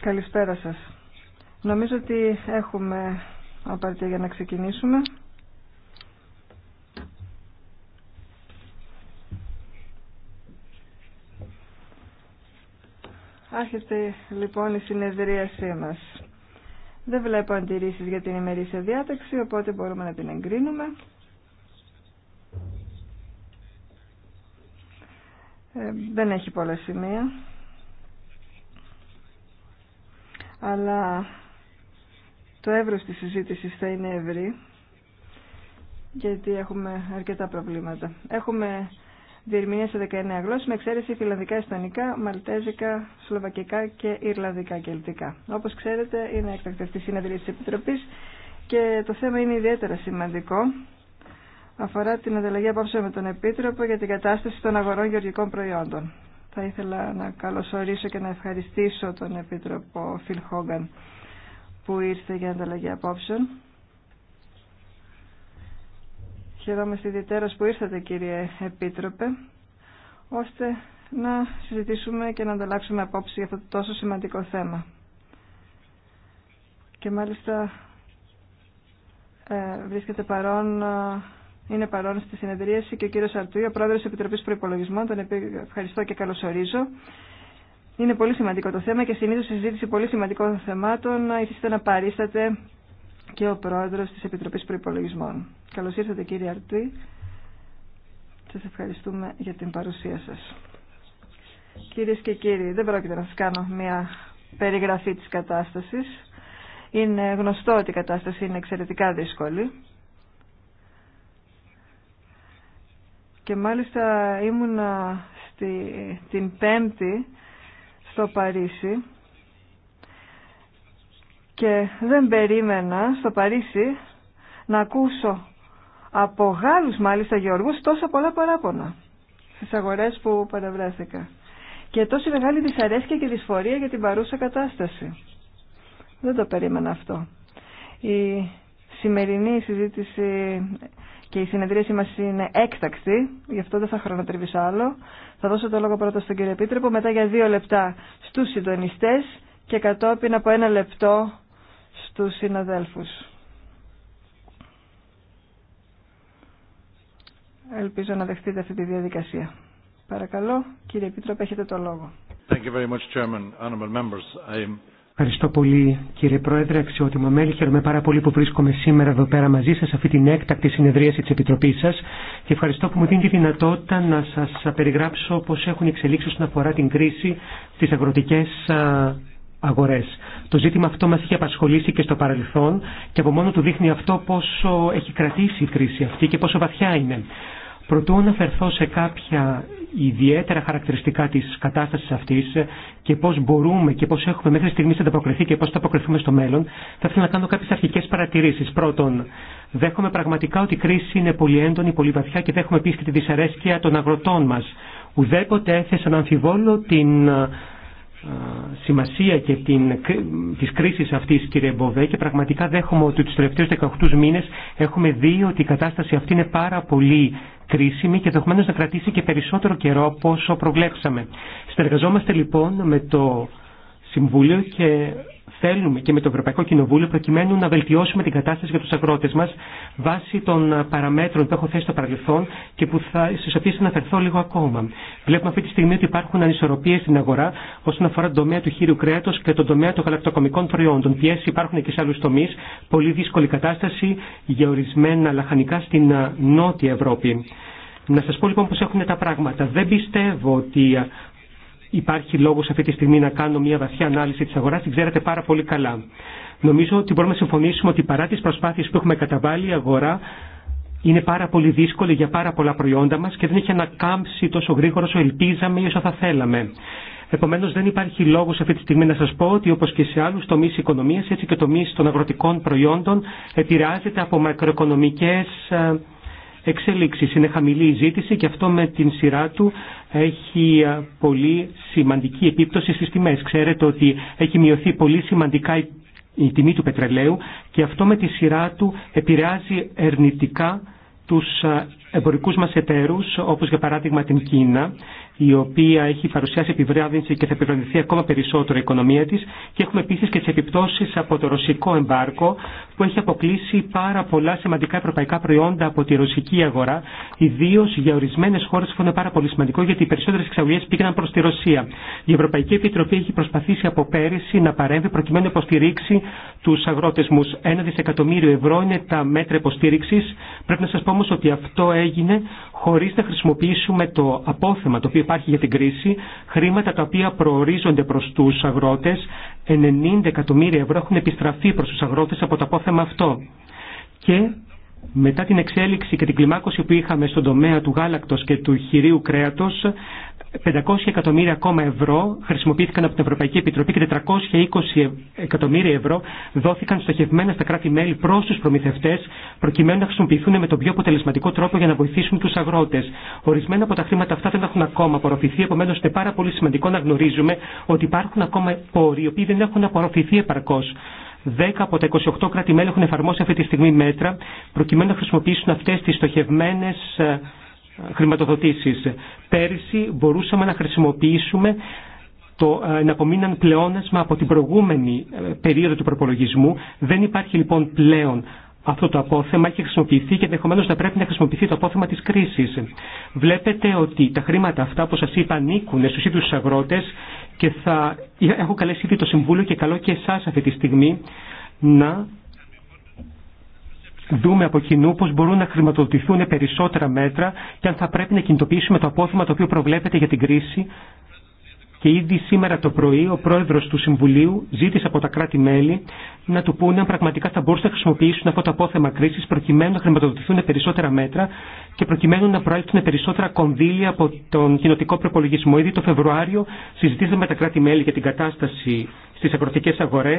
Καλησπέρα σας. Νομίζω ότι έχουμε απαρτία για να ξεκινήσουμε. Άρχεται λοιπόν η συνεδρίασή μας. Δεν βλέπω αντιρρήσεις για την ημερήσια διάταξη, οπότε μπορούμε να την εγκρίνουμε. Ε, δεν έχει πολλά σημεία. αλλά το εύρος της συζήτηση θα είναι ευρύ, γιατί έχουμε αρκετά προβλήματα. Έχουμε διερμηνία σε 19 γλώσσες, με εξαίρεση φιλανδικά, ιστανικά, μαλτέζικα, σλοβακικά και ιρλανδικά και ελτικά. Όπως ξέρετε, είναι εκτακτή η συνεδρία της Επιτροπής και το θέμα είναι ιδιαίτερα σημαντικό. Αφορά την ανταλλαγή απόψε με τον Επίτροπο για την κατάσταση των αγορών γεωργικών προϊόντων. Θα ήθελα να καλωσορίσω και να ευχαριστήσω τον Επίτροπο Φιλ Χόγκαν που ήρθε για ανταλλαγή απόψεων. Χαιρόμαστε ιδιαίτερα που ήρθατε κύριε Επίτροπε, ώστε να συζητήσουμε και να ανταλλάξουμε απόψεις για αυτό το τόσο σημαντικό θέμα. Και μάλιστα ε, βρίσκεται παρόν είναι παρόν στη συνεδρίαση και ο κύριος Αρτουή, ο πρόεδρος τη Επιτροπής Προϋπολογισμών, τον ευχαριστώ και καλωσορίζω. Είναι πολύ σημαντικό το θέμα και συνήθως η συζήτηση πολύ σημαντικών θεμάτων ήθιστε να παρίστατε και ο πρόεδρος της Επιτροπής Προϋπολογισμών. Καλώς ήρθατε κύριε Αρτουή. Σας ευχαριστούμε για την παρουσία σας. Κυρίε και κύριοι, δεν πρόκειται να σας κάνω μια περιγραφή της κατάστασης. Είναι γνωστό ότι η κατάσταση είναι εξαιρετικά δύσκολη Και μάλιστα ήμουνα στη, την Πέμπτη στο Παρίσι και δεν περίμενα στο Παρίσι να ακούσω από Γάλλους μάλιστα Γεωργούς τόσα πολλά παράπονα στις αγορές που παρευρέθηκα Και τόση μεγάλη δυσαρέσκεια και δυσφορία για την παρούσα κατάσταση. Δεν το περίμενα αυτό. Η σημερινή συζήτηση και η συνεδρίαση μας είναι έκτακτη, γι' αυτό δεν θα χρονοτριβήσω άλλο. Θα δώσω το λόγο πρώτα στον κύριο Επίτροπο, μετά για δύο λεπτά στους συντονιστές και κατόπιν από ένα λεπτό στους συναδέλφους. Ελπίζω να δεχτείτε αυτή τη διαδικασία. Παρακαλώ, κύριε Επίτροπο, έχετε το λόγο. Thank you very much, Chairman, members. Ευχαριστώ πολύ κύριε Πρόεδρε, αξιότιμο μέλη. Χαίρομαι πάρα πολύ που βρίσκομαι σήμερα εδώ πέρα μαζί σας, αυτή την έκτακτη συνεδρίαση της Επιτροπής σας και ευχαριστώ που μου δίνει τη δυνατότητα να σας περιγράψω πώς έχουν εξελίξει όσον αφορά την κρίση στις αγροτικές αγορές. Το ζήτημα αυτό μας είχε απασχολήσει και στο παρελθόν και από μόνο του δείχνει αυτό πόσο έχει κρατήσει η κρίση αυτή και πόσο βαθιά είναι. Προτού αναφερθώ σε κάποια ιδιαίτερα χαρακτηριστικά της κατάστασης αυτής και πώς μπορούμε και πώς έχουμε μέχρι στιγμής ανταποκριθεί και πώς θα αποκριθούμε στο μέλλον, θα ήθελα να κάνω κάποιες αρχικές παρατηρήσεις. Πρώτον, δέχομαι πραγματικά ότι η κρίση είναι πολύ έντονη, πολύ βαθιά και δέχομαι επίσης και τη δυσαρέσκεια των αγροτών μας. Ουδέποτε έθεσαν αμφιβόλο την σημασία και την, της κρίσης αυτής κύριε Μποβέ και πραγματικά δέχομαι ότι τους τελευταίους 18 μήνες έχουμε δει ότι η κατάσταση αυτή είναι πάρα πολύ κρίσιμη και δεχομένως να κρατήσει και περισσότερο καιρό από όσο προβλέψαμε. Συνεργαζόμαστε λοιπόν με το Συμβούλιο και θέλουμε και με το Ευρωπαϊκό Κοινοβούλιο προκειμένου να βελτιώσουμε την κατάσταση για του αγρότε μα βάσει των ε, παραμέτρων που έχω θέσει στο παρελθόν και που θα, στις οποίες αναφερθώ λίγο ακόμα. Βλέπουμε αυτή τη στιγμή ότι υπάρχουν ανισορροπίε στην αγορά όσον αφορά τον τομέα του χείριου κρέατο και τον τομέα των γαλακτοκομικών προϊόντων. Πιέσει υπάρχουν και σε άλλου τομεί, Πολύ δύσκολη κατάσταση για ορισμένα λαχανικά στην ε, Νότια Ευρώπη. Να σα πω λοιπόν πώς έχουν τα πράγματα. Δεν πιστεύω ότι ε, υπάρχει λόγος αυτή τη στιγμή να κάνω μια βαθιά ανάλυση της αγοράς, την ξέρετε πάρα πολύ καλά. Νομίζω ότι μπορούμε να συμφωνήσουμε ότι παρά τις προσπάθειες που έχουμε καταβάλει η αγορά είναι πάρα πολύ δύσκολη για πάρα πολλά προϊόντα μας και δεν έχει ανακάμψει τόσο γρήγορα όσο ελπίζαμε ή όσο θα θέλαμε. Επομένω, δεν υπάρχει λόγο αυτή τη στιγμή να σα πω ότι όπω και σε άλλου τομεί οικονομία, έτσι και τομεί των αγροτικών προϊόντων, επηρεάζεται από μακροοικονομικέ ε, εξελίξει. Είναι χαμηλή η ζήτηση και αυτό με την σειρά του έχει ε, πολύ σημαντική επίπτωση στις τιμές. Ξέρετε ότι έχει μειωθεί πολύ σημαντικά η τιμή του πετρελαίου και αυτό με τη σειρά του επηρεάζει ερνητικά τους ε, εμπορικούς μας εταίρους, όπως για παράδειγμα την Κίνα, η οποία έχει παρουσιάσει επιβράδυνση και θα επιβραδυνθεί ακόμα περισσότερο η οικονομία της και έχουμε επίσης και τις επιπτώσεις από το ρωσικό εμπάρκο που έχει αποκλείσει πάρα πολλά σημαντικά ευρωπαϊκά προϊόντα από τη ρωσική αγορά ιδίω για ορισμένες χώρες που είναι πάρα πολύ σημαντικό γιατί οι περισσότερες εξαγωγές πήγαιναν προς τη Ρωσία. Η Ευρωπαϊκή Επιτροπή έχει προσπαθήσει από πέρυσι να παρέμβει προκειμένου να υποστηρίξει τους αγρότες μου. Ένα δισεκατομμύριο ευρώ είναι τα μέτρα υποστήριξη. Πρέπει να σας πω ότι αυτό έγινε χωρίς να χρησιμοποιήσουμε το απόθεμα το οποίο υπάρχει για την κρίση, χρήματα τα οποία προορίζονται προς τους αγρότες, 90 εκατομμύρια ευρώ έχουν επιστραφεί προς τους αγρότες από το απόθεμα αυτό. Και μετά την εξέλιξη και την κλιμάκωση που είχαμε στον τομέα του γάλακτος και του χειρίου κρέατος, 500 εκατομμύρια ακόμα ευρώ χρησιμοποιήθηκαν από την Ευρωπαϊκή Επιτροπή και 420 εκατομμύρια ευρώ δόθηκαν στοχευμένα στα κράτη-μέλη προ του προμηθευτέ, προκειμένου να χρησιμοποιηθούν με τον πιο αποτελεσματικό τρόπο για να βοηθήσουν του αγρότε. Ορισμένα από τα χρήματα αυτά δεν έχουν ακόμα απορροφηθεί, επομένω είναι πάρα πολύ σημαντικό να γνωρίζουμε ότι υπάρχουν ακόμα πόροι οι οποίοι δεν έχουν απορροφηθεί επαρκώ. 10 από τα 28 κράτη-μέλη έχουν εφαρμόσει αυτή τη στιγμή μέτρα προκειμένου να χρησιμοποιήσουν αυτές τις στοχευμένες ε, χρηματοδοτήσεις. Πέρυσι μπορούσαμε να χρησιμοποιήσουμε το ε, να απομείναν πλεόνασμα από την προηγούμενη ε, περίοδο του προπολογισμού. Δεν υπάρχει λοιπόν πλέον αυτό το απόθεμα έχει χρησιμοποιηθεί και ενδεχομένω να πρέπει να χρησιμοποιηθεί το απόθεμα τη κρίση. Βλέπετε ότι τα χρήματα αυτά, όπω σα είπα, ανήκουν στου ίδιου του αγρότε και θα έχω καλέσει ήδη το Συμβούλιο και καλό και εσάς αυτή τη στιγμή να δούμε από κοινού πώ μπορούν να χρηματοδοτηθούν περισσότερα μέτρα και αν θα πρέπει να κινητοποιήσουμε το απόθυμα το οποίο προβλέπεται για την κρίση και ήδη σήμερα το πρωί ο πρόεδρο του Συμβουλίου ζήτησε από τα κράτη-μέλη να του πούνε αν πραγματικά θα μπορούσαν να χρησιμοποιήσουν αυτό το απόθεμα κρίση προκειμένου να χρηματοδοτηθούν περισσότερα μέτρα και προκειμένου να προέλθουν περισσότερα κονδύλια από τον κοινοτικό προπολογισμό. Ήδη το Φεβρουάριο συζητήσαμε με τα κράτη-μέλη για την κατάσταση στι αγροτικέ αγορέ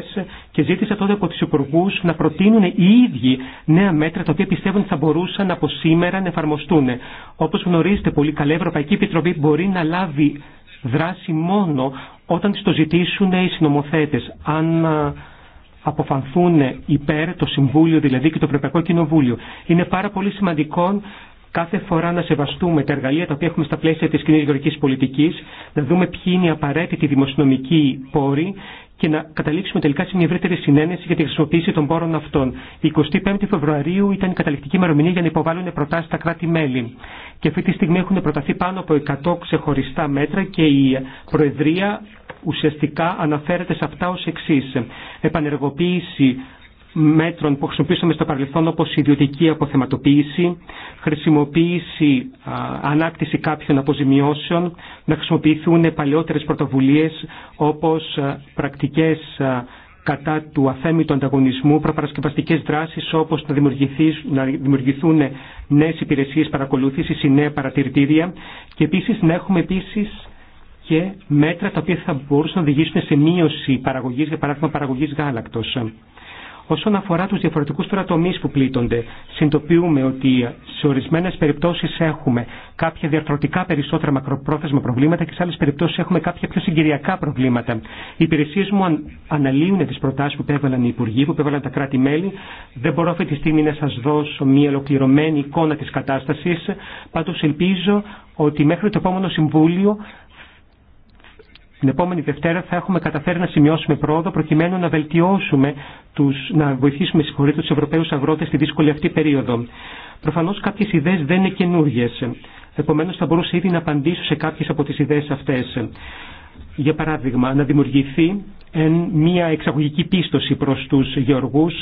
και ζήτησα τότε από του υπουργού να προτείνουν οι ίδιοι νέα μέτρα τα οποία πιστεύουν ότι θα μπορούσαν από σήμερα να εφαρμοστούν. Όπω γνωρίζετε πολύ καλά, Ευρωπαϊκή Επιτροπή μπορεί να λάβει δράση μόνο όταν τις το ζητήσουν οι συνομοθέτες. Αν ε, αποφανθούν υπέρ το Συμβούλιο δηλαδή και το Ευρωπαϊκό Κοινοβούλιο. Είναι πάρα πολύ σημαντικό κάθε φορά να σεβαστούμε τα εργαλεία τα οποία έχουμε στα πλαίσια της κοινή γεωργικής πολιτικής, να δούμε ποιοι είναι οι απαραίτητοι δημοσιονομικοί πόροι και να καταλήξουμε τελικά σε μια ευρύτερη συνένεση για τη χρησιμοποίηση των πόρων αυτών. Η 25η Φεβρουαρίου ήταν η καταληκτική ημερομηνία για να υποβάλουν προτάσει στα κράτη-μέλη. Και αυτή τη στιγμή έχουν προταθεί πάνω από 100 ξεχωριστά μέτρα και η Προεδρία ουσιαστικά αναφέρεται σε αυτά ως εξής. Επανεργοποίηση μέτρων που χρησιμοποιήσαμε στο παρελθόν όπως ιδιωτική αποθεματοποίηση, χρησιμοποίηση, ανάκτηση κάποιων αποζημιώσεων, να χρησιμοποιηθούν παλαιότερες πρωτοβουλίες όπως πρακτικές κατά του αθέμητου ανταγωνισμού, προπαρασκευαστικές δράσεις όπως να, να δημιουργηθούν νέες υπηρεσίες παρακολούθησης ή νέα παρατηρητήρια και επίσης να έχουμε επίσης και μέτρα τα οποία θα μπορούσαν να οδηγήσουν σε μείωση παραγωγής, για παράδειγμα παραγωγής γάλακτος. Όσον αφορά τους διαφορετικούς τώρα που πλήττονται, συντοποιούμε ότι σε ορισμένες περιπτώσεις έχουμε κάποια διαρθρωτικά περισσότερα μακροπρόθεσμα προβλήματα και σε άλλες περιπτώσεις έχουμε κάποια πιο συγκυριακά προβλήματα. Οι υπηρεσίες μου αναλύουν τις προτάσεις που πέβαλαν οι Υπουργοί, που πέβαλαν τα κράτη-μέλη. Δεν μπορώ αυτή τη στιγμή να σας δώσω μια ολοκληρωμένη εικόνα της κατάστασης. Πάντως ελπίζω ότι μέχρι το επόμενο Συμβούλιο την επόμενη Δευτέρα θα έχουμε καταφέρει να σημειώσουμε πρόοδο προκειμένου να βελτιώσουμε, τους, να βοηθήσουμε συγχωρείτε τους Ευρωπαίους αγρότες στη δύσκολη αυτή περίοδο. Προφανώ κάποιες ιδέες δεν είναι καινούριε. Επομένω, θα μπορούσα ήδη να απαντήσω σε κάποιες από τις ιδέες αυτές για παράδειγμα, να δημιουργηθεί μια εξαγωγική πίστοση προς τους γεωργούς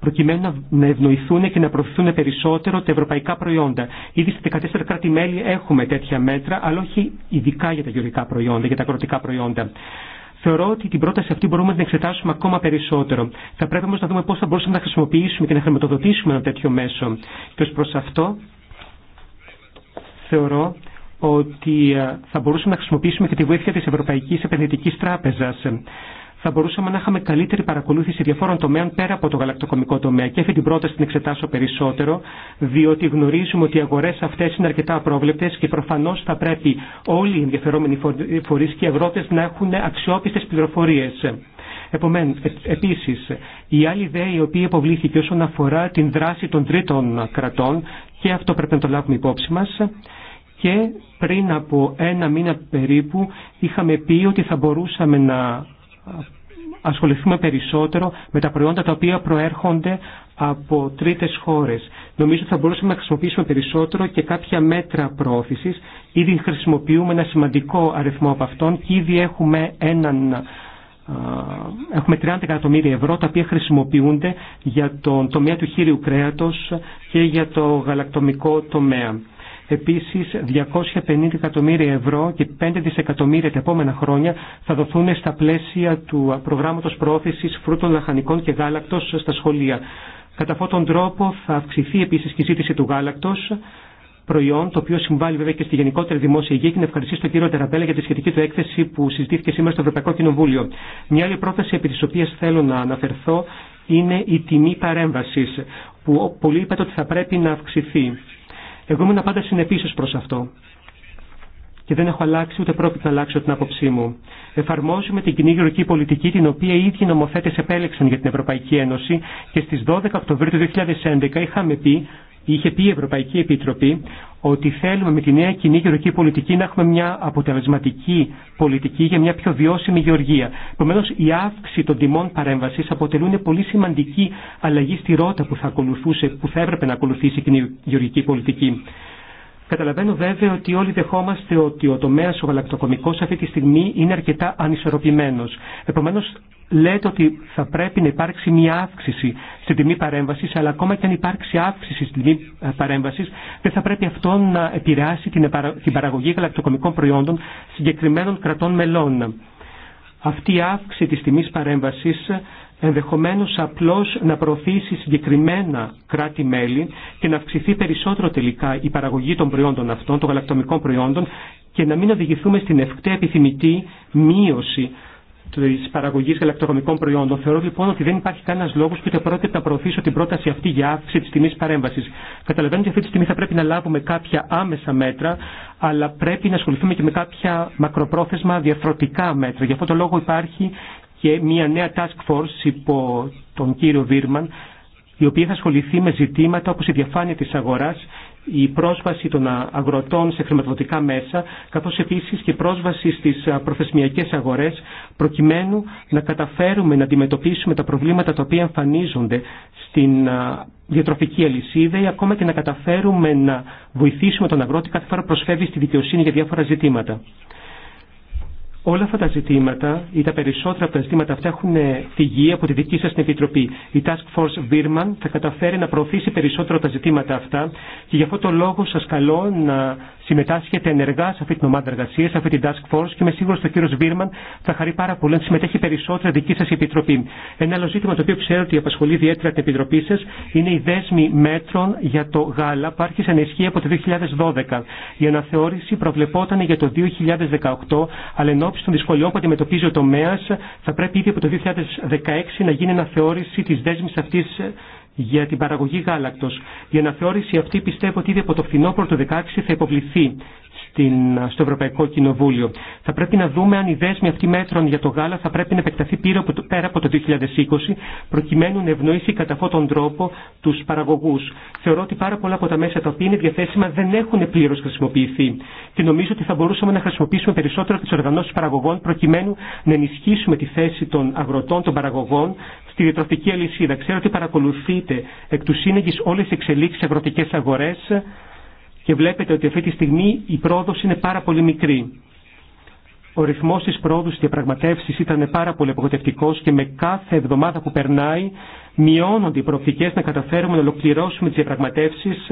προκειμένου να ευνοηθούν και να προωθηθούν περισσότερο τα ευρωπαϊκά προϊόντα. Ήδη στα 14 κράτη-μέλη έχουμε τέτοια μέτρα, αλλά όχι ειδικά για τα γεωργικά προϊόντα, για τα αγροτικά προϊόντα. Θεωρώ ότι την πρόταση αυτή μπορούμε να την εξετάσουμε ακόμα περισσότερο. Θα πρέπει όμως να δούμε πώς θα μπορούσαμε να χρησιμοποιήσουμε και να χρηματοδοτήσουμε ένα τέτοιο μέσο. Και ω προ αυτό, θεωρώ ότι ε, θα μπορούσαμε να χρησιμοποιήσουμε και τη βοήθεια της Ευρωπαϊκής Επενδυτικής Τράπεζας. Θα μπορούσαμε να είχαμε καλύτερη παρακολούθηση διαφόρων τομέων πέρα από το γαλακτοκομικό τομέα. Και αυτή την πρόταση την εξετάσω περισσότερο, διότι γνωρίζουμε ότι οι αγορέ αυτέ είναι αρκετά απρόβλεπτε και προφανώ θα πρέπει όλοι οι ενδιαφερόμενοι φορεί και οι αγρότε να έχουν αξιόπιστε πληροφορίε. Επομένως, ε, επίσης, η άλλη ιδέα η οποία υποβλήθηκε όσον αφορά την δράση των τρίτων κρατών, και αυτό πρέπει να το λάβουμε υπόψη μας, και πριν από ένα μήνα περίπου είχαμε πει ότι θα μπορούσαμε να ασχοληθούμε περισσότερο με τα προϊόντα τα οποία προέρχονται από τρίτες χώρες. Νομίζω ότι θα μπορούσαμε να χρησιμοποιήσουμε περισσότερο και κάποια μέτρα προώθησης. Ήδη χρησιμοποιούμε ένα σημαντικό αριθμό από αυτών και ήδη έχουμε έναν έχουμε 30 εκατομμύρια ευρώ τα οποία χρησιμοποιούνται για τον τομέα του χείριου κρέατος και για το γαλακτομικό τομέα. Επίσης, 250 εκατομμύρια ευρώ και 5 δισεκατομμύρια τα επόμενα χρόνια θα δοθούν στα πλαίσια του προγράμματος προώθησης φρούτων, λαχανικών και γάλακτος στα σχολεία. Κατά αυτόν τον τρόπο θα αυξηθεί επίσης και η ζήτηση του γάλακτος, προϊόν, το οποίο συμβάλλει βέβαια και στη γενικότερη δημόσια υγεία και να ευχαριστήσω τον κύριο Τεραμπέλα για τη σχετική του έκθεση που συζητήθηκε σήμερα στο Ευρωπαϊκό Κοινοβούλιο. Μια άλλη πρόθεση επί τη οποία θέλω να αναφερθώ είναι η τιμή παρέμβαση, που πολλοί είπατε ότι θα πρέπει να αυξηθεί. Εγώ ήμουν πάντα συνεπής προς αυτό και δεν έχω αλλάξει ούτε πρόκειται να αλλάξω την άποψή μου. Εφαρμόζουμε την κοινή γεωργική πολιτική την οποία οι ίδιοι νομοθέτε επέλεξαν για την Ευρωπαϊκή Ένωση και στι 12 Οκτωβρίου του 2011 είχαμε πει Είχε πει η Ευρωπαϊκή Επιτροπή ότι θέλουμε με τη νέα κοινή γεωργική πολιτική να έχουμε μια αποτελεσματική πολιτική για μια πιο βιώσιμη γεωργία. Επομένω, η αύξηση των τιμών παρέμβαση αποτελούν πολύ σημαντική αλλαγή στη ρότα που θα, ακολουθούσε, που θα έπρεπε να ακολουθήσει η κοινή γεωργική πολιτική. Καταλαβαίνω βέβαια ότι όλοι δεχόμαστε ότι ο τομέας ο γαλακτοκομικό αυτή τη στιγμή είναι αρκετά ανισορροπημένος. Επομένως λέτε ότι θα πρέπει να υπάρξει μια αύξηση στην τιμή παρέμβασης, αλλά ακόμα και αν υπάρξει αύξηση στην τιμή ε, παρέμβασης, δεν θα πρέπει αυτό να επηρεάσει την παραγωγή γαλακτοκομικών προϊόντων συγκεκριμένων κρατών μελών. Αυτή η αύξηση τη τιμή παρέμβαση ενδεχομένως απλώς να προωθήσει συγκεκριμένα κράτη-μέλη και να αυξηθεί περισσότερο τελικά η παραγωγή των προϊόντων αυτών, των γαλακτομικών προϊόντων και να μην οδηγηθούμε στην ευκταία επιθυμητή μείωση τη παραγωγή γαλακτοκομικών προϊόντων. Θεωρώ λοιπόν ότι δεν υπάρχει κανένα λόγο που ούτε πρόκειται να προωθήσω την πρόταση αυτή για αύξηση τη τιμή παρέμβαση. Καταλαβαίνω ότι αυτή τη στιγμή θα πρέπει να λάβουμε κάποια άμεσα μέτρα, αλλά πρέπει να ασχοληθούμε και με κάποια μακροπρόθεσμα διαφορετικά μέτρα. Γι' αυτό το λόγο υπάρχει και μια νέα task force υπό τον κύριο Βίρμαν, η οποία θα ασχοληθεί με ζητήματα όπως η διαφάνεια της αγοράς, η πρόσβαση των αγροτών σε χρηματοδοτικά μέσα, καθώς επίσης και πρόσβαση στις προθεσμιακές αγορές, προκειμένου να καταφέρουμε να αντιμετωπίσουμε τα προβλήματα τα οποία εμφανίζονται στην διατροφική αλυσίδα ή ακόμα και να καταφέρουμε να βοηθήσουμε τον αγρότη κάθε φορά προσφεύγει στη δικαιοσύνη για διάφορα ζητήματα. Όλα αυτά τα ζητήματα ή τα περισσότερα από τα ζητήματα αυτά έχουν φυγεί ε, από τη δική σας Επιτροπή. Η Task Force Birman θα καταφέρει να προωθήσει περισσότερο τα ζητήματα αυτά και γι' αυτό το λόγο σας καλώ να συμμετάσχετε ενεργά σε αυτή την ομάδα εργασία, σε αυτή την Task Force και είμαι σίγουρο ότι ο κύριο Βίρμαν θα χαρεί πάρα πολύ να συμμετέχει περισσότερα δική σα Επιτροπή. Ένα άλλο ζήτημα το οποίο ξέρω ότι απασχολεί ιδιαίτερα την Επιτροπή σα είναι η δέσμη μέτρων για το γάλα που άρχισε να ισχύει από το 2012. Η αναθεώρηση προβλεπόταν για το 2018, αλλά ώψη των δυσκολιών που αντιμετωπίζει ο τομέα, θα πρέπει ήδη από το 2016 να γίνει αναθεώρηση τη δέσμη αυτή ε, για την παραγωγή γάλακτο. Η αναθεώρηση αυτή πιστεύω ότι ήδη από το φθινόπωρο του 2016 θα υποβληθεί στην, στο Ευρωπαϊκό Κοινοβούλιο. Θα πρέπει να δούμε αν η δέσμη αυτή μέτρων για το γάλα θα πρέπει να επεκταθεί πέρα από το 2020, προκειμένου να ευνοήσει κατά αυτόν τον τρόπο του παραγωγού. Θεωρώ ότι πάρα πολλά από τα μέσα τα οποία είναι διαθέσιμα δεν έχουν πλήρω χρησιμοποιηθεί. Και νομίζω ότι θα μπορούσαμε να χρησιμοποιήσουμε περισσότερο τι οργανώσει παραγωγών, προκειμένου να ενισχύσουμε τη θέση των αγροτών, των παραγωγών, στη διατροφική αλυσίδα. Ξέρω ότι παρακολουθείτε εκ του σύνεγγυ όλε τι εξελίξει αγροτικέ αγορέ και βλέπετε ότι αυτή τη στιγμή η πρόοδος είναι πάρα πολύ μικρή. Ο ρυθμός της πρόοδου της διαπραγματεύσεις ήταν πάρα πολύ απογοητευτικός και με κάθε εβδομάδα που περνάει μειώνονται οι προοπτικές να καταφέρουμε να ολοκληρώσουμε τις διαπραγματεύσεις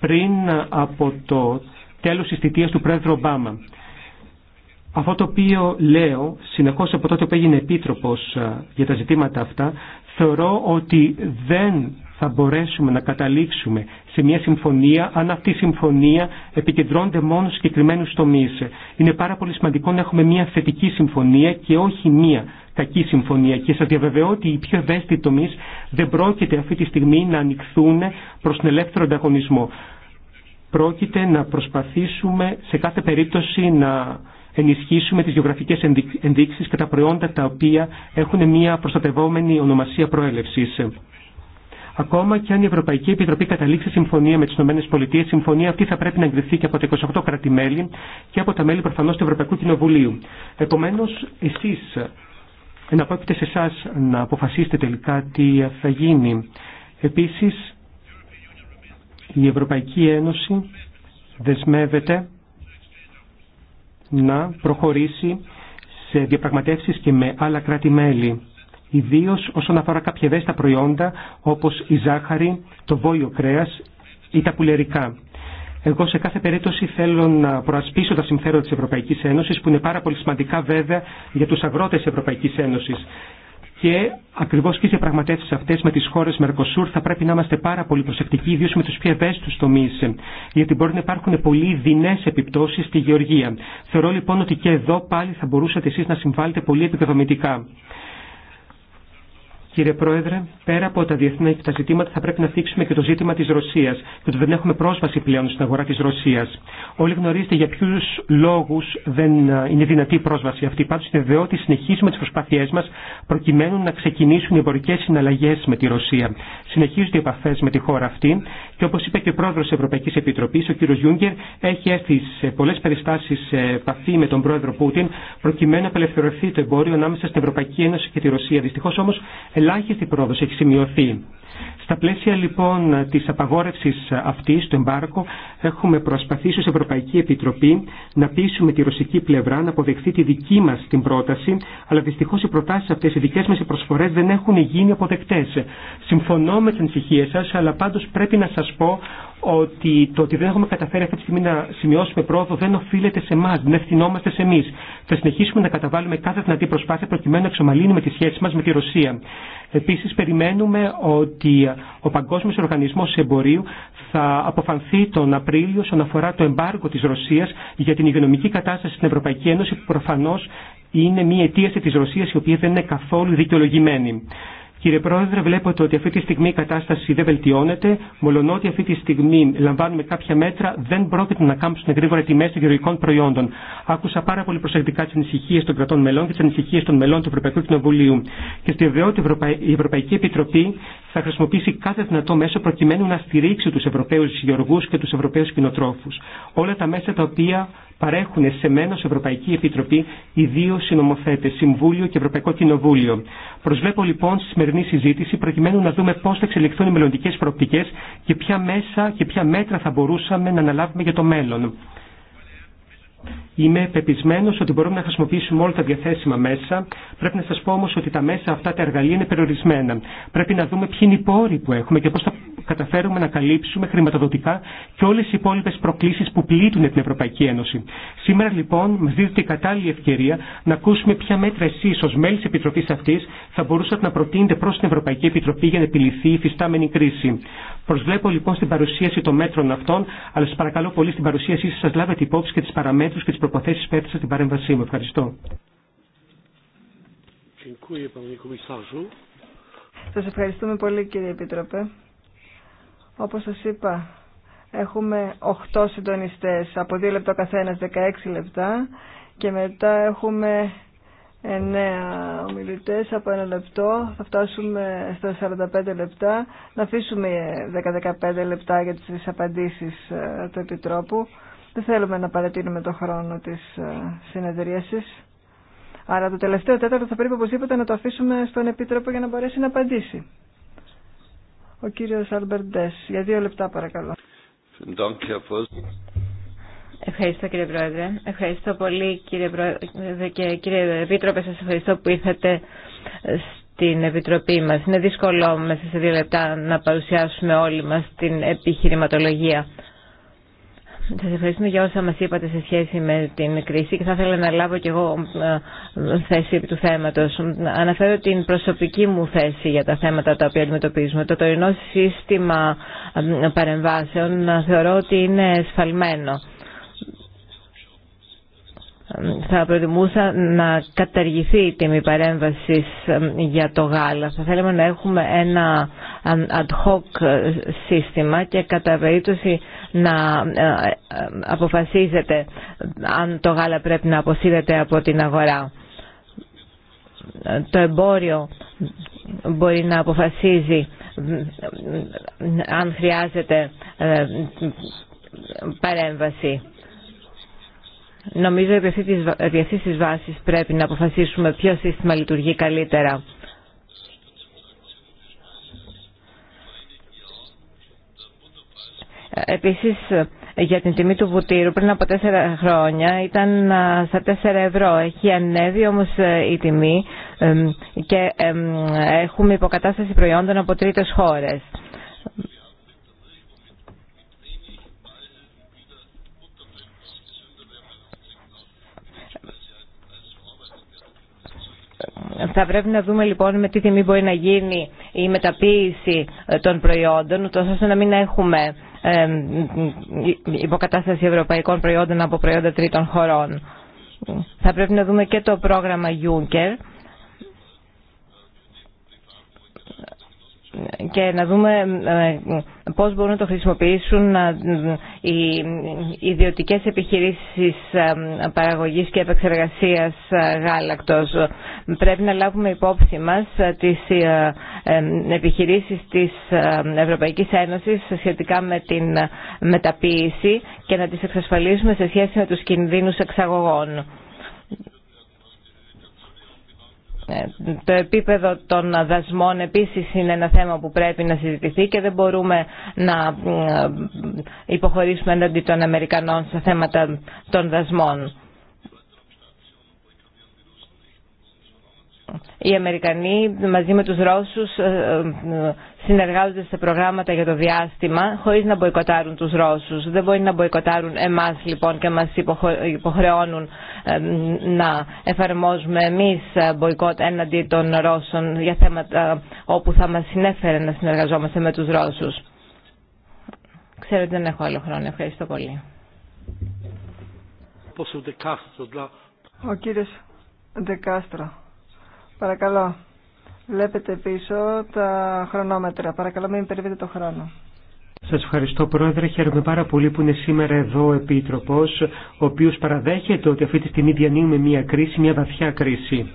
πριν από το τέλος της θητείας του πρόεδρου Ομπάμα. Αυτό το οποίο λέω συνεχώς από τότε που έγινε επίτροπος ε, για τα ζητήματα αυτά, θεωρώ ότι δεν θα μπορέσουμε να καταλήξουμε σε μια συμφωνία αν αυτή η συμφωνία επικεντρώνεται μόνο σε συγκεκριμένου τομεί. Είναι πάρα πολύ σημαντικό να έχουμε μια θετική συμφωνία και όχι μια κακή συμφωνία. Και σα διαβεβαιώ ότι οι πιο ευαίσθητοι τομεί δεν πρόκειται αυτή τη στιγμή να ανοιχθούν προ τον ελεύθερο ανταγωνισμό. Πρόκειται να προσπαθήσουμε σε κάθε περίπτωση να ενισχύσουμε τις γεωγραφικές ενδείξεις και τα προϊόντα τα οποία έχουν μια προστατευόμενη ονομασία προέλευσης. Ακόμα και αν η Ευρωπαϊκή Επιτροπή καταλήξει συμφωνία με τι ΗΠΑ, συμφωνία αυτή θα πρέπει να εγκριθεί και από τα 28 κράτη-μέλη και από τα μέλη προφανώ του Ευρωπαϊκού Κοινοβουλίου. Επομένω, εσεί εναπόκειται σε εσά να αποφασίσετε τελικά τι θα γίνει. Επίση, η Ευρωπαϊκή Ένωση δεσμεύεται να προχωρήσει σε διαπραγματεύσεις και με άλλα κράτη-μέλη ιδίω όσον αφορά κάποια ευαίσθητα προϊόντα όπω η ζάχαρη, το βόλιο κρέα ή τα πουλερικά. Εγώ σε κάθε περίπτωση θέλω να προασπίσω τα συμφέροντα της Ευρωπαϊκής Ένωσης που είναι πάρα πολύ σημαντικά βέβαια για τους αγρότες της Ευρωπαϊκής Ένωσης. Και ακριβώ και οι διαπραγματεύσει αυτέ με τι χώρε Μερκοσούρ θα πρέπει να είμαστε πάρα πολύ προσεκτικοί, ιδίω με του πιο ευαίσθητου τομεί. Γιατί μπορεί να υπάρχουν πολύ δεινέ επιπτώσει στη γεωργία. Θεωρώ λοιπόν ότι και εδώ πάλι θα μπορούσατε εσεί να συμβάλλετε πολύ επικοδομητικά. Κύριε Πρόεδρε, πέρα από τα διεθνή τα ζητήματα θα πρέπει να θίξουμε και το ζήτημα τη Ρωσία και δεν έχουμε πρόσβαση πλέον στην αγορά τη Ρωσία. Όλοι γνωρίζετε για ποιου λόγου δεν ε, είναι δυνατή η πρόσβαση αυτή. Πάντω είναι βεβαιό ότι συνεχίζουμε τι προσπάθειέ μα προκειμένου να ξεκινήσουν οι εμπορικέ συναλλαγέ με τη Ρωσία. Συνεχίζονται οι επαφέ με τη χώρα αυτή και όπω είπε και ο πρόεδρο τη Ευρωπαϊκή Επιτροπή, ο κύριο Γιούγκερ έχει έρθει σε πολλέ περιστάσει σε επαφή με τον πρόεδρο Πούτιν προκειμένου να απελευθερωθεί το εμπόριο ανάμεσα στην Ευρωπαϊκή Ένωση και τη Ρωσία. Δυστυχώ όμω ελάχιστη πρόοδο έχει σημειωθεί. Στα πλαίσια λοιπόν της απαγόρευσης αυτής του εμπάρκο έχουμε προσπαθήσει ως Ευρωπαϊκή Επιτροπή να πείσουμε τη ρωσική πλευρά να αποδεχθεί τη δική μας την πρόταση, αλλά δυστυχώς οι προτάσεις αυτές, οι δικές μας προσφορέ προσφορές δεν έχουν γίνει αποδεκτές. Συμφωνώ με την ησυχία σας, αλλά πάντως πρέπει να σας πω ότι το ότι δεν έχουμε καταφέρει αυτή τη στιγμή να σημειώσουμε πρόοδο δεν οφείλεται σε εμά, δεν ευθυνόμαστε σε εμεί. Θα συνεχίσουμε να καταβάλουμε κάθε δυνατή προσπάθεια προκειμένου να εξομαλύνουμε τη σχέση μα με τη Ρωσία. Επίση, περιμένουμε ότι ο Παγκόσμιο Οργανισμό Εμπορίου θα αποφανθεί τον Απρίλιο όσον αφορά το εμπάργκο τη Ρωσία για την υγειονομική κατάσταση στην Ευρωπαϊκή Ένωση, που προφανώ είναι μια αιτίαση τη Ρωσία η οποία δεν είναι καθόλου δικαιολογημένη. Κύριε Πρόεδρε, βλέπετε ότι αυτή τη στιγμή η κατάσταση δεν βελτιώνεται, μολονότι αυτή τη στιγμή λαμβάνουμε κάποια μέτρα, δεν πρόκειται να κάμψουν γρήγορα τιμέ των γεωργικών προϊόντων. Άκουσα πάρα πολύ προσεκτικά τι ανησυχίε των κρατών μελών και τι ανησυχίε των μελών του Ευρωπαϊκού Κοινοβουλίου. Και στη βεβαιότητα η Ευρωπαϊκή Επιτροπή θα χρησιμοποιήσει κάθε δυνατό μέσο προκειμένου να στηρίξει του Ευρωπαίου γεωργού και του Ευρωπαίου κοινοτρόφου. Όλα τα μέσα τα οποία παρέχουν σε μένα Ευρωπαϊκή Επιτροπή οι δύο συνομοθέτες, Συμβούλιο και Ευρωπαϊκό Κοινοβούλιο. Προσβλέπω λοιπόν στις σημερινή συζήτηση προκειμένου να δούμε πώς θα εξελιχθούν οι μελλοντικέ προοπτικές και ποια μέσα και ποια μέτρα θα μπορούσαμε να αναλάβουμε για το μέλλον. Είμαι πεπισμένος ότι μπορούμε να χρησιμοποιήσουμε όλα τα διαθέσιμα μέσα. Πρέπει να σας πω όμως ότι τα μέσα αυτά τα εργαλεία είναι περιορισμένα. Πρέπει να δούμε ποιοι είναι οι πόροι που έχουμε και πώς θα καταφέρουμε να καλύψουμε χρηματοδοτικά και όλες οι υπόλοιπες προκλήσεις που πλήττουν την Ευρωπαϊκή Ένωση. Σήμερα λοιπόν μας δίδεται η κατάλληλη ευκαιρία να ακούσουμε ποια μέτρα εσείς ως μέλη της Επιτροπής αυτής θα μπορούσατε να προτείνετε προς την Ευρωπαϊκή Επιτροπή για να επιληθεί η φυστάμενη κρίση. Προσβλέπω λοιπόν στην παρουσίαση των μέτρων αυτών, αλλά σας παρακαλώ πολύ στην παρουσίασή σας λάβετε υπόψη και τις παραμέτρους και τις προποθέσει που έθεσα παρέμβασή μου. Ευχαριστώ. Σα ευχαριστούμε πολύ κύριε Επίτροπε. Όπω σα είπα, έχουμε 8 συντονιστέ από 2 λεπτά καθένα, 16 λεπτά και μετά έχουμε 9 ομιλητέ από 1 λεπτό, θα φτάσουμε στα 45 λεπτά, να αφήσουμε 10-15 λεπτά για τι απαντήσει ε, του Επιτρόπου. Δεν θέλουμε να παρατείνουμε το χρόνο της ε, συνεδρίασης. Άρα το τελευταίο τέταρτο θα πρέπει οπωσδήποτε να το αφήσουμε στον Επίτροπο για να μπορέσει να απαντήσει. Ο κύριος Αλμπερντές, για δύο λεπτά παρακαλώ. Ευχαριστώ κύριε Πρόεδρε. Ευχαριστώ πολύ κύριε Πρόεδρε και κύριε Επίτροπε. Σας ευχαριστώ που ήρθατε στην Επιτροπή μας. Είναι δύσκολο μέσα σε δύο λεπτά να παρουσιάσουμε όλοι μας την επιχειρηματολογία Σα ευχαριστούμε για όσα μα είπατε σε σχέση με την κρίση και θα ήθελα να λάβω κι εγώ ε, θέση του θέματος. Αναφέρω την προσωπική μου θέση για τα θέματα τα οποία αντιμετωπίζουμε. Το τωρινό σύστημα ε, παρεμβάσεων ε, θεωρώ ότι είναι σφαλμένο. Θα προτιμούσα να καταργηθεί η τιμή παρέμβαση για το γάλα. Θα θέλαμε να έχουμε ένα ad hoc σύστημα και κατά περίπτωση να ε, ε, αποφασίζετε αν το γάλα πρέπει να αποσύρεται από την αγορά. Το εμπόριο μπορεί να αποφασίζει ε, αν χρειάζεται παρέμβαση. Νομίζω ότι επί αυτή τη πρέπει να αποφασίσουμε ποιο σύστημα λειτουργεί καλύτερα. Επίσης, για την τιμή του βουτύρου πριν από τέσσερα χρόνια ήταν στα τέσσερα ευρώ. Έχει ανέβει όμως ε, η τιμή και έχουμε υποκατάσταση προϊόντων από τρίτες χώρες. Θα πρέπει να δούμε λοιπόν με τι τιμή μπορεί να γίνει η μεταποίηση ε, των προϊόντων, τόσο ώστε να μην έχουμε υποκατάσταση ευρωπαϊκών προϊόντων από προϊόντα τρίτων χωρών. Θα πρέπει να δούμε και το πρόγραμμα Juncker και να δούμε ε, πώς μπορούν να το χρησιμοποιήσουν οι ιδιωτικές επιχειρήσεις ε, παραγωγής και επεξεργασίας ε, γάλακτος. Πρέπει να λάβουμε υπόψη μας τις επιχειρήσεις της Ευρωπαϊκής Ένωσης σχετικά με την μεταποίηση και να τις εξασφαλίσουμε σε σχέση με τους κινδύνους εξαγωγών. Ε, το επίπεδο των δασμών επίσης είναι ένα θέμα που πρέπει να συζητηθεί και δεν μπορούμε να ε, υποχωρήσουμε έναντι των Αμερικανών στα θέματα των δασμών. οι Αμερικανοί μαζί με τους Ρώσους ε, ε, συνεργάζονται σε προγράμματα για το διάστημα χωρίς να μποϊκοτάρουν τους Ρώσους. Δεν μπορεί να μποϊκοτάρουν εμάς λοιπόν και μας υποχρεώνουν ε, να εφαρμόζουμε εμείς μποϊκότ έναντι των Ρώσων για θέματα όπου θα μας συνέφερε να συνεργαζόμαστε με τους Ρώσους. Ξέρω ότι δεν έχω άλλο χρόνο. Ευχαριστώ πολύ. Ο κύριος Δεκάστρο. Παρακαλώ. Βλέπετε πίσω τα χρονόμετρα. Παρακαλώ μην περιβείτε το χρόνο. Σας ευχαριστώ Πρόεδρε, χαίρομαι πάρα πολύ που είναι σήμερα εδώ ο Επίτροπος, ο οποίος παραδέχεται ότι αυτή τη στιγμή διανύουμε μια κρίση, μια βαθιά κρίση.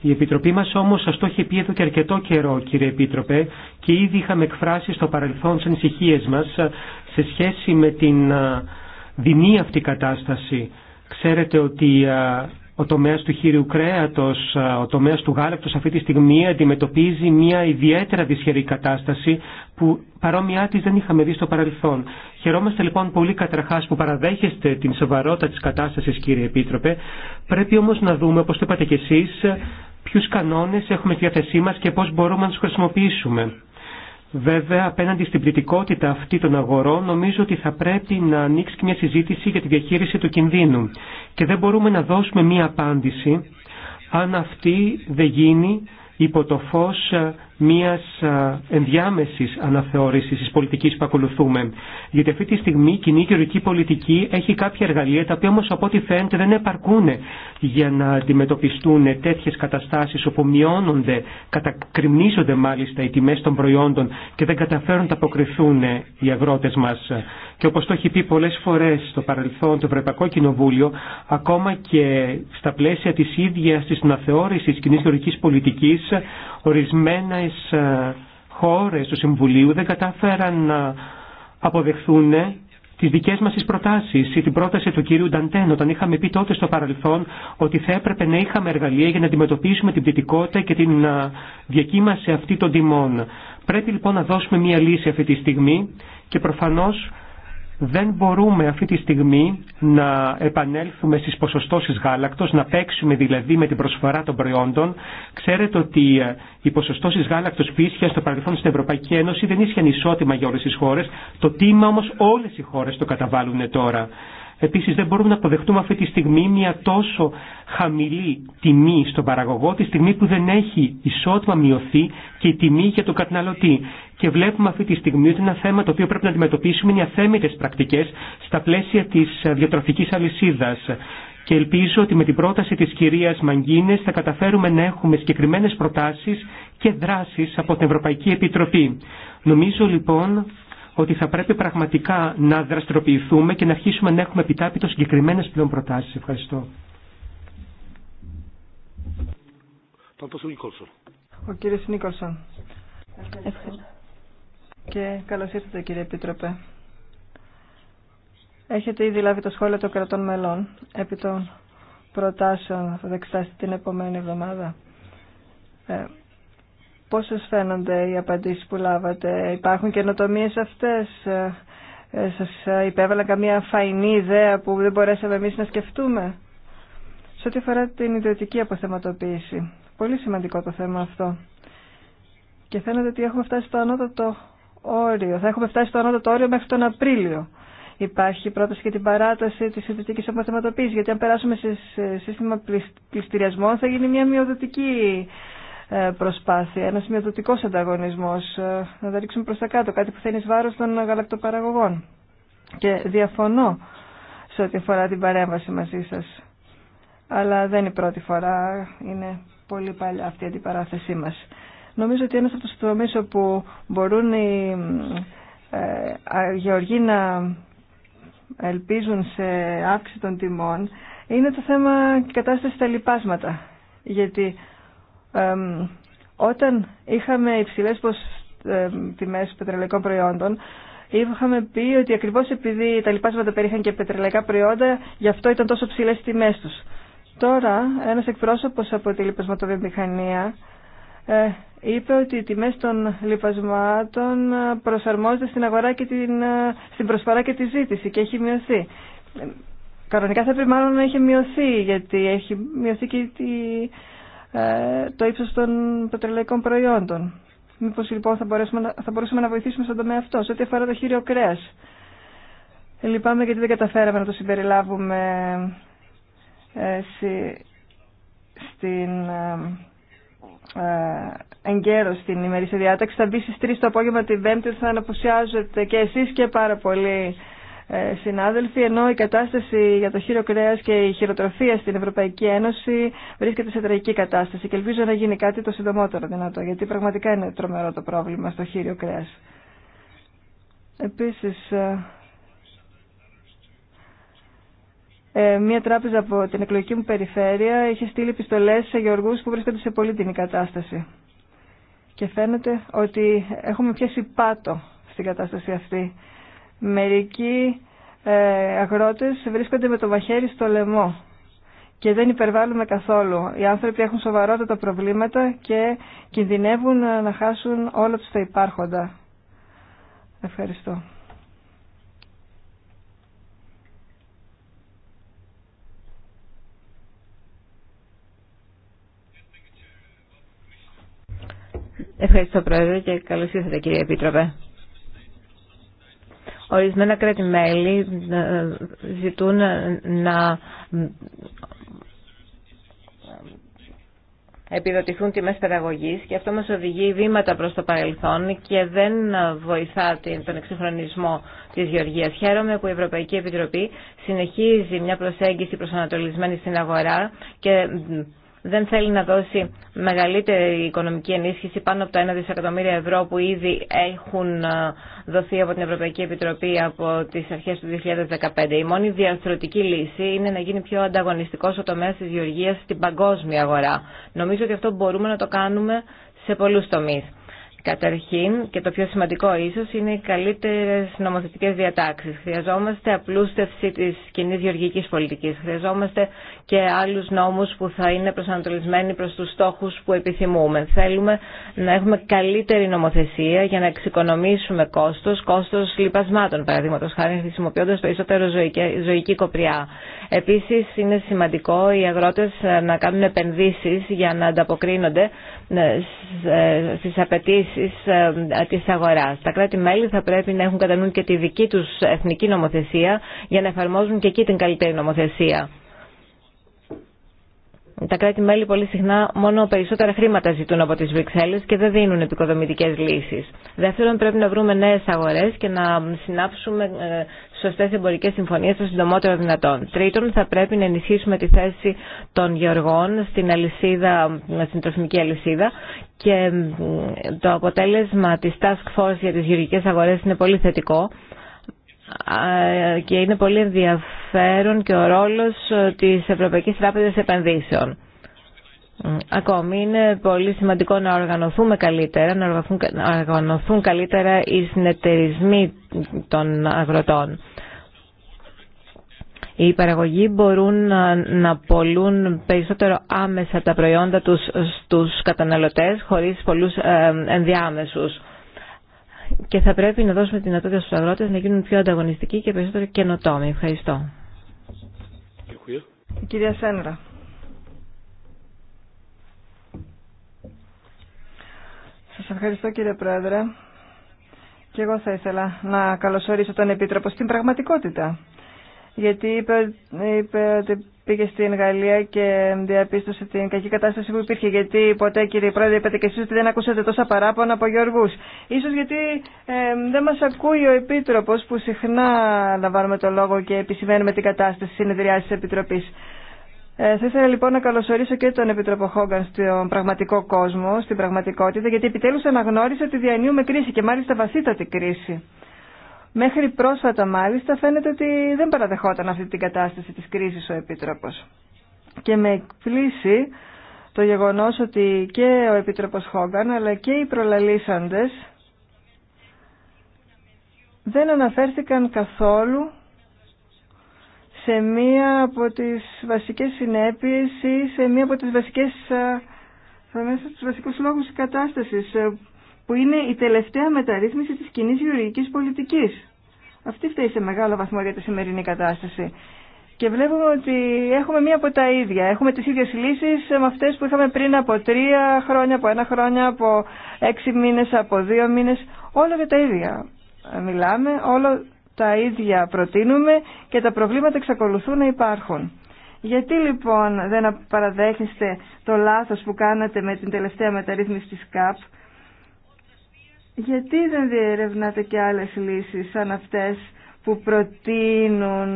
Η Επιτροπή μας όμως σας το έχει πει εδώ και αρκετό καιρό κύριε Επίτροπε και ήδη είχαμε εκφράσει στο παρελθόν τις ανησυχίες μας σε σχέση με την δεινή αυτή κατάσταση. Ξέρετε ότι ο τομέας του χείριου κρέατος, ο τομέας του γάλακτος αυτή τη στιγμή αντιμετωπίζει μια ιδιαίτερα δυσχερή κατάσταση που παρόμοιά της δεν είχαμε δει στο παρελθόν. Χαιρόμαστε λοιπόν πολύ καταρχάς που παραδέχεστε την σοβαρότητα της κατάστασης κύριε Επίτροπε. Πρέπει όμως να δούμε, όπως το είπατε κι εσείς, ποιους κανόνες έχουμε στη διάθεσή μας και πώς μπορούμε να τους χρησιμοποιήσουμε. Βέβαια, απέναντι στην πληθυκότητα αυτή των αγορών, νομίζω ότι θα πρέπει να ανοίξει και μια συζήτηση για τη διαχείριση του κινδύνου. Και δεν μπορούμε να δώσουμε μια απάντηση αν αυτή δεν γίνει υπό το φως ε, μιας ενδιάμεσης αναθεώρησης της πολιτικής που ακολουθούμε. Γιατί αυτή τη στιγμή η κοινή ορική πολιτική έχει κάποια εργαλεία τα οποία όμως από ό,τι φαίνεται δεν επαρκούν για να αντιμετωπιστούν τέτοιες καταστάσεις όπου μειώνονται, κατακριμνίζονται μάλιστα οι τιμές των προϊόντων και δεν καταφέρουν να αποκριθούν οι αγρότες μας. Και όπως το έχει πει πολλές φορές στο παρελθόν το Ευρωπαϊκό Κοινοβούλιο, ακόμα και στα πλαίσια της ίδιας της αναθεώρησης κοινή γεωργικής πολιτικής, Ορισμένες ε, χώρες του Συμβουλίου δεν κατάφεραν να αποδεχθούν τις δικές μας τις προτάσεις ή την πρόταση του κυρίου Νταντέν όταν είχαμε πει τότε στο παρελθόν ότι θα έπρεπε να είχαμε εργαλεία για να αντιμετωπίσουμε την πτυτικότητα και την ε, διακύμαση αυτή των τιμών. Πρέπει λοιπόν να δώσουμε μια λύση αυτή τη στιγμή και προφανώς δεν μπορούμε αυτή τη στιγμή να επανέλθουμε στις ποσοστώσεις γάλακτος, να παίξουμε δηλαδή με την προσφορά των προϊόντων. Ξέρετε ότι ε, οι ποσοστώσεις γάλακτος που ίσχυαν στο παρελθόν στην Ευρωπαϊκή Ένωση δεν ίσχυαν ισότιμα για όλες τις χώρες. Το τίμα όμως όλες οι χώρες το καταβάλουν τώρα. Επίσης δεν μπορούμε να αποδεχτούμε αυτή τη στιγμή μια τόσο χαμηλή τιμή στον παραγωγό τη στιγμή που δεν έχει ισότιμα μειωθεί και η τιμή για τον καταναλωτή. Και βλέπουμε αυτή τη στιγμή ότι ένα θέμα το οποίο πρέπει να αντιμετωπίσουμε είναι οι αθέμητες πρακτικές στα πλαίσια της διατροφικής αλυσίδας και ελπίζω ότι με την πρόταση της κυρίας Μαγκίνες θα καταφέρουμε να έχουμε συγκεκριμένε προτάσεις και δράσεις από την Ευρωπαϊκή Επιτροπή. Νομίζω λοιπόν ότι θα πρέπει πραγματικά να δραστηριοποιηθούμε και να αρχίσουμε να έχουμε επιτάπητο συγκεκριμένε πλέον προτάσεις. Ευχαριστώ. Ο κύριος Νίκολσον. Ευχαριστώ. Και καλώ ήρθατε κύριε Επίτροπε. Έχετε ήδη λάβει το σχόλιο των κρατών μελών επί των προτάσεων θα δεξάσετε την επόμενη εβδομάδα. Ε, Πώς σας φαίνονται οι απαντήσεις που λάβατε, υπάρχουν καινοτομίε αυτές, ε, ε, σας υπέβαλα καμία φαϊνή ιδέα που δεν μπορέσαμε εμείς να σκεφτούμε. Σε ό,τι αφορά την ιδιωτική αποθεματοποίηση, πολύ σημαντικό το θέμα αυτό. Και φαίνεται ότι έχουμε φτάσει στο ανώτατο όριο. Θα έχουμε φτάσει στο ανώτατο όριο μέχρι τον Απρίλιο. Υπάρχει πρόταση για την παράταση τη ιδιωτική αποθεματοποίηση. Γιατί αν περάσουμε σε σύστημα πληστηριασμών θα γίνει μια μειοδοτική ε, προσπάθεια, ένας σημειοδοτικό ανταγωνισμός, ε, να τα ρίξουμε προς τα κάτω, κάτι που θέλει είναι βάρος των γαλακτοπαραγωγών. Και διαφωνώ σε ό,τι αφορά την παρέμβαση μαζί σα, Αλλά δεν είναι η πρώτη φορά, είναι πολύ παλιά αυτή η αντιπαράθεσή μας. Νομίζω ότι ένα από τους τομεί όπου μπορούν ε, οι γεωργοί να ελπίζουν σε αύξηση των τιμών είναι το θέμα κατάσταση στα λοιπάσματα. Γιατί όταν είχαμε υψηλές τιμές πετρελαϊκών προϊόντων, είχαμε πει ότι ακριβώς επειδή τα λοιπάσματα περίχαν και πετρελαϊκά προϊόντα, γι' αυτό ήταν τόσο οι τιμέ τους. Τώρα, ένας εκπρόσωπος από τη λοιπασματοβιομηχανία ε, είπε ότι οι τιμές των λοιπασμάτων προσαρμόζονται στην αγορά και την, ε, στην προσφορά και τη ζήτηση και έχει μειωθεί. Κανονικά θα πρέπει μάλλον να έχει μειωθεί, γιατί έχει μειωθεί και η ε, το ύψος των πετρελαϊκών προϊόντων. Μήπως λοιπόν θα, μπορέσουμε να, θα μπορούσαμε να βοηθήσουμε στον τομέα αυτό, σε ό,τι αφορά το χείριο κρέας. Λυπάμαι γιατί δεν καταφέραμε να το συμπεριλάβουμε ε, στην ε, εγκαίρω στην ημερήσια διάταξη. Θα μπει στις 3 το απόγευμα την Πέμπτη, θα αναποσιάζετε και εσείς και πάρα πολύ. Ε, συνάδελφοι, ενώ η κατάσταση για το χείρο κρέας και η χειροτροφία στην Ευρωπαϊκή Ένωση βρίσκεται σε τραγική κατάσταση και ελπίζω να γίνει κάτι το συντομότερο δυνατό, γιατί πραγματικά είναι τρομερό το πρόβλημα στο χείριο κρέας. Επίσης, ε, ε, μία τράπεζα από την εκλογική μου περιφέρεια είχε στείλει επιστολές σε γεωργούς που βρίσκονται σε την κατάσταση. Και φαίνεται ότι έχουμε πιάσει πάτο στην κατάσταση αυτή Μερικοί ε, αγρότες βρίσκονται με το μαχαίρι στο λαιμό και δεν υπερβάλλουμε καθόλου. Οι άνθρωποι έχουν σοβαρότατα προβλήματα και κινδυνεύουν να χάσουν όλα τους τα υπάρχοντα. Ευχαριστώ. Ευχαριστώ Πρόεδρε και καλώς ήρθατε κύριε Επίτροπε. Ορισμένα κράτη-μέλη ε, ζητούν να επιδοτηθούν τιμές παραγωγή και αυτό μας οδηγεί βήματα προς το παρελθόν και δεν βοηθά τον εξυγχρονισμό της γεωργίας. Χαίρομαι που η Ευρωπαϊκή Επιτροπή συνεχίζει μια προσέγγιση προσανατολισμένη στην αγορά και δεν θέλει να δώσει μεγαλύτερη οικονομική ενίσχυση πάνω από τα 1 δισεκατομμύρια ευρώ που ήδη έχουν ε, δοθεί από την Ευρωπαϊκή Επιτροπή από τις αρχές του 2015. Η μόνη διαρθρωτική λύση είναι να γίνει πιο ανταγωνιστικός ο τομέας της διοργίας στην παγκόσμια αγορά. Νομίζω ότι αυτό μπορούμε να το κάνουμε σε πολλούς τομείς. Καταρχήν, και το πιο σημαντικό ίσως, είναι οι καλύτερες νομοθετικές διατάξεις. Χρειαζόμαστε απλούστευση της κοινή γεωργικής πολιτικής. Χρειαζόμαστε και άλλους νόμους που θα είναι προσανατολισμένοι προς τους στόχους που επιθυμούμε. Θέλουμε να έχουμε καλύτερη νομοθεσία για να εξοικονομήσουμε κόστος, κόστος λιπασμάτων παραδείγματος χάρη χρησιμοποιώντα περισσότερο ζωική, ζωική κοπριά. Επίσης είναι σημαντικό οι αγρότες ε, να κάνουν επενδύσεις για να ανταποκρίνονται ε, ε, στις απαιτήσει της αγοράς. Τα κράτη-μέλη θα πρέπει να έχουν κατά νου και τη δική τους εθνική νομοθεσία για να εφαρμόζουν και εκεί την καλύτερη νομοθεσία. Τα κράτη-μέλη πολύ συχνά μόνο περισσότερα χρήματα ζητούν από τις Βρυξέλλες και δεν δίνουν επικοδομητικές λύσεις. Δεύτερον, πρέπει να βρούμε νέες αγορές και να συνάψουμε σωστέ εμπορικέ συμφωνίε, το συντομότερο δυνατόν. Τρίτον, θα πρέπει να ενισχύσουμε τη θέση των γεωργών στην, αλυσίδα, στην τροφική αλυσίδα και το αποτέλεσμα της Task Force για τις γεωργικέ αγορέ είναι πολύ θετικό και είναι πολύ ενδιαφέρον και ο ρόλος ε, της Ευρωπαϊκής Τράπεζας Επενδύσεων. Ακόμη είναι πολύ σημαντικό να οργανωθούμε καλύτερα, να οργανωθούν, καλύτερα οι συνεταιρισμοί των αγροτών. Οι παραγωγοί μπορούν να πολλούν περισσότερο άμεσα τα προϊόντα τους στους καταναλωτές χωρίς πολλούς ε, ενδιάμεσους. Και θα πρέπει να δώσουμε τη δυνατότητα στους αγρότες να γίνουν πιο ανταγωνιστικοί και περισσότερο καινοτόμοι. Ευχαριστώ. Κυρία Σένρα. Σας ευχαριστώ κύριε Πρόεδρε. Και εγώ θα ήθελα να καλωσορίσω τον Επίτροπο στην πραγματικότητα. Γιατί είπε, είπε ότι πήγε στην Γαλλία και διαπίστωσε την κακή κατάσταση που υπήρχε. Γιατί ποτέ, κύριε Πρόεδρε, είπατε και εσείς ότι δεν ακούσατε τόσα παράπονα από Γιώργους. Ίσως γιατί δεν μας ακούει ο Επίτροπος που συχνά λαμβάνουμε το λόγο και επισημαίνουμε την κατάσταση συνεδριάσης τη ε, θα ήθελα λοιπόν να καλωσορίσω και τον Επιτροπο Χόγκαν στον πραγματικό κόσμο, στην πραγματικότητα, γιατί επιτέλου αναγνώρισε ότι διανύουμε κρίση και μάλιστα βαθύτατη κρίση. Μέχρι πρόσφατα μάλιστα φαίνεται ότι δεν παραδεχόταν αυτή την κατάσταση της κρίσης ο Επίτροπος. Και με εκπλήσει το γεγονός ότι και ο Επίτροπος Χόγκαν αλλά και οι προλαλήσαντες δεν αναφέρθηκαν καθόλου σε μία από τις βασικές συνέπειες ή σε μία από τις βασικές, θα μέσα τους βασικούς λόγους της κατάστασης, ε, που είναι η τελευταία μεταρρύθμιση της κοινή γεωργικής πολιτικής. Αυτή φταίει σε μια απο τις βασικες θα μεσα στους βασικους λογους της καταστασης που ειναι βαθμό για τη σημερινή κατάσταση. Και βλέπουμε ότι έχουμε μία από τα ίδια. Έχουμε τις ίδιες λύσεις ε, με αυτές που είχαμε πριν από τρία χρόνια, από ένα χρόνια, από έξι μήνες, από δύο μήνες. Όλα για τα ίδια μιλάμε, όλο τα ίδια προτείνουμε και τα προβλήματα εξακολουθούν να υπάρχουν. Γιατί λοιπόν δεν παραδέχεστε το λάθος που κάνατε με την τελευταία μεταρρύθμιση της ΚΑΠ, γιατί δεν διερευνάτε και άλλες λύσεις σαν αυτές που προτείνουν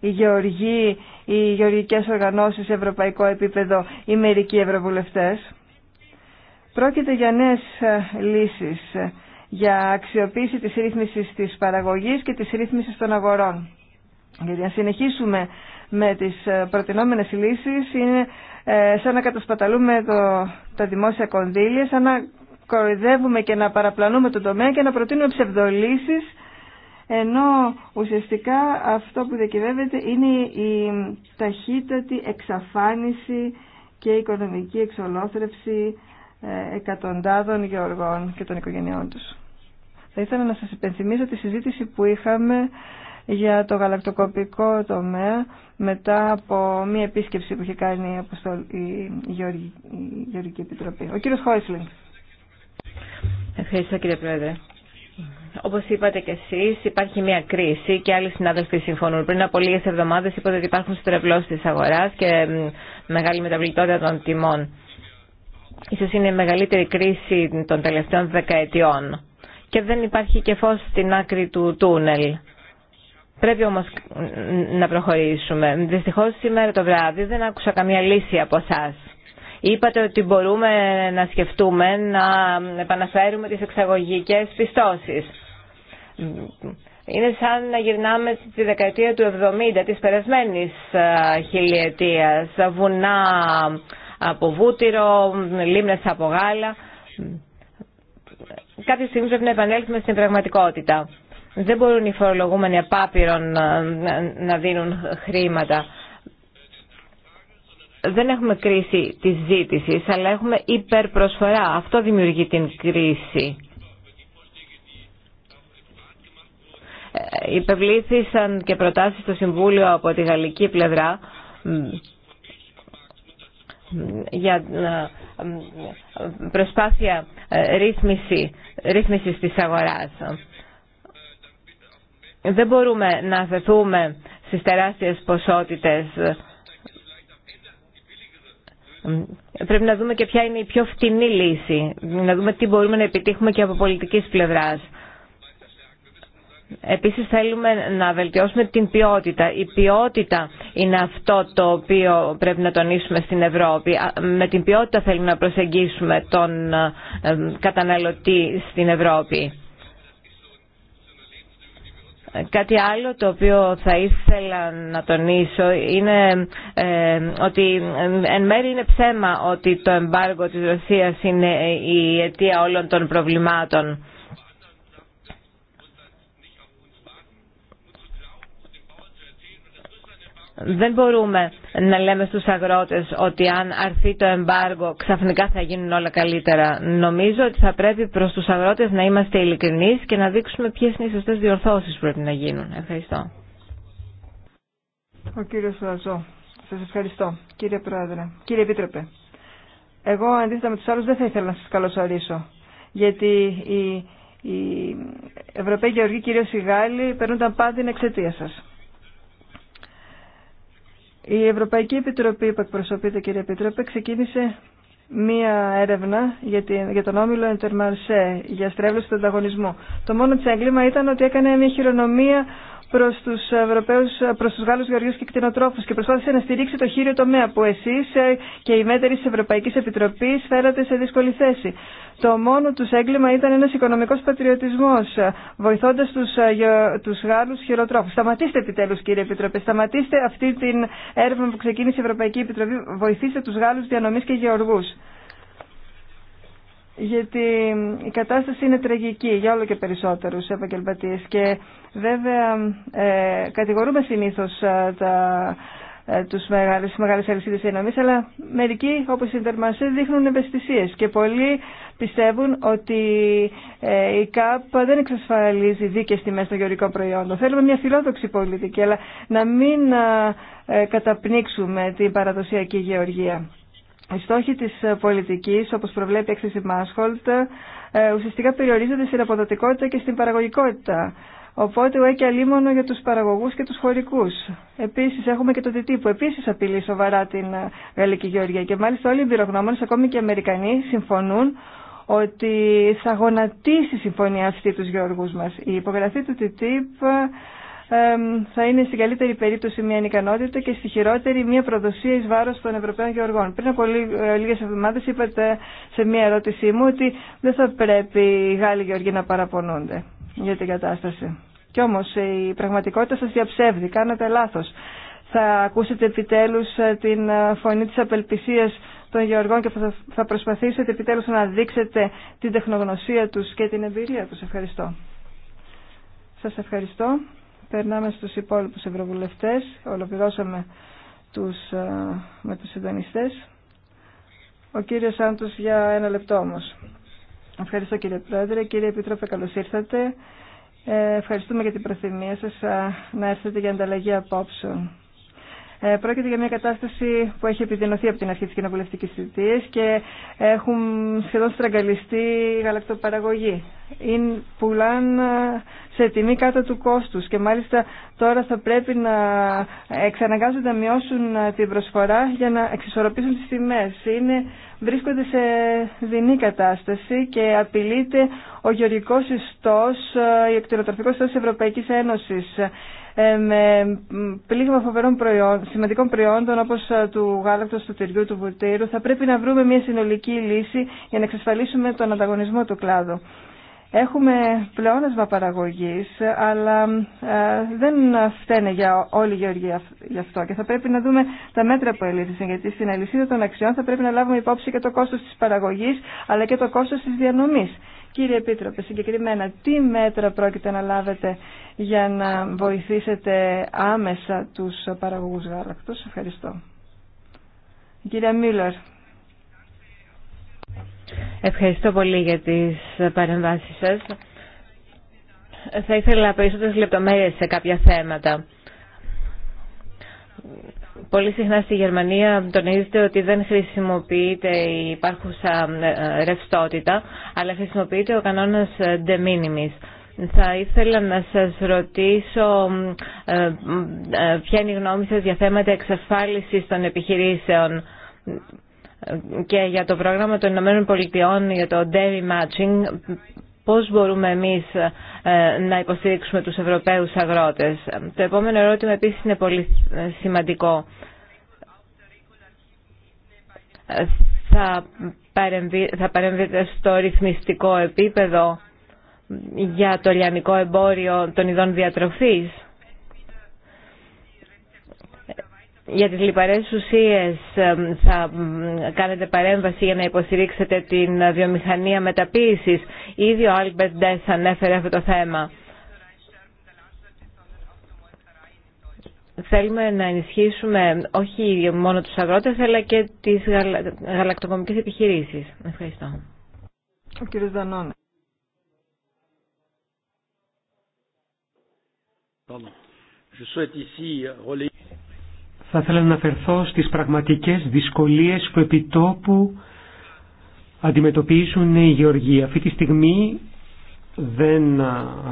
οι γεωργοί, οι γεωργικές οργανώσεις σε ευρωπαϊκό επίπεδο, οι μερικοί ευρωβουλευτές. Πρόκειται για νέες ε, λύσεις για αξιοποίηση της ρύθμισης της παραγωγής και της ρύθμισης των αγορών. Γιατί αν συνεχίσουμε με τις ε, προτινόμενες λύσεις είναι ε, σαν να κατασπαταλούμε το, τα δημόσια κονδύλια, σαν να κοροϊδεύουμε και να παραπλανούμε το τομέα και να προτείνουμε ψευδολύσεις ενώ ουσιαστικά αυτό που διακυβεύεται είναι η ταχύτατη εξαφάνιση και η οικονομική εξολόθρευση ε, εκατοντάδων γεωργών και των οικογενειών τους. Θα ήθελα να σας υπενθυμίσω τη συζήτηση που είχαμε για το γαλακτοκοπικό τομέα μετά από μία επίσκεψη που είχε κάνει η Γεωργική Επιτροπή. Ο κύριος Χόισλινγκ. Ευχαριστώ κύριε Πρόεδρε. Όπω είπατε και εσεί, υπάρχει μια κρίση και άλλοι συνάδελφοι συμφωνούν. Πριν από λίγε εβδομάδε είπατε ότι υπάρχουν στρεβλώσει τη αγορά και μεγάλη μεταβλητότητα των τιμών. Ίσως είναι η μεγαλύτερη κρίση των τελευταίων δεκαετιών και δεν υπάρχει και φως στην άκρη του τούνελ. Πρέπει όμως να προχωρήσουμε. Δυστυχώς σήμερα το βράδυ δεν άκουσα καμία λύση από εσά. Είπατε ότι μπορούμε να σκεφτούμε να επαναφέρουμε τις εξαγωγικές πιστώσεις. Είναι σαν να γυρνάμε στη δεκαετία του 70, της περασμένης χιλιετίας. Βουνά από βούτυρο, λίμνες από γάλα κάποια στιγμή πρέπει να επανέλθουμε στην πραγματικότητα. Δεν μπορούν οι φορολογούμενοι απάπειρον ε, να δίνουν χρήματα. Δεν έχουμε κρίση της ζήτησης, αλλά έχουμε υπερπροσφορά. Αυτό δημιουργεί την κρίση. Ε, υπευλήθησαν και προτάσεις στο Συμβούλιο από τη γαλλική πλευρά για να... Ε, προσπάθεια ε, ρύθμιση, ρύθμισης της αγοράς. Δεν μπορούμε να αφαιθούμε στις τεράστιες ποσότητες. Πρέπει να δούμε και ποια είναι η πιο φτηνή λύση. Να δούμε τι μπορούμε να επιτύχουμε και από πολιτικής πλευράς. Επίσης θέλουμε να βελτιώσουμε την ποιότητα. Η ποιότητα είναι αυτό το οποίο πρέπει να τονίσουμε στην Ευρώπη. Με την ποιότητα θέλουμε να προσεγγίσουμε τον ε, καταναλωτή στην Ευρώπη. Κάτι άλλο το οποίο θα ήθελα να τονίσω είναι ε, ότι ε, εν μέρει είναι ψέμα ότι το εμπάργο της Ρωσίας είναι η αιτία όλων των προβλημάτων. Δεν μπορούμε να λέμε στους αγρότες ότι αν αρθεί το εμπάργο ξαφνικά θα γίνουν όλα καλύτερα. Νομίζω ότι θα πρέπει προς τους αγρότες να είμαστε ειλικρινείς και να δείξουμε ποιες είναι οι σωστές διορθώσεις που πρέπει να γίνουν. Ευχαριστώ. Ο κύριος Λαζό. Σας ευχαριστώ. Κύριε Πρόεδρε. Κύριε Επίτροπε. Εγώ αντίθετα με τους άλλους δεν θα ήθελα να σας καλωσορίσω. Γιατί οι, οι Ευρωπαίοι Γεωργοί, κυρίως οι Γάλλοι, περνούνταν πάντα εξαιτία σας. Η Ευρωπαϊκή Επιτροπή που εκπροσωπείται, κύριε Επιτρόπε, ξεκίνησε μία έρευνα για, τον όμιλο Intermarché για στρέβλωση του ανταγωνισμού. Το μόνο της έγκλημα ήταν ότι έκανε μία χειρονομία Προ του Ευρωπαίους, προς τους Γάλλους γεωργίους και κτηνοτρόφους και προσπάθησε να στηρίξει το χείριο τομέα που εσεί ε, και οι μέτεροι τη Ευρωπαϊκή Επιτροπή φέρατε σε δύσκολη θέση. Το μόνο του έγκλημα ήταν ένα οικονομικό πατριωτισμό ε, βοηθώντα του ε, Γάλλου χειροτρόφου. Σταματήστε επιτέλους κύριε Επιτροπή, σταματήστε αυτή την έρευνα που ξεκίνησε η Ευρωπαϊκή Επιτροπή, βοηθήστε του Γάλλου διανομή και γεωργού γιατί η κατάσταση είναι τραγική για όλο και περισσότερους επαγγελματίες και βέβαια ε, κατηγορούμε συνήθως ε, τα, ε, τους μεγάλες, μεγάλες αλυσίδες ενομής, αλλά μερικοί όπως η Ιντερμασί δείχνουν ευαισθησίες και πολλοί πιστεύουν ότι ε, η ΚΑΠ δεν εξασφαλίζει δίκες τιμές των γεωρικών προϊόντων. Θέλουμε μια φιλόδοξη πολιτική, αλλά να μην καταπνίξουμε την παραδοσιακή γεωργία. Οι στόχοι της ε, πολιτικής, όπως προβλέπει η έκθεση Μάσχολτ, ε, ουσιαστικά περιορίζονται στην αποδοτικότητα και στην παραγωγικότητα. Οπότε ο ΕΚΙΑ λίμωνο για τους παραγωγούς και τους χωρικούς. Επίσης έχουμε και το ΤΤΙ που επίσης απειλεί σοβαρά την ε, Γαλλική Γεωργία. Και μάλιστα όλοι οι εμπειρογνώμονες, ακόμη και οι Αμερικανοί, συμφωνούν ότι θα γονατίσει η συμφωνία αυτή τους γεωργούς μας. Η υπογραφή του TTIP θα είναι στην καλύτερη περίπτωση μια ανικανότητα και στη χειρότερη μια προδοσία εις βάρος των Ευρωπαίων Γεωργών. Πριν από ε, λίγε εβδομάδε είπατε σε μια ερώτησή μου ότι δεν θα πρέπει οι Γάλλοι Γεωργοί να παραπονούνται για την κατάσταση. Κι όμως ε, η πραγματικότητα σας διαψεύδει, κάνατε λάθος. Θα ακούσετε επιτέλου ε, την φωνή της απελπισίας των Γεωργών και θα προσπαθήσετε επιτέλους να δείξετε την τεχνογνωσία τους και την εμπειρία τους. Ευχαριστώ. Σας ευχαριστώ. Περνάμε στους υπόλοιπους ευρωβουλευτές. Ολοκληρώσαμε τους, ε, με τους συντονιστές. Ο κύριος Σάντος για ένα λεπτό όμως. Ευχαριστώ κύριε Πρόεδρε. Κύριε Επίτροπε, καλώς ήρθατε. Ε, ευχαριστούμε για την προθυμία σας ε, να έρθετε για ανταλλαγή απόψεων. Ε, πρόκειται για μια κατάσταση που έχει επιδεινωθεί από την αρχή τη κοινοβουλευτική θητεία και έχουν σχεδόν στραγγαλιστεί γαλακτοπαραγωγή. Είναι, πουλάν ε, σε τιμή κάτω του κόστους και μάλιστα τώρα θα πρέπει να εξαναγκάζονται να μειώσουν ε, την προσφορά για να εξισορροπήσουν τις τιμές. βρίσκονται σε δεινή κατάσταση και απειλείται ο γεωργικός ιστός, η εκτινοτροφικός ιστός της Ευρωπαϊκής Ένωσης ε, με πλήγμα φοβερών προϊόν, σημαντικών προϊόντων όπως ε, του γάλακτος, του τυριού, του βουτύρου, θα πρέπει να βρούμε μια συνολική λύση για να εξασφαλίσουμε τον ανταγωνισμό του κλάδου. Έχουμε πλεόνασμα παραγωγής, αλλά ε, δεν φταίνε για όλη η γεωργία γι' αυτό και θα πρέπει να δούμε τα μέτρα που ελήφθησαν, γιατί στην αλυσίδα των αξιών θα πρέπει να λάβουμε υπόψη και το κόστος της παραγωγής, αλλά και το κόστος της διανομής. Κύριε Επίτροπε, συγκεκριμένα τι μέτρα πρόκειται να λάβετε για να βοηθήσετε άμεσα τους παραγωγούς γάλακτος. Ευχαριστώ. Κύριε Μίλλορ. Ευχαριστώ πολύ για τις παρεμβάσεις σας. Θα ήθελα περισσότερες λεπτομέρειες σε κάποια θέματα. Πολύ συχνά στη Γερμανία τονίζεται ότι δεν χρησιμοποιείται η υπάρχουσα ε, ρευστότητα, αλλά χρησιμοποιείται ο κανόνας ε, de minimis. Θα ήθελα να σας ρωτήσω ε, ποια είναι η γνώμη σας για θέματα εξασφάλισης των επιχειρήσεων και για το πρόγραμμα των Ηνωμένων Πολιτειών για το Dairy Matching. Πώς μπορούμε εμείς ε, να υποστηρίξουμε τους Ευρωπαίους αγρότες. Το επόμενο ερώτημα επίσης είναι πολύ ε, σημαντικό. Ε, θα, παρεμβεί, θα παρεμβείτε στο ρυθμιστικό επίπεδο για το λιανικό εμπόριο των ειδών διατροφής. για τις λιπαρές ουσίες ε, θα κάνετε παρέμβαση για να υποστηρίξετε την βιομηχανία μεταποίησης. Ήδη ο Άλμπερτ Ντες ανέφερε αυτό το θέμα. Θέλουμε να ενισχύσουμε όχι μόνο τους αγρότες αλλά και τις γαλακτοκομικές επιχειρήσεις. Ευχαριστώ. Ο κύριος ici θα ήθελα να αναφερθώ στις πραγματικές δυσκολίες που επιτόπου αντιμετωπίζουν οι γεωργοί. Αυτή τη στιγμή δεν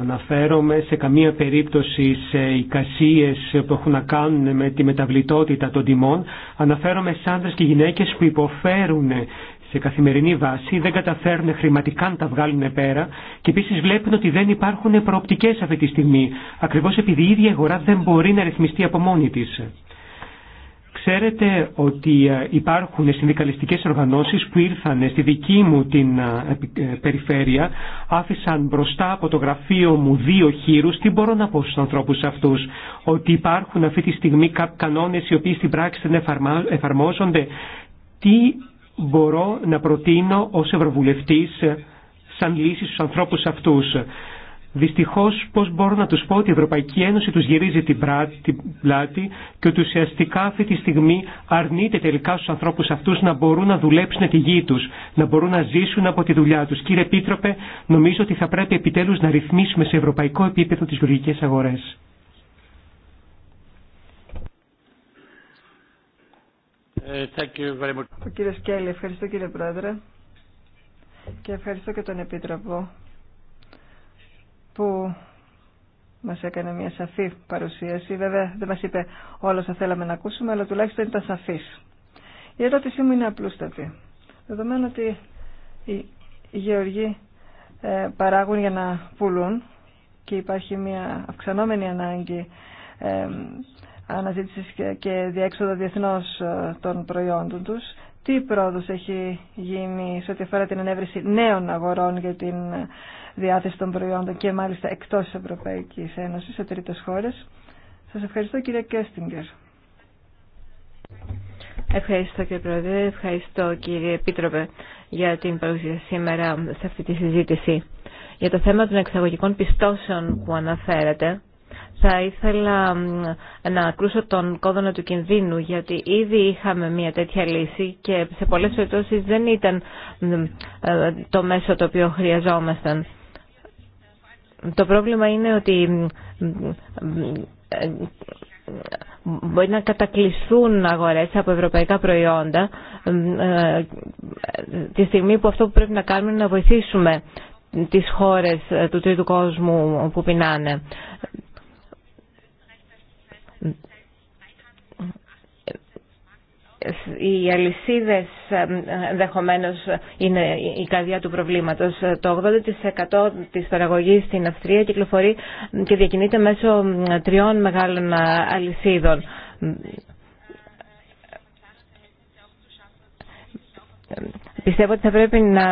αναφέρομαι σε καμία περίπτωση σε εικασίες που έχουν να κάνουν με τη μεταβλητότητα των τιμών. Αναφέρομαι σε άντρες και γυναίκες που υποφέρουν σε καθημερινή βάση, δεν καταφέρουν χρηματικά να τα βγάλουν πέρα και επίση βλέπουν ότι δεν υπάρχουν προοπτικές αυτή τη στιγμή, ακριβώς επειδή η ίδια αγορά δεν μπορεί να ρυθμιστεί από μόνη της. Ξέρετε ότι ε, υπάρχουν συνδικαλιστικές οργανώσεις που ήρθαν στη δική μου την ε, ε, περιφέρεια, άφησαν μπροστά από το γραφείο μου δύο χείρους. Τι μπορώ να πω στους ανθρώπους αυτούς, ότι υπάρχουν αυτή τη στιγμή κάποιοι κανόνες οι οποίοι στην πράξη δεν εφαρμόζονται. Τι μπορώ να προτείνω ως Ευρωβουλευτής σαν λύση στους ανθρώπους αυτούς. Δυστυχώ, πώς μπορώ να του πω ότι η Ευρωπαϊκή Ένωση του γυρίζει την, πλάτη και ότι ουσιαστικά αυτή τη στιγμή αρνείται τελικά στου ανθρώπους αυτούς να μπορούν να δουλέψουν τη γη τους, να μπορούν να ζήσουν από τη δουλειά τους. Κύριε Επίτροπε, νομίζω ότι θα πρέπει επιτέλους να ρυθμίσουμε σε ευρωπαϊκό επίπεδο τις γεωργικές αγορέ. Κύριε ευχαριστώ κύριε Πρόεδρε και ευχαριστώ και τον Επίτροπο που μας έκανε μια σαφή παρουσίαση. Βέβαια δεν μας είπε όλα όσα θέλαμε να ακούσουμε, αλλά τουλάχιστον ήταν σαφής. Η ερώτησή μου είναι απλούστατη. Δεδομένου ότι οι γεωργοί ε, παράγουν για να πουλούν και υπάρχει μια αυξανόμενη ανάγκη ε, αναζήτησης και διέξοδο διεθνώς ε, των προϊόντων τους, τι πρόοδος έχει γίνει σε ό,τι αφορά την ανέβρεση νέων αγορών για την διάθεση των προϊόντων και μάλιστα εκτός της Ευρωπαϊκής Ένωσης, σε τρίτες χώρες. Σας ευχαριστώ κύριε Κέστιγκερ. Ευχαριστώ κύριε Πρόεδρε, ευχαριστώ κύριε Επίτροπε για την παρουσία σήμερα σε αυτή τη συζήτηση. Για το θέμα των εξαγωγικών πιστώσεων που αναφέρατε, θα ήθελα να ακούσω τον κόδωνα του κινδύνου, γιατί ήδη είχαμε μια τέτοια λύση και σε πολλές περιπτώσει δεν ήταν ε, το μέσο το οποίο χρειαζόμασταν. Το πρόβλημα είναι ότι μπορεί να κατακλειστούν αγορές από ευρωπαϊκά προϊόντα ε, τη στιγμή που αυτό που πρέπει να κάνουμε είναι να βοηθήσουμε τις χώρες ε, του τρίτου κόσμου που πεινάνε. οι αλυσίδε ενδεχομένω είναι η καρδιά του προβλήματο. Το 80% τη παραγωγή στην Αυστρία κυκλοφορεί και διακινείται μέσω τριών μεγάλων αλυσίδων. Πιστεύω ότι θα πρέπει να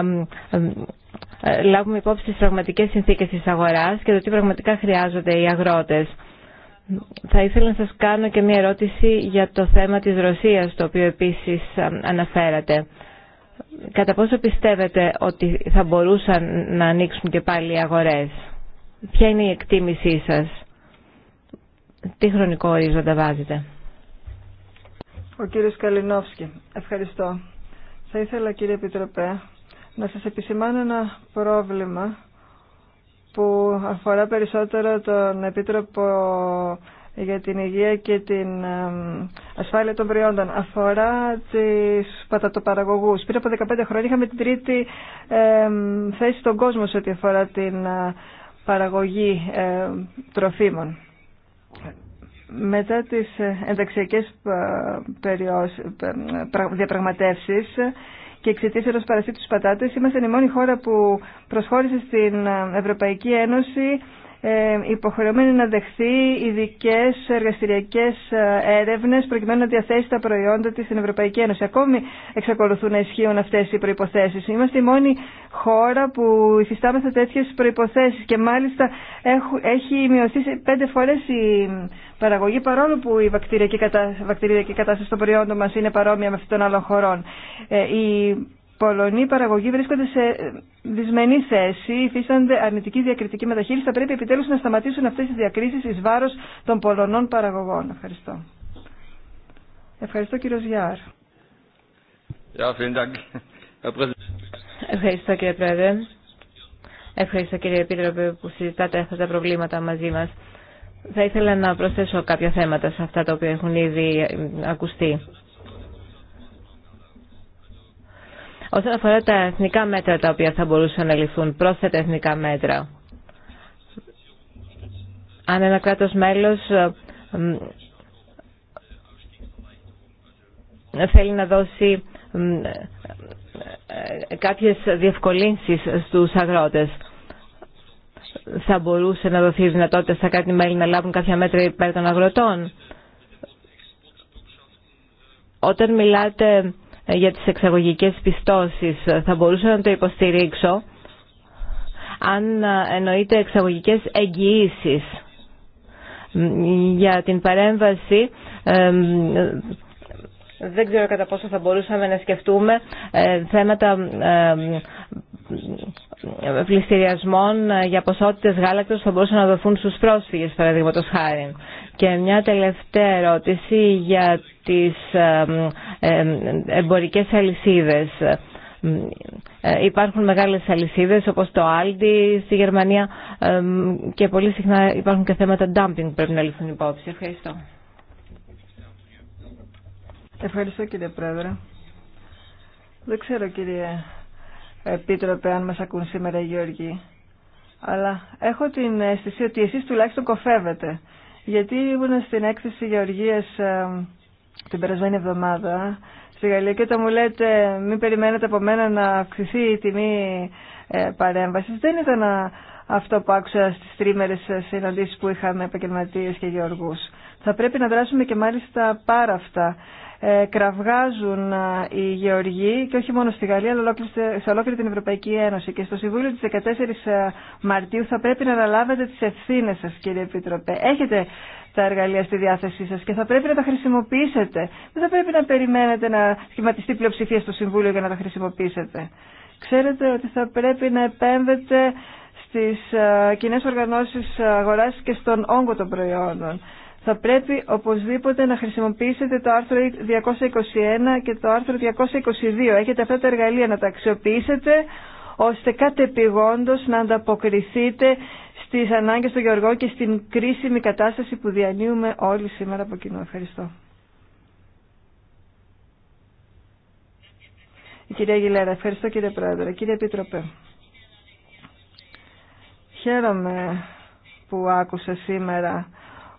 ε, λάβουμε υπόψη τις πραγματικές συνθήκες της αγοράς και το τι πραγματικά χρειάζονται οι αγρότες. Θα ήθελα να σας κάνω και μια ερώτηση για το θέμα της Ρωσίας, το οποίο επίσης αναφέρατε. Κατά πόσο πιστεύετε ότι θα μπορούσαν να ανοίξουν και πάλι οι αγορές. Ποια είναι η εκτίμησή σας. Τι χρονικό ορίζοντα βάζετε. Ο κύριος Καλινόφσκι. Ευχαριστώ. Θα ήθελα κύριε Επιτροπέ να σας επισημάνω ένα πρόβλημα που αφορά περισσότερο τον Επίτροπο για την Υγεία και την Ασφάλεια των Προϊόντων. Αφορά τις πατατοπαραγωγούς. Πριν από 15 χρόνια είχαμε την τρίτη θέση στον κόσμο σε ό,τι αφορά την ε, παραγωγή ε, τροφίμων. Μετά τις ε, ενταξιακές διαπραγματεύσεις και εξαιτία ενό παρασίτου πατάτε, είμαστε η μόνη χώρα που προσχώρησε στην ε, Ευρωπαϊκή Ένωση ε, υποχρεωμένη να δεχθεί ειδικέ εργαστηριακές ε, έρευνε προκειμένου να διαθέσει τα προϊόντα της στην Ευρωπαϊκή Ένωση. Ακόμη εξακολουθούν να ισχύουν αυτές οι προποθέσει. Είμαστε η μόνη χώρα που υφιστάμεθα τέτοιε προποθέσει και μάλιστα έχει μειωθεί πέντε φορές η παραγωγή παρόλο που η βακτηριακή κατάσταση των προϊόντων μα είναι παρόμοια με αυτή των άλλων χωρών. Ε, η Πολωνοί παραγωγοί βρίσκονται σε δυσμενή θέση, υφίστανται αρνητική διακριτική μεταχείριση. Θα πρέπει επιτέλου να σταματήσουν αυτέ τι διακρίσει ει βάρο των Πολωνών παραγωγών. Ευχαριστώ. Ευχαριστώ κύριο Γιάρ. Ευχαριστώ κύριε Πρόεδρε. Ευχαριστώ κύριε Επίτροπε που συζητάτε αυτά τα προβλήματα μαζί μα Θα ήθελα να προσθέσω κάποια θέματα σε αυτά τα οποία έχουν ήδη ακουστεί. Όσον αφορά τα εθνικά μέτρα τα οποία θα μπορούσαν να ληφθούν, πρόσθετα εθνικά μέτρα. Αν ένα κράτος μέλος ε, θέλει να δώσει ε, κάποιες διευκολύνσεις στους αγρότες. Θα μπορούσε να δοθεί η δυνατότητα στα κάτι μέλη να λάβουν κάποια μέτρα υπέρ των αγροτών. Όταν μιλάτε ε, για τις εξαγωγικές πιστώσεις. Ε, θα μπορούσα να το υποστηρίξω αν ε, εννοείται εξαγωγικές εγγυήσεις για την παρέμβαση δεν ξέρω κατά πόσο θα μπορούσαμε να σκεφτούμε θέματα πληστηριασμών για ποσότητες γάλακτος θα μπορούσαν να δοθούν στους πρόσφυγες, παραδείγματος χάρη. Και μια τελευταία ερώτηση για τις ε, ε, εμπορικές αλυσίδες. Ε, υπάρχουν μεγάλες αλυσίδες όπως το Aldi στη Γερμανία και πολύ συχνά υπάρχουν και θέματα dumping που πρέπει να λυθούν υπόψη. Ευχαριστώ. Ευχαριστώ κύριε Πρόεδρε. Δεν ξέρω κύριε Επίτροπε αν μας ακούν σήμερα οι Γεωργοί. Αλλά έχω την αισθησία ότι εσείς τουλάχιστον κοφεύετε. Γιατί ήμουν στην έκθεση Γεωργίας ε, την περασμένη εβδομάδα στη Γαλλία και όταν μου λέτε μην περιμένετε από μένα να αυξηθεί η τιμή ε, παρέμβασης δεν ήταν αυτό που άκουσα στις τρίμερες ε, συναντήσεις που είχαμε επαγγελματίε και γεωργούς. Θα πρέπει να δράσουμε και μάλιστα πάρα αυτά ε, κραυγάζουν οι γεωργοί και όχι μόνο στη Γαλλία αλλά σε ολόκληρη την Ευρωπαϊκή Ένωση και στο Συμβούλιο της 14 Μαρτίου θα πρέπει να αναλάβετε τις ευθύνε σας κύριε Επίτροπε. Έχετε τα εργαλεία στη διάθεσή σας και θα πρέπει να τα χρησιμοποιήσετε. Δεν θα πρέπει να περιμένετε να σχηματιστεί πλειοψηφία στο Συμβούλιο για να τα χρησιμοποιήσετε. Ξέρετε ότι θα πρέπει να επέμβετε στις κοινέ οργανώσεις αγοράς και στον όγκο των προϊόντων θα πρέπει οπωσδήποτε να χρησιμοποιήσετε το άρθρο 221 και το άρθρο 222. Έχετε αυτά τα εργαλεία να τα αξιοποιήσετε ώστε κατεπηγόντως να ανταποκριθείτε στις ανάγκες του Γεωργό και στην κρίσιμη κατάσταση που διανύουμε όλοι σήμερα από κοινού. Ευχαριστώ. κυρία Γιλέρα, ευχαριστώ κύριε Πρόεδρε. Κύριε Επίτροπε, χαίρομαι που άκουσα σήμερα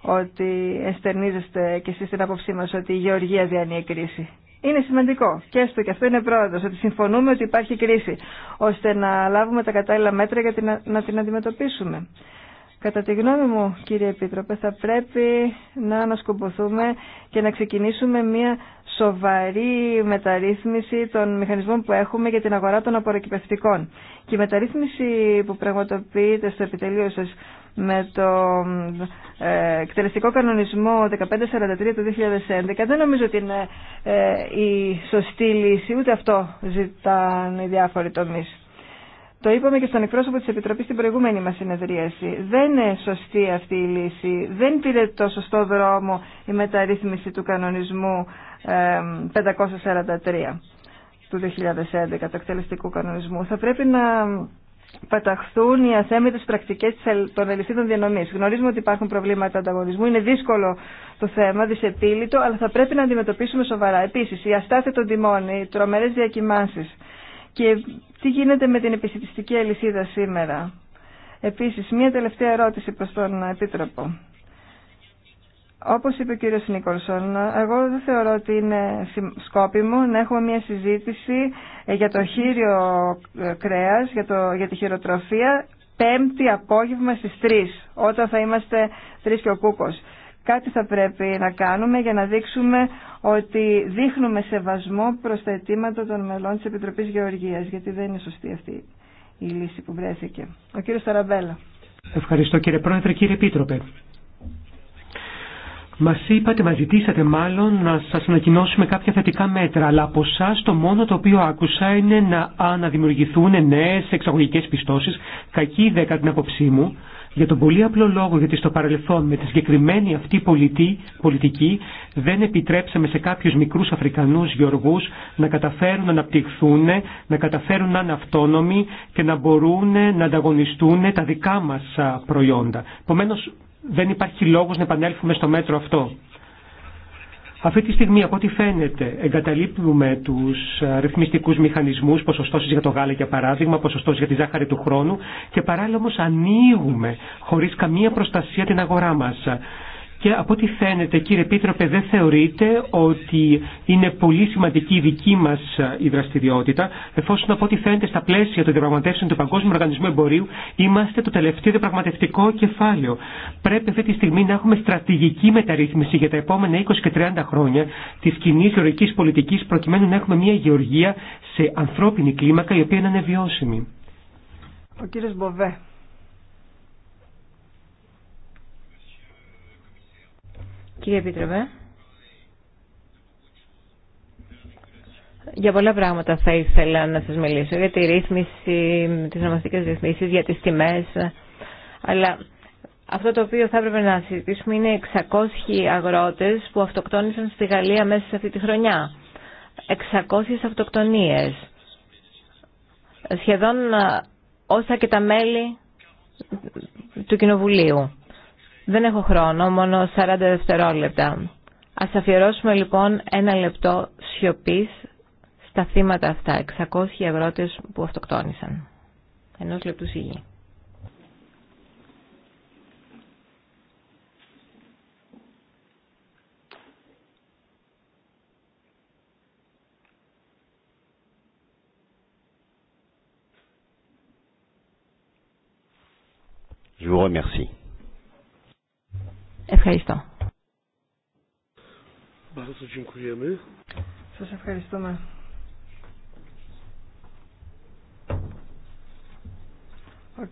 ότι εστερνίζεστε και εσείς την άποψή μας ότι η γεωργία διανύει κρίση. Είναι σημαντικό και έστω και αυτό είναι πρόοδος, ότι συμφωνούμε ότι υπάρχει κρίση, ώστε να λάβουμε τα κατάλληλα μέτρα για να την αντιμετωπίσουμε. Κατά τη γνώμη μου, κύριε Επίτροπε, θα πρέπει να ανασκομποθούμε και να ξεκινήσουμε μια σοβαρή μεταρρύθμιση των μηχανισμών που έχουμε για την αγορά των απορροκυπευτικών. Και η μεταρρύθμιση που πραγματοποιείται στο επιτελείο σας με το ε, εκτελεστικό κανονισμό 1543 του 2011 δεν νομίζω ότι είναι ε, η σωστή λύση, ούτε αυτό ζητάνε οι διάφοροι τομείς. Το είπαμε και στον εκπρόσωπο τη Επιτροπή στην προηγούμενη μα συνεδρίαση. Δεν είναι σωστή αυτή η λύση. Δεν πήρε το σωστό δρόμο η μεταρρύθμιση του κανονισμού 543 του 2011, του εκτελεστικού κανονισμού. Θα πρέπει να παταχθούν οι αθέμητες πρακτικές των αλυσίδων διανομής. Γνωρίζουμε ότι υπάρχουν προβλήματα ανταγωνισμού, είναι δύσκολο το θέμα, δυσεπίλητο, αλλά θα πρέπει να αντιμετωπίσουμε σοβαρά. Επίσης, η αστάθεια των τιμών, οι τρομερές και τι γίνεται με την επιστημιστική αλυσίδα σήμερα. Επίσης, μία τελευταία ερώτηση προς τον Επίτροπο. Όπως είπε ο κύριος Νίκολσον, εγώ δεν θεωρώ ότι είναι σκόπιμο να έχουμε μια συζήτηση ε, για το χείριο ε, κρέας, για, το, για τη χειροτροφία, πέμπτη απόγευμα στις 3, όταν θα είμαστε 3 και ο Κούκος. Κάτι θα πρέπει να κάνουμε για να δείξουμε ότι δείχνουμε σεβασμό προς τα αιτήματα των μελών της Επιτροπής Γεωργίας, γιατί δεν είναι σωστή αυτή η λύση που βρέθηκε. Ο κύριος Ταραμπέλα. Ευχαριστώ κύριε Πρόεδρε, κύριε Επίτροπε. Μα είπατε, μα ζητήσατε μάλλον να σα ανακοινώσουμε κάποια θετικά μέτρα, αλλά από εσά το μόνο το οποίο άκουσα είναι να αναδημιουργηθούν νέε εξαγωγικέ πιστώσει, κακή ιδέα κατά την άποψή μου, για τον πολύ απλό λόγο γιατί στο παρελθόν με τη συγκεκριμένη αυτή πολιτική δεν επιτρέψαμε σε κάποιους μικρούς Αφρικανούς γεωργούς να καταφέρουν να αναπτυχθούν, να καταφέρουν να είναι αυτόνομοι και να μπορούν να ανταγωνιστούν τα δικά μας προϊόντα. Επομένω δεν υπάρχει λόγος να επανέλθουμε στο μέτρο αυτό. Αυτή τη στιγμή, από ό,τι φαίνεται, εγκαταλείπουμε του ε, ρυθμιστικού μηχανισμού, ποσοστό για το γάλα για παράδειγμα, ποσοστό για τη ζάχαρη του χρόνου και παράλληλα όμω ανοίγουμε χωρί καμία προστασία την αγορά μα. Και από ό,τι φαίνεται, κύριε Πίτροπε δεν θεωρείτε ότι είναι πολύ σημαντική η δική μα ε, η δραστηριότητα, εφόσον από ό,τι φαίνεται στα πλαίσια των διαπραγματεύσεων του Παγκόσμιου Οργανισμού Εμπορίου είμαστε το τελευταίο διαπραγματευτικό κεφάλαιο. Πρέπει αυτή τη στιγμή να έχουμε στρατηγική μεταρρύθμιση για τα επόμενα 20 και 30 χρόνια τη κοινή γεωργική πολιτική, προκειμένου να έχουμε μια γεωργία σε ανθρώπινη κλίμακα η οποία να είναι βιώσιμη. Κύριε Επίτροπε, για πολλά πράγματα θα ήθελα να σας μιλήσω, για τη ρύθμιση, τις νομαστικές ρυθμίσεις, για τις τιμές, αλλά αυτό το οποίο θα έπρεπε να συζητήσουμε είναι 600 αγρότες που αυτοκτόνησαν στη Γαλλία μέσα σε αυτή τη χρονιά. 600 αυτοκτονίες. Σχεδόν όσα και τα μέλη του Κοινοβουλίου. Δεν έχω χρόνο, μόνο 40 δευτερόλεπτα. Ας αφιερώσουμε λοιπόν ένα λεπτό σιωπής στα θύματα αυτά, 600 αγρότες που αυτοκτόνησαν. ενό λεπτού σιγή. Je Ευχαριστώ. Σας ευχαριστούμε. Ο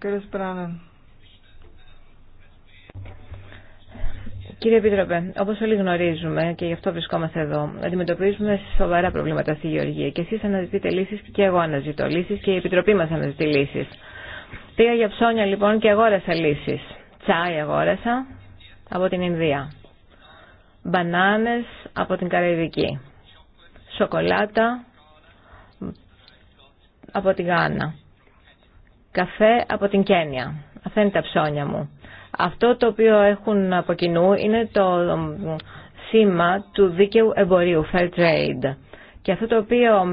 Κύριε Επίτροπε, όπω όλοι γνωρίζουμε και γι' αυτό βρισκόμαστε εδώ, αντιμετωπίζουμε σοβαρά προβλήματα στη Γεωργία. Και εσεί αναζητείτε λύσει και εγώ αναζητώ λύσει και η Επιτροπή μα αναζητεί λύσει. Πήγα για ψώνια λοιπόν και αγόρασα λύσει. Τσάι αγόρασα, από την Ινδία, μπανάνες από την Καραϊβική, σοκολάτα από τη Γάνα, καφέ από την Κένια. Αυτά είναι τα ψώνια μου. Αυτό το οποίο έχουν από κοινού είναι το σήμα του δίκαιου εμπορίου, fair trade. Και αυτό το οποίο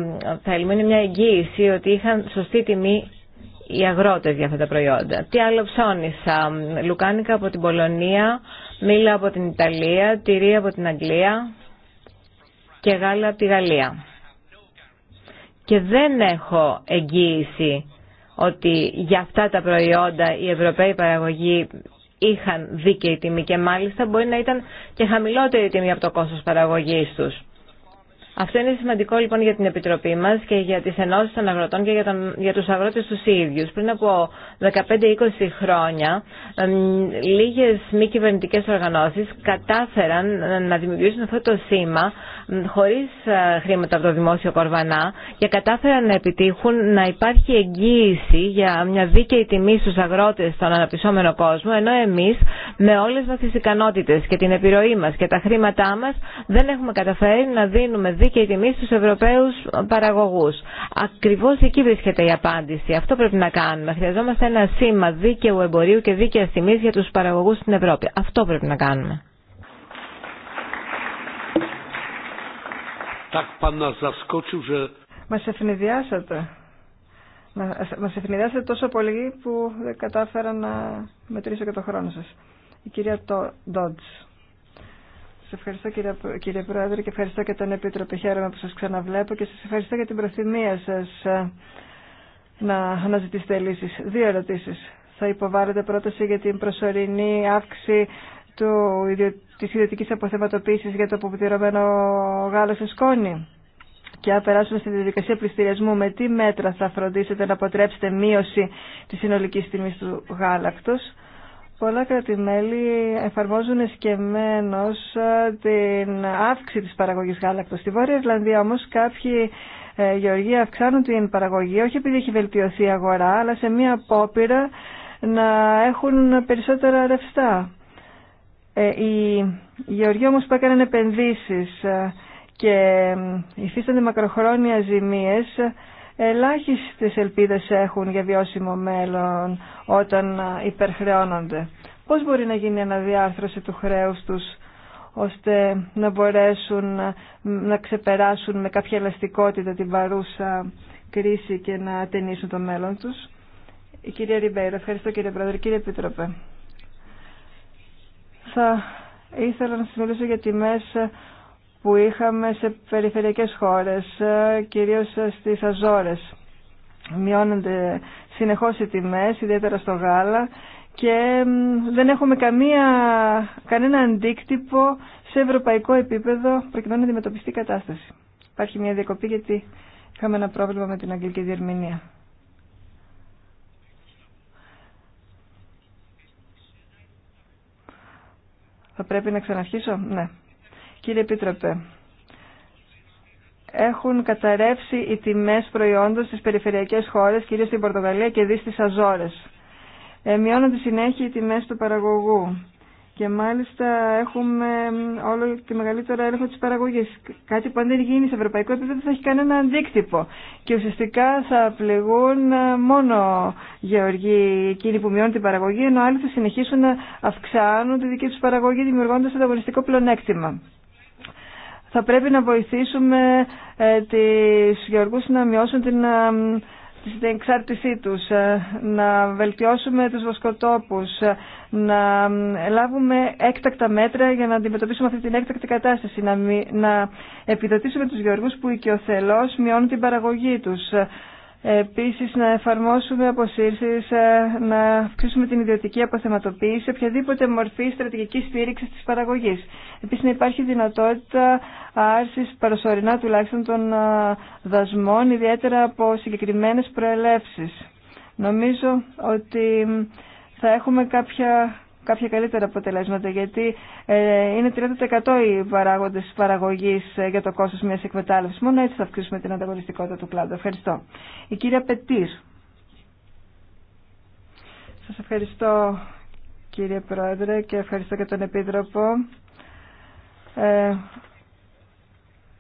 θέλουμε είναι μια εγγύηση ότι είχαν σωστή τιμή οι αγρότες για αυτά τα προϊόντα. Τι άλλο ψώνισα. Λουκάνικα από την Πολωνία, μήλα από την Ιταλία, τυρί από την Αγγλία και γάλα από τη Γαλλία. Και δεν έχω εγγύηση ότι για αυτά τα προϊόντα οι Ευρωπαίοι παραγωγοί είχαν δίκαιη τιμή και μάλιστα μπορεί να ήταν και χαμηλότερη τιμή από το κόστος παραγωγής τους. Αυτό είναι σημαντικό λοιπόν για την Επιτροπή μας και για τι ενώσει των αγροτών και για, τον, για τους αγρότες τους ίδιους. Πριν από 15-20 χρόνια, λίγες μη κυβερνητικέ οργανώσεις κατάφεραν να δημιουργήσουν αυτό το σήμα χωρίς ε, χρήματα από το δημόσιο κορβανά και κατάφεραν να επιτύχουν να υπάρχει εγγύηση για μια δίκαιη τιμή στους αγρότες στον αναπτυσσόμενο κόσμο ενώ εμείς με όλες μας τις ικανότητες και την επιρροή μας και τα χρήματά μας δεν έχουμε καταφέρει να δίνουμε δίκαιη τιμή στους Ευρωπαίους παραγωγούς. Ακριβώς εκεί βρίσκεται η απάντηση. Αυτό πρέπει να κάνουμε. Χρειαζόμαστε ένα σήμα δίκαιου εμπορίου και δίκαιας τιμής για τους παραγωγούς στην Ευρώπη. Αυτό πρέπει να κάνουμε. Μας ευνηδιάσατε. Μας ευνηδιάσατε τόσο πολύ που δεν κατάφερα να μετρήσω και το χρόνο σας. Η κυρία Ντότζ. Σας ευχαριστώ κύριε, Πρόεδρε και ευχαριστώ και τον Επίτροπε. Χαίρομαι που σας ξαναβλέπω και σας ευχαριστώ για την προθυμία σας ε, να αναζητήσετε λύσεις. Δύο ερωτήσεις. Θα υποβάλλετε πρόταση για την προσωρινή αύξηση του, της ιδιωτικής αποθεματοποίησης για το αποπληρωμένο γάλα σε σκόνη. Και αν περάσουμε στη διαδικασία πληστηριασμού, με τι μέτρα θα φροντίσετε να αποτρέψετε μείωση της συνολική τιμής του γάλακτος. Πολλά κρατημέλη εφαρμόζουν εσκεμμένως ε, την αύξηση της παραγωγής γάλακτος. Στη Βόρεια Ιρλανδία όμω, κάποιοι ε, γεωργοί αυξάνουν την παραγωγή, όχι επειδή έχει βελτιωθεί η αγορά, αλλά σε μία απόπειρα να έχουν περισσότερα ρευστά. Ε, η γεωργοί όμως που έκαναν επενδύσεις ε, και υφίστανται μακροχρόνια ζημίες, ελάχιστες ελπίδες έχουν για βιώσιμο μέλλον όταν ε, υπερχρεώνονται. Πώς μπορεί να γίνει η αναδιάρθρωση του χρέους τους ώστε να μπορέσουν να ξεπεράσουν με κάποια ελαστικότητα την παρούσα κρίση και να ταινίσουν το μέλλον τους. Η κυρία Ριμπέιρο, ευχαριστώ κύριε Πρόεδρε, κύριε Επίτροπε. Θα ήθελα να σας μιλήσω για τιμές που είχαμε σε περιφερειακές χώρες, κυρίως στις Αζόρες. Μειώνονται συνεχώς οι τιμές, ιδιαίτερα στο γάλα, και δεν έχουμε καμία, κανένα αντίκτυπο σε ευρωπαϊκό επίπεδο προκειμένου να αντιμετωπιστεί η κατάσταση. Υπάρχει μια διακοπή γιατί είχαμε ένα πρόβλημα με την αγγλική διερμηνία. Θα πρέπει να ξαναρχίσω. Ναι. Κύριε Επίτροπε, έχουν καταρρεύσει οι τιμές προϊόντων στις περιφερειακές χώρες, κυρίως στην Πορτογαλία και δι στις Αζόρες. Ε, μειώνονται συνέχεια οι τιμές του παραγωγού. Και μάλιστα έχουμε όλο και μεγαλύτερο έλεγχο τη παραγωγή. Κάτι που αν δεν γίνει σε ευρωπαϊκό επίπεδο θα έχει κανένα αντίκτυπο. Και ουσιαστικά θα πληγούν ε, μόνο γεωργοί εκείνοι που μειώνουν την παραγωγή, ενώ άλλοι θα συνεχίσουν να αυξάνουν τη δική του παραγωγή δημιουργώντα ανταγωνιστικό πλονέκτημα. Θα πρέπει να βοηθήσουμε ε, τις να μειώσουν την ε, την εξάρτησή τους, ε, να βελτιώσουμε τους βοσκοτόπους, ε, να λάβουμε έκτακτα μέτρα για να αντιμετωπίσουμε αυτή την έκτακτη κατάσταση, να, να επιδοτήσουμε τους γεωργού που οικειοθελώς μειώνουν την παραγωγή τους, ε, Επίσης να εφαρμόσουμε αποσύρσεις, ε, να αυξήσουμε την ιδιωτική αποθεματοποίηση, οποιαδήποτε μορφή στρατηγικής στήριξης της παραγωγής. Επίσης να υπάρχει δυνατότητα άρσης παροσορινά τουλάχιστον των ε, δασμών, ιδιαίτερα από συγκεκριμένες προελεύσεις. Νομίζω ότι θα έχουμε κάποια κάποια καλύτερα αποτελέσματα, γιατί ε, είναι 30% οι παράγοντε παραγωγή ε, για το κόστο μια εκμετάλλευση. Μόνο έτσι θα αυξήσουμε την ανταγωνιστικότητα του κλάδου. Ευχαριστώ. Η κυρία Πετήρ. Σας ευχαριστώ κύριε Πρόεδρε και ευχαριστώ και τον Επίτροπο. Ε,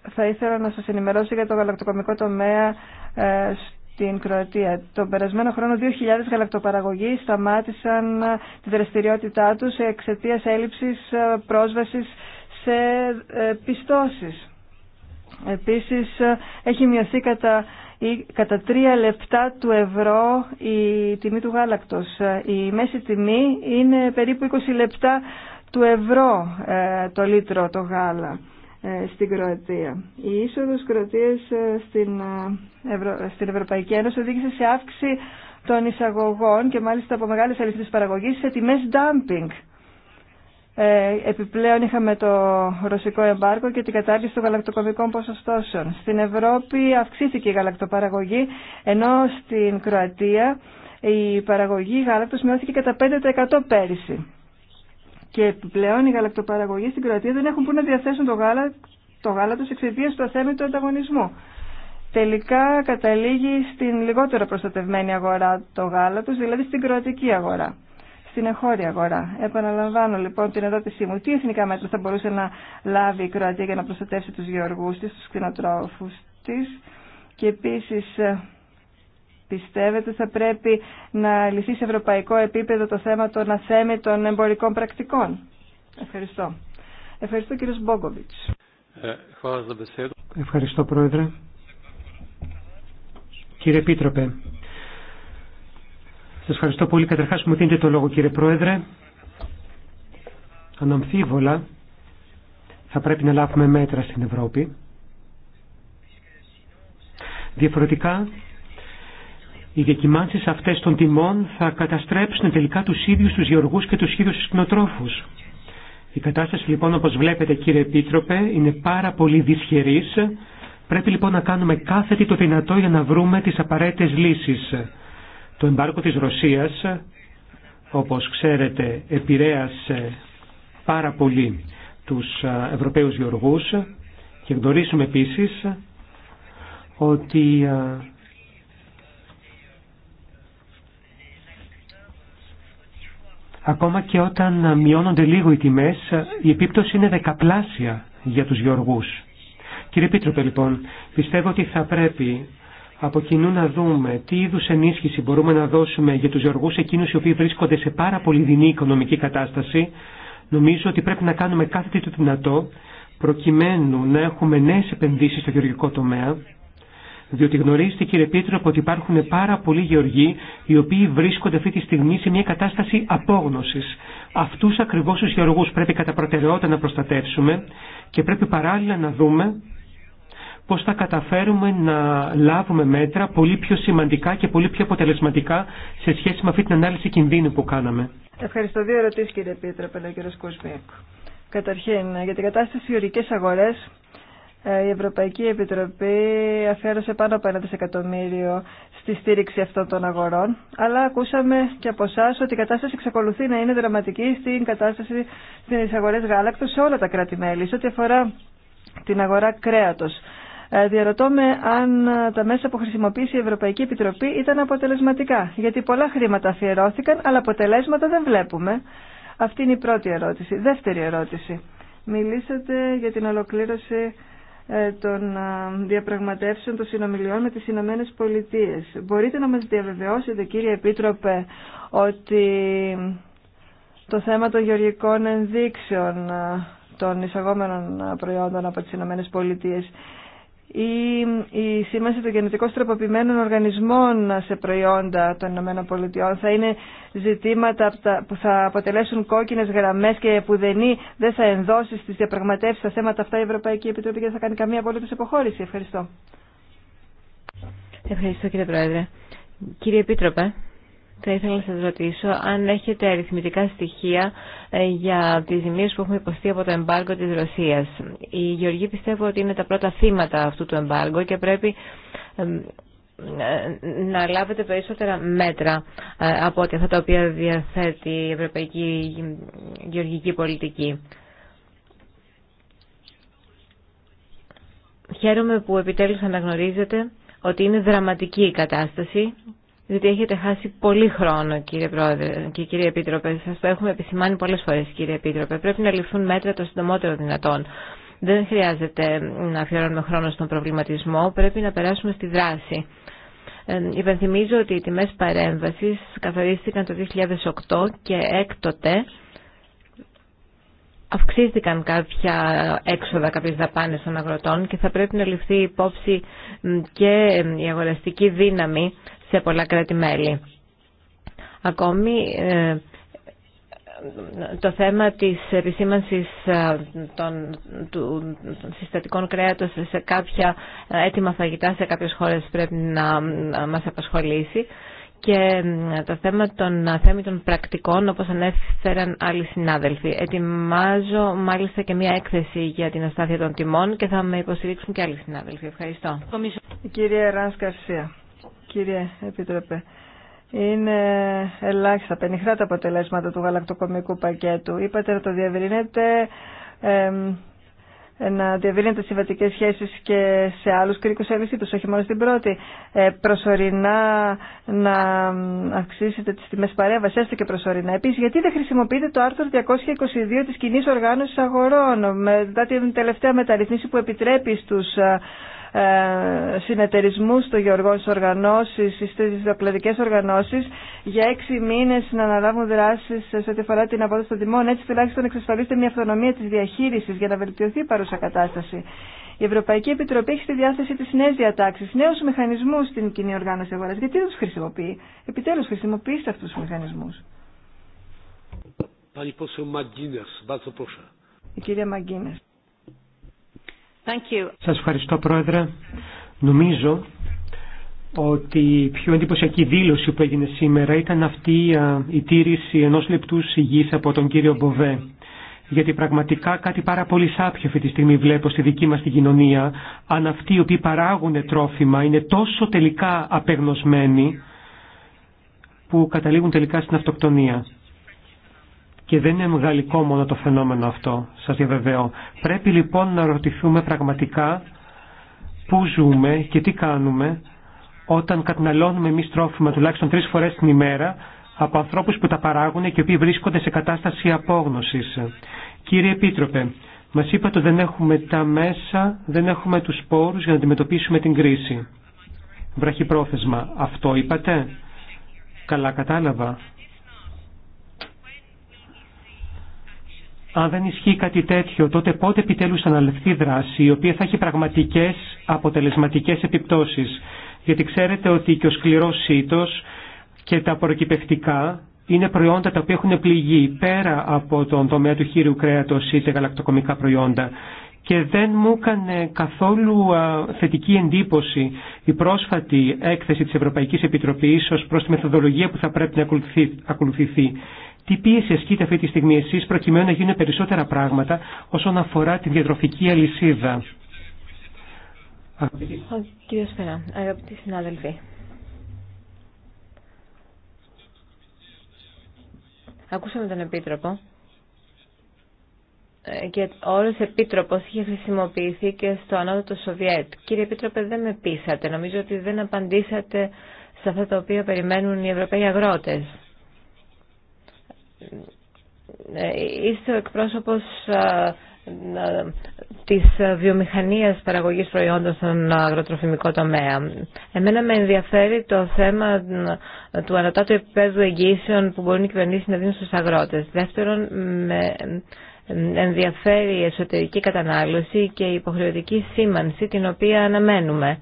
θα ήθελα να σας ενημερώσω για το γαλακτοκομικό τομέα ε, την Κροατία. Τον περασμένο χρόνο 2.000 γαλακτοπαραγωγοί σταμάτησαν ε, τη δραστηριότητά τους εξαιτία έλλειψης ε, πρόσβασης σε ε, πιστώσεις. Επίσης έχει μειωθεί κατά, κατά 3 λεπτά του ευρώ η τιμή του γάλακτος. Η μέση τιμή είναι περίπου 20 λεπτά του ευρώ το λίτρο το γάλα. Ε, στην Κροατία. Η είσοδος Κροατίας ε, στην, ε, στην Ευρωπαϊκή Ένωση οδήγησε σε αύξηση των εισαγωγών και μάλιστα από μεγάλες αλήθειες παραγωγής σε τιμές dumping. επιπλέον είχαμε το ρωσικό εμπάρκο και την κατάργηση των γαλακτοκομικών ποσοστώσεων. Στην Ευρώπη αυξήθηκε η γαλακτοπαραγωγή, ενώ στην Κροατία η παραγωγή γάλακτος μειώθηκε κατά 5% πέρυσι. Και επιπλέον οι γαλακτοπαραγωγοί στην Κροατία δεν έχουν που να διαθέσουν το γάλα, το γάλα τους εξαιτία του αθέμητου ανταγωνισμού. Τελικά καταλήγει στην λιγότερο προστατευμένη αγορά το γάλα τους, δηλαδή στην κροατική αγορά στην εγχώρια αγορά. Επαναλαμβάνω λοιπόν την ερώτησή μου. Τι εθνικά μέτρα θα μπορούσε να λάβει η Κροατία για να προστατεύσει τους γεωργούς της, τους κτηνοτρόφους της και επίσης ε, πιστεύετε θα πρέπει να λυθεί σε ευρωπαϊκό επίπεδο το θέμα των αθέμετων εμπορικών πρακτικών. Ευχαριστώ. Ευχαριστώ κύριος Μπόγκοβιτς. Ευχαριστώ πρόεδρε. Κύριε Επίτροπε, σας ευχαριστώ πολύ. Καταρχάς μου δίνετε το λόγο κύριε Πρόεδρε. Αναμφίβολα θα πρέπει να λάβουμε μέτρα στην Ευρώπη. Διαφορετικά οι διακοιμάνσει αυτές των τιμών θα καταστρέψουν τελικά τους ίδιου του γεωργού και τους ίδιου τους κοινοτρόφου. Η κατάσταση λοιπόν όπως βλέπετε κύριε Επίτροπε είναι πάρα πολύ δυσχερής. Πρέπει λοιπόν να κάνουμε κάθε τι το δυνατό για να βρούμε τις απαραίτητες λύσεις. Το εμπάρκο της Ρωσίας όπως ξέρετε επηρέασε πάρα πολύ του Ευρωπαίου γεωργού και γνωρίζουμε επίση ότι Ακόμα και όταν ε, μειώνονται λίγο οι τιμές, ε, η επίπτωση είναι δεκαπλάσια για τους γεωργούς. Κύριε Πίτροπε, λοιπόν, πιστεύω ότι θα πρέπει από κοινού να δούμε τι είδου ενίσχυση μπορούμε να δώσουμε για του γεωργού εκείνου οι οποίοι βρίσκονται σε πάρα πολύ δεινή οικονομική κατάσταση. Νομίζω ότι πρέπει να κάνουμε κάθε τι το δυνατό προκειμένου να έχουμε νέε επενδύσει στο γεωργικό τομέα διότι γνωρίζετε κύριε Πίτρο, ότι υπάρχουν πάρα πολλοί γεωργοί οι οποίοι βρίσκονται αυτή τη στιγμή σε μια κατάσταση απόγνωσης. Αυτούς ακριβώς τους γεωργούς πρέπει κατά προτεραιότητα να προστατεύσουμε και πρέπει παράλληλα να δούμε πώς θα καταφέρουμε να λάβουμε μέτρα πολύ πιο σημαντικά και πολύ πιο αποτελεσματικά σε σχέση με αυτή την ανάλυση κινδύνου που κάναμε. Ευχαριστώ. Δύο ερωτήσεις κύριε Πίτροπε, κύριο ο Καταρχήν, για την κατάσταση στις αγορές ε, η Ευρωπαϊκή Επιτροπή αφιέρωσε πάνω από ένα δισεκατομμύριο στη στήριξη αυτών των αγορών. Αλλά ακούσαμε και από εσά ότι η κατάσταση εξακολουθεί να είναι δραματική στην κατάσταση στι αγορέ γάλακτο σε όλα τα κράτη-μέλη, σε ό,τι αφορά την αγορά κρέατο. Ε, διαρωτώ με αν τα μέσα που χρησιμοποίησε η Ευρωπαϊκή Επιτροπή ήταν αποτελεσματικά. Γιατί πολλά χρήματα αφιερώθηκαν, αλλά αποτελέσματα δεν βλέπουμε. Αυτή είναι η πρώτη ερώτηση. Δεύτερη ερώτηση. Μιλήσατε για την ολοκλήρωση ε, των ε, διαπραγματεύσεων των συνομιλιών με τις Ηνωμένε Πολιτείε. Μπορείτε να μας διαβεβαιώσετε κύριε Επίτροπε ότι το θέμα των γεωργικών ενδείξεων ε, των εισαγόμενων προϊόντων από τις Ηνωμένε Πολιτείε ή η σήμανση των γενετικώς τροποποιημένων οργανισμών σε προϊόντα των ΗΠΑ θα είναι ζητήματα που θα αποτελέσουν κόκκινες γραμμές και που δεν θα ενδώσει στις διαπραγματεύσεις τα θέματα αυτά η Ευρωπαϊκή Επιτροπή και δεν θα κάνει καμία απολύτως υποχώρηση. Ευχαριστώ. Ευχαριστώ κύριε Πρόεδρε. Κύριε Επίτροπε, θα ήθελα να σας ρωτήσω αν έχετε αριθμητικά στοιχεία ε, για τις ζημίες που έχουμε υποστεί από το εμπάργκο της Ρωσίας. Οι Γεωργοί πιστεύω ότι είναι τα πρώτα θύματα αυτού του εμπάργκου και πρέπει ε, να λάβετε περισσότερα μέτρα ε, από ό,τι αυτά τα οποία διαθέτει η Ευρωπαϊκή Γεωργική Πολιτική. Χαίρομαι που επιτέλους αναγνωρίζετε ότι είναι δραματική η κατάσταση διότι έχετε χάσει πολύ χρόνο, κύριε Πρόεδρε και κύριε Επίτροπε. Σα το έχουμε επισημάνει πολλέ φορέ, κύριε Επίτροπε. Πρέπει να ληφθούν μέτρα το συντομότερο δυνατόν. Δεν χρειάζεται να αφιερώνουμε χρόνο στον προβληματισμό. Πρέπει να περάσουμε στη δράση. Ε, υπενθυμίζω ότι οι τιμές παρέμβασης καθορίστηκαν το 2008 και έκτοτε αυξήθηκαν κάποια έξοδα, κάποιες δαπάνες των αγροτών και θα πρέπει να ληφθεί υπόψη και η αγοραστική δύναμη σε πολλά κράτη-μέλη. Ακόμη, ε, το θέμα της επισήμανσης ε, των, του συστατικών κρέατος σε κάποια έτοιμα φαγητά σε κάποιες χώρες πρέπει να μας απασχολήσει και ε, το θέμα των αθέμητων πρακτικών όπως ανέφεραν άλλοι συνάδελφοι. Ετοιμάζω μάλιστα και μια έκθεση για την αστάθεια των τιμών και θα με υποστηρίξουν και άλλοι συνάδελφοι. Ευχαριστώ. Κύριε Ράνς Καρσία. Κύριε Επίτροπε, είναι ελάχιστα πενιχρά τα αποτελέσματα του γαλακτοκομικού πακέτου. Είπατε να το διαβρύνετε, ε, να διαβρύνετε συμβατικές σχέσεις και σε άλλους κρίκους αλυσίτους, όχι μόνο στην πρώτη. Ε, προσωρινά να αυξήσετε τις τιμές παρέμβασης, έστω και προσωρινά. Επίσης, γιατί δεν χρησιμοποιείτε το άρθρο 222 της κοινή οργάνωσης αγορών, μετά την τελευταία μεταρρυθμίση που επιτρέπει στους ε, ε, συνεταιρισμού στο γεωργό στις οργανώσεις, στι δοκλαδικές οργανώσει, για έξι μήνε να αναλάβουν δράσει σε ό,τι αφορά την απόδοση των τιμών. Έτσι τουλάχιστον εξασφαλίστε μια αυτονομία τη διαχείριση για να βελτιωθεί η παρούσα κατάσταση. Η Ευρωπαϊκή Επιτροπή έχει στη διάθεση τη νέα διατάξει, νέου μηχανισμού στην κοινή οργάνωση αγορά. Γιατί δεν του χρησιμοποιεί. Επιτέλου, χρησιμοποιήστε αυτού του μηχανισμού. Η κυρία Thank Σας ευχαριστώ Πρόεδρε. Νομίζω ότι η πιο εντυπωσιακή δήλωση που έγινε σήμερα ήταν αυτή η τήρηση ενός λεπτού σιγής από τον κύριο Μποβέ. Γιατί πραγματικά κάτι πάρα πολύ σάπιο αυτή τη στιγμή βλέπω στη δική μας την κοινωνία, αν αυτοί οι οποίοι παράγουν τρόφιμα είναι τόσο τελικά απεγνωσμένοι που καταλήγουν τελικά στην αυτοκτονία. Και δεν είναι γαλλικό μόνο το φαινόμενο αυτό, σας διαβεβαιώ. Πρέπει λοιπόν να ρωτηθούμε πραγματικά πού ζούμε και τι κάνουμε όταν καταναλώνουμε εμεί τρόφιμα τουλάχιστον τρεις φορές την ημέρα από ανθρώπους που τα παράγουν και οι οποίοι βρίσκονται σε κατάσταση απόγνωσης. Κύριε Επίτροπε, μας είπατε ότι δεν έχουμε τα μέσα, δεν έχουμε τους πόρους για να αντιμετωπίσουμε την κρίση. Βραχυπρόθεσμα, αυτό είπατε. Καλά κατάλαβα. Αν δεν ισχύει κάτι τέτοιο, τότε πότε επιτέλου θα αναλευθεί δράση η οποία θα έχει πραγματικέ αποτελεσματικέ επιπτώσει. Γιατί ξέρετε ότι και ο σκληρό σύτο και τα προκυπευτικά είναι προϊόντα τα οποία έχουν πληγεί πέρα από τον τομέα του χείριου κρέατο ή τα γαλακτοκομικά προϊόντα. Και δεν μου έκανε καθόλου θετική εντύπωση η πρόσφατη έκθεση της Ευρωπαϊκής Επιτροπής ως προς τη μεθοδολογία που θα πρέπει να ακολουθηθεί τι πίεση ασκείται αυτή τη στιγμή εσεί προκειμένου να γίνουν περισσότερα πράγματα όσον αφορά τη διατροφική αλυσίδα. Κύριε αγαπητοί συνάδελφοι. Ακούσαμε τον Επίτροπο ε, και ο όρος Επίτροπος είχε χρησιμοποιηθεί και στο ανώτατο Σοβιέτ. Κύριε Επίτροπε, δεν με πείσατε. Νομίζω ότι δεν απαντήσατε σε αυτά τα οποία περιμένουν οι Ευρωπαίοι αγρότες. Ε, είστε ο εκπρόσωπος της βιομηχανίας παραγωγής προϊόντων στον αγροτροφημικό τομέα. Εμένα με ενδιαφέρει το θέμα του ανατάτου επίπεδου εγγύσεων που μπορούν οι κυβερνήσεις να δίνουν στους αγρότες. Δεύτερον, με ενδιαφέρει η εσωτερική κατανάλωση και η υποχρεωτική σήμανση την οποία αναμένουμε.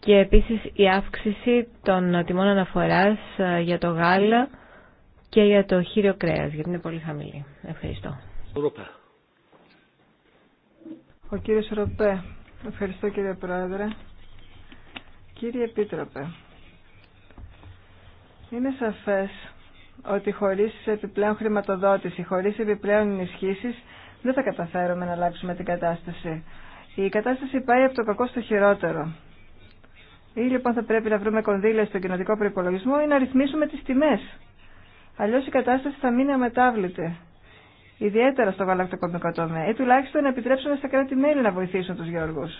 Και επίσης η αύξηση των τιμών αναφοράς για το γάλα και για το χείριο κρέα γιατί είναι πολύ χαμηλή. Ευχαριστώ. Ο κύριος Ροπέ. Ευχαριστώ κύριε Πρόεδρε. Κύριε Επίτροπε, είναι σαφές ότι χωρίς επιπλέον χρηματοδότηση, χωρίς επιπλέον ενισχύσεις, δεν θα καταφέρουμε να αλλάξουμε την κατάσταση. Η κατάσταση πάει από το κακό στο χειρότερο. Ή λοιπόν θα πρέπει να βρούμε κονδύλια στο κοινοτικό προπολογισμό ή να ρυθμίσουμε τις τιμές. Αλλιώ η κατάσταση θα μείνει αμετάβλητη. Ιδιαίτερα στο γαλακτοκομικό τομέα. Ή τουλάχιστον να επιτρέψουμε στα κράτη-μέλη να βοηθήσουν τους γεωργούς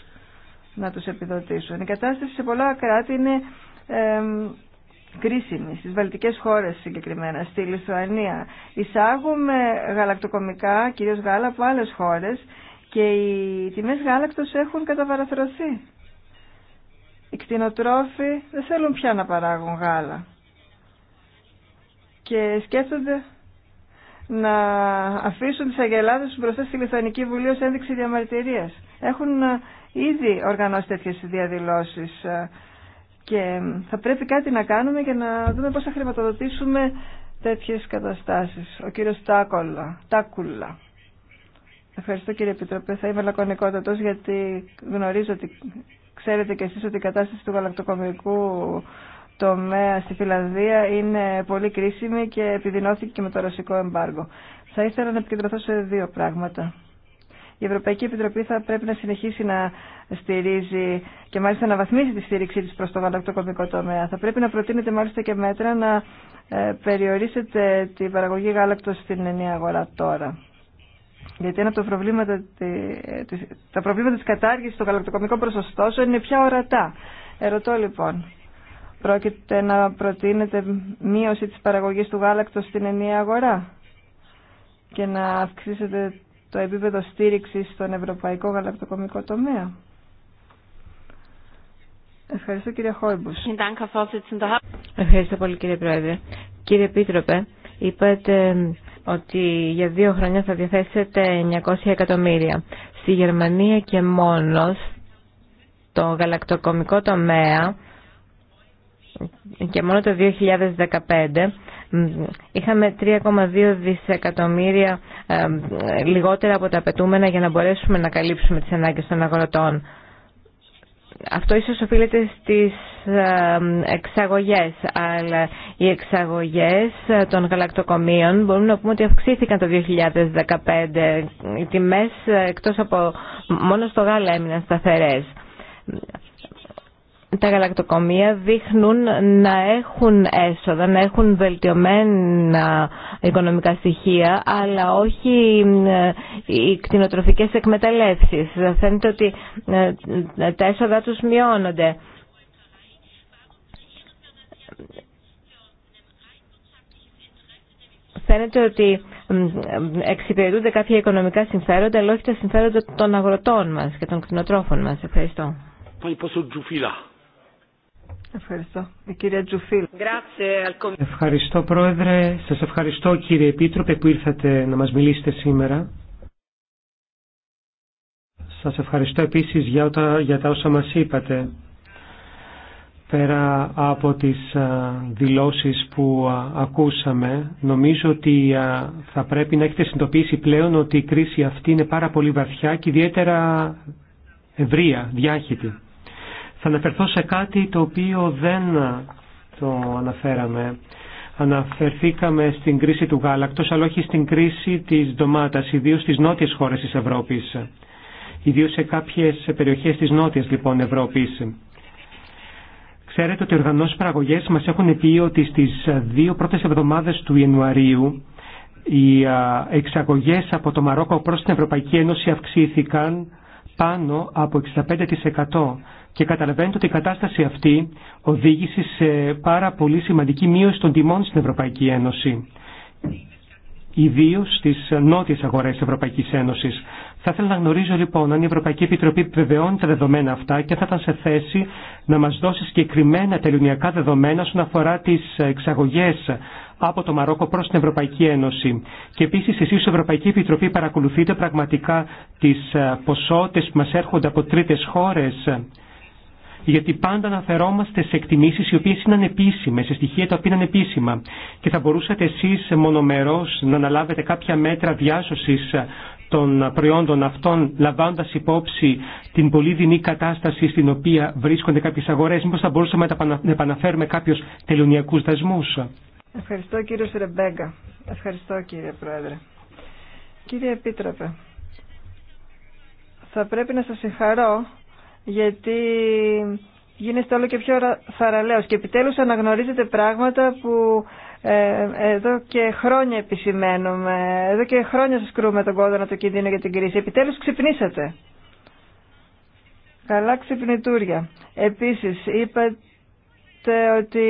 να τους επιδοτήσουν. Η κατάσταση σε πολλά κράτη είναι κρίσιμη, στις βαλτικέ χώρε συγκεκριμένα, στη Λιθουανία. Εισάγουμε γαλακτοκομικά, κυρίως γάλα, από άλλε χώρες και οι τιμέ γάλακτο έχουν καταβαραθρωθεί. Οι κτηνοτρόφοι δεν θέλουν πια να παράγουν γάλα και σκέφτονται να αφήσουν τις αγελάδες τους μπροστά στη Λιθουανική Βουλή ως ένδειξη διαμαρτυρίας. Έχουν ε, ήδη οργανώσει τέτοιες διαδηλώσεις ε, και θα πρέπει κάτι να κάνουμε και να δούμε πώς θα χρηματοδοτήσουμε τέτοιες καταστάσεις. Ο κύριος Τάκολα, Τάκουλα. Ευχαριστώ κύριε Επιτροπέ. Θα είμαι λακωνικότατος γιατί γνωρίζω ότι ξέρετε και εσείς ότι η κατάσταση του γαλακτοκομικού τομέα στη Φιλανδία είναι πολύ κρίσιμη και επιδεινώθηκε και με το ρωσικό εμπάργο. Θα ήθελα να επικεντρωθώ σε δύο πράγματα. Η Ευρωπαϊκή Επιτροπή θα πρέπει να συνεχίσει να στηρίζει και μάλιστα να βαθμίσει τη στήριξή της προς το γαλακτοκομικό τομέα. Θα πρέπει να προτείνετε μάλιστα και μέτρα να ε, περιορίσετε την παραγωγή γάλακτος στην ενιαία αγορά τώρα. Γιατί ένα από τα προβλήματα, τα προβλήματα της κατάργησης των γαλακτοκομικών προσωστώσεων είναι πια ορατά. Ερωτώ λοιπόν, Πρόκειται να προτείνετε μείωση της παραγωγής του γάλακτος στην ενιαία αγορά και να αυξήσετε το επίπεδο στήριξης στον ευρωπαϊκό γαλακτοκομικό τομέα. Ευχαριστώ κύριε Χόιμπους. Ευχαριστώ πολύ κύριε Πρόεδρε. Κύριε Επίτροπε, είπατε ότι για δύο χρόνια θα διαθέσετε 900 εκατομμύρια. Στη Γερμανία και μόνος το γαλακτοκομικό τομέα και μόνο το 2015 είχαμε 3,2 δισεκατομμύρια ε, λιγότερα από τα απαιτούμενα για να μπορέσουμε να καλύψουμε τις ανάγκες των αγροτών. Αυτό ίσως οφείλεται στις ε, εξαγωγές, αλλά οι εξαγωγές ε, των γαλακτοκομείων μπορούμε να πούμε ότι αυξήθηκαν το 2015. Οι τιμές εκτός από μόνο στο γάλα έμειναν σταθερές τα γαλακτοκομεία δείχνουν να έχουν έσοδα, να έχουν βελτιωμένα οικονομικά στοιχεία, αλλά όχι ε, οι κτηνοτροφικές εκμεταλλεύσεις. Φαίνεται ότι ε, τα έσοδα τους μειώνονται. Φαίνεται ότι εξυπηρετούνται κάποια οικονομικά συμφέροντα, αλλά όχι τα συμφέροντα των αγροτών μας και των κτηνοτρόφων μας. Ευχαριστώ. Πόσο Τζουφίλα. Ευχαριστώ. Η κυρία Τζουφίλ. Ευχαριστώ Πρόεδρε. Σας ευχαριστώ κύριε Επίτροπε που ήρθατε να μας μιλήσετε σήμερα. Σας ευχαριστώ επίσης για, τα, για όσα μας είπατε. Πέρα από τις δηλώσεις που ακούσαμε, νομίζω ότι θα πρέπει να έχετε συνειδητοποιήσει πλέον ότι η κρίση αυτή είναι πάρα πολύ βαθιά και ιδιαίτερα ευρεία, διάχυτη θα αναφερθώ σε κάτι το οποίο δεν το αναφέραμε. Αναφερθήκαμε στην κρίση του γάλακτος, αλλά όχι στην κρίση της ντομάτας, ιδίως στις νότιες χώρες της Ευρώπης. Ιδίως σε κάποιες περιοχές της νότιας λοιπόν Ευρώπης. Ξέρετε ότι οι οργανώσεις παραγωγές μας έχουν πει ότι στις δύο πρώτες εβδομάδες του Ιανουαρίου οι εξαγωγές από το Μαρόκο προς την Ευρωπαϊκή Ένωση αυξήθηκαν πάνω από 65%. Και καταλαβαίνετε ότι η κατάσταση αυτή οδήγησε σε πάρα πολύ σημαντική μείωση των τιμών στην Ευρωπαϊκή Ένωση. Ιδίω στι νότιε αγορέ τη Ευρωπαϊκή Ένωση. Θα ήθελα να γνωρίζω λοιπόν αν η Ευρωπαϊκή Επιτροπή επιβεβαιώνει τα δεδομένα αυτά και θα ήταν σε θέση να μα δώσει συγκεκριμένα τελειωνιακά δεδομένα όσον αφορά τι εξαγωγέ από το Μαρόκο προ την Ευρωπαϊκή Ένωση. Και επίση, εσεί, η Ευρωπαϊκή Επιτροπή, παρακολουθείτε πραγματικά τι ε, ποσότητε που μα έρχονται από τρίτε χώρε γιατί πάντα αναφερόμαστε σε εκτιμήσεις οι οποίες είναι ανεπίσημες, σε στοιχεία τα οποία είναι ανεπίσημα. Και θα μπορούσατε εσείς μονομερός να αναλάβετε κάποια μέτρα διάσωσης ε, των προϊόντων αυτών, λαμβάνοντας υπόψη την πολύ δινή κατάσταση στην οποία βρίσκονται κάποιες αγορές. Μήπως θα μπορούσαμε να επαναφέρουμε κάποιους τελωνιακούς δασμούς. Ευχαριστώ κύριο Ρεμπέγκα. Ευχαριστώ κύριε Πρόεδρε. Κύριε Επίτροπε, θα πρέπει να σας συγχαρώ γιατί γίνεστε όλο και πιο θαραλέος και επιτέλους αναγνωρίζετε πράγματα που ε, εδώ και χρόνια επισημαίνουμε, εδώ και χρόνια σας κρούμε τον κόδωνα το κίνδυνο για την κρίση. Επιτέλους ξυπνήσατε. Καλά ξυπνητούρια. Επίσης είπατε ότι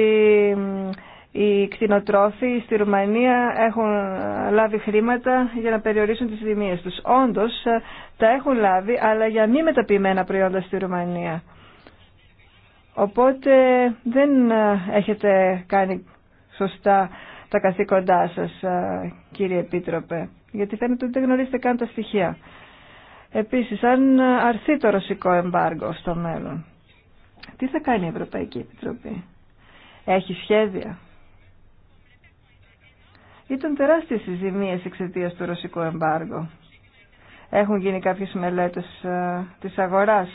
οι κτηνοτρόφοι στη Ρουμανία έχουν λάβει χρήματα για να περιορίσουν τις δημίες τους. Όντως ε, τα έχουν λάβει, αλλά για μη μεταποιημένα προϊόντα στη Ρουμανία. Οπότε δεν ε, έχετε κάνει σωστά τα καθήκοντά σας, ε, κύριε Επίτροπε, γιατί φαίνεται ότι δεν γνωρίζετε καν τα στοιχεία. Επίσης, αν αρθεί το ρωσικό εμπάργκο στο μέλλον, τι θα κάνει η Ευρωπαϊκή Επιτροπή. Έχει σχέδια ήταν τεράστιε οι ζημίε εξαιτία του ρωσικού εμπάργου. Έχουν γίνει κάποιε μελέτε ε, τη αγορά.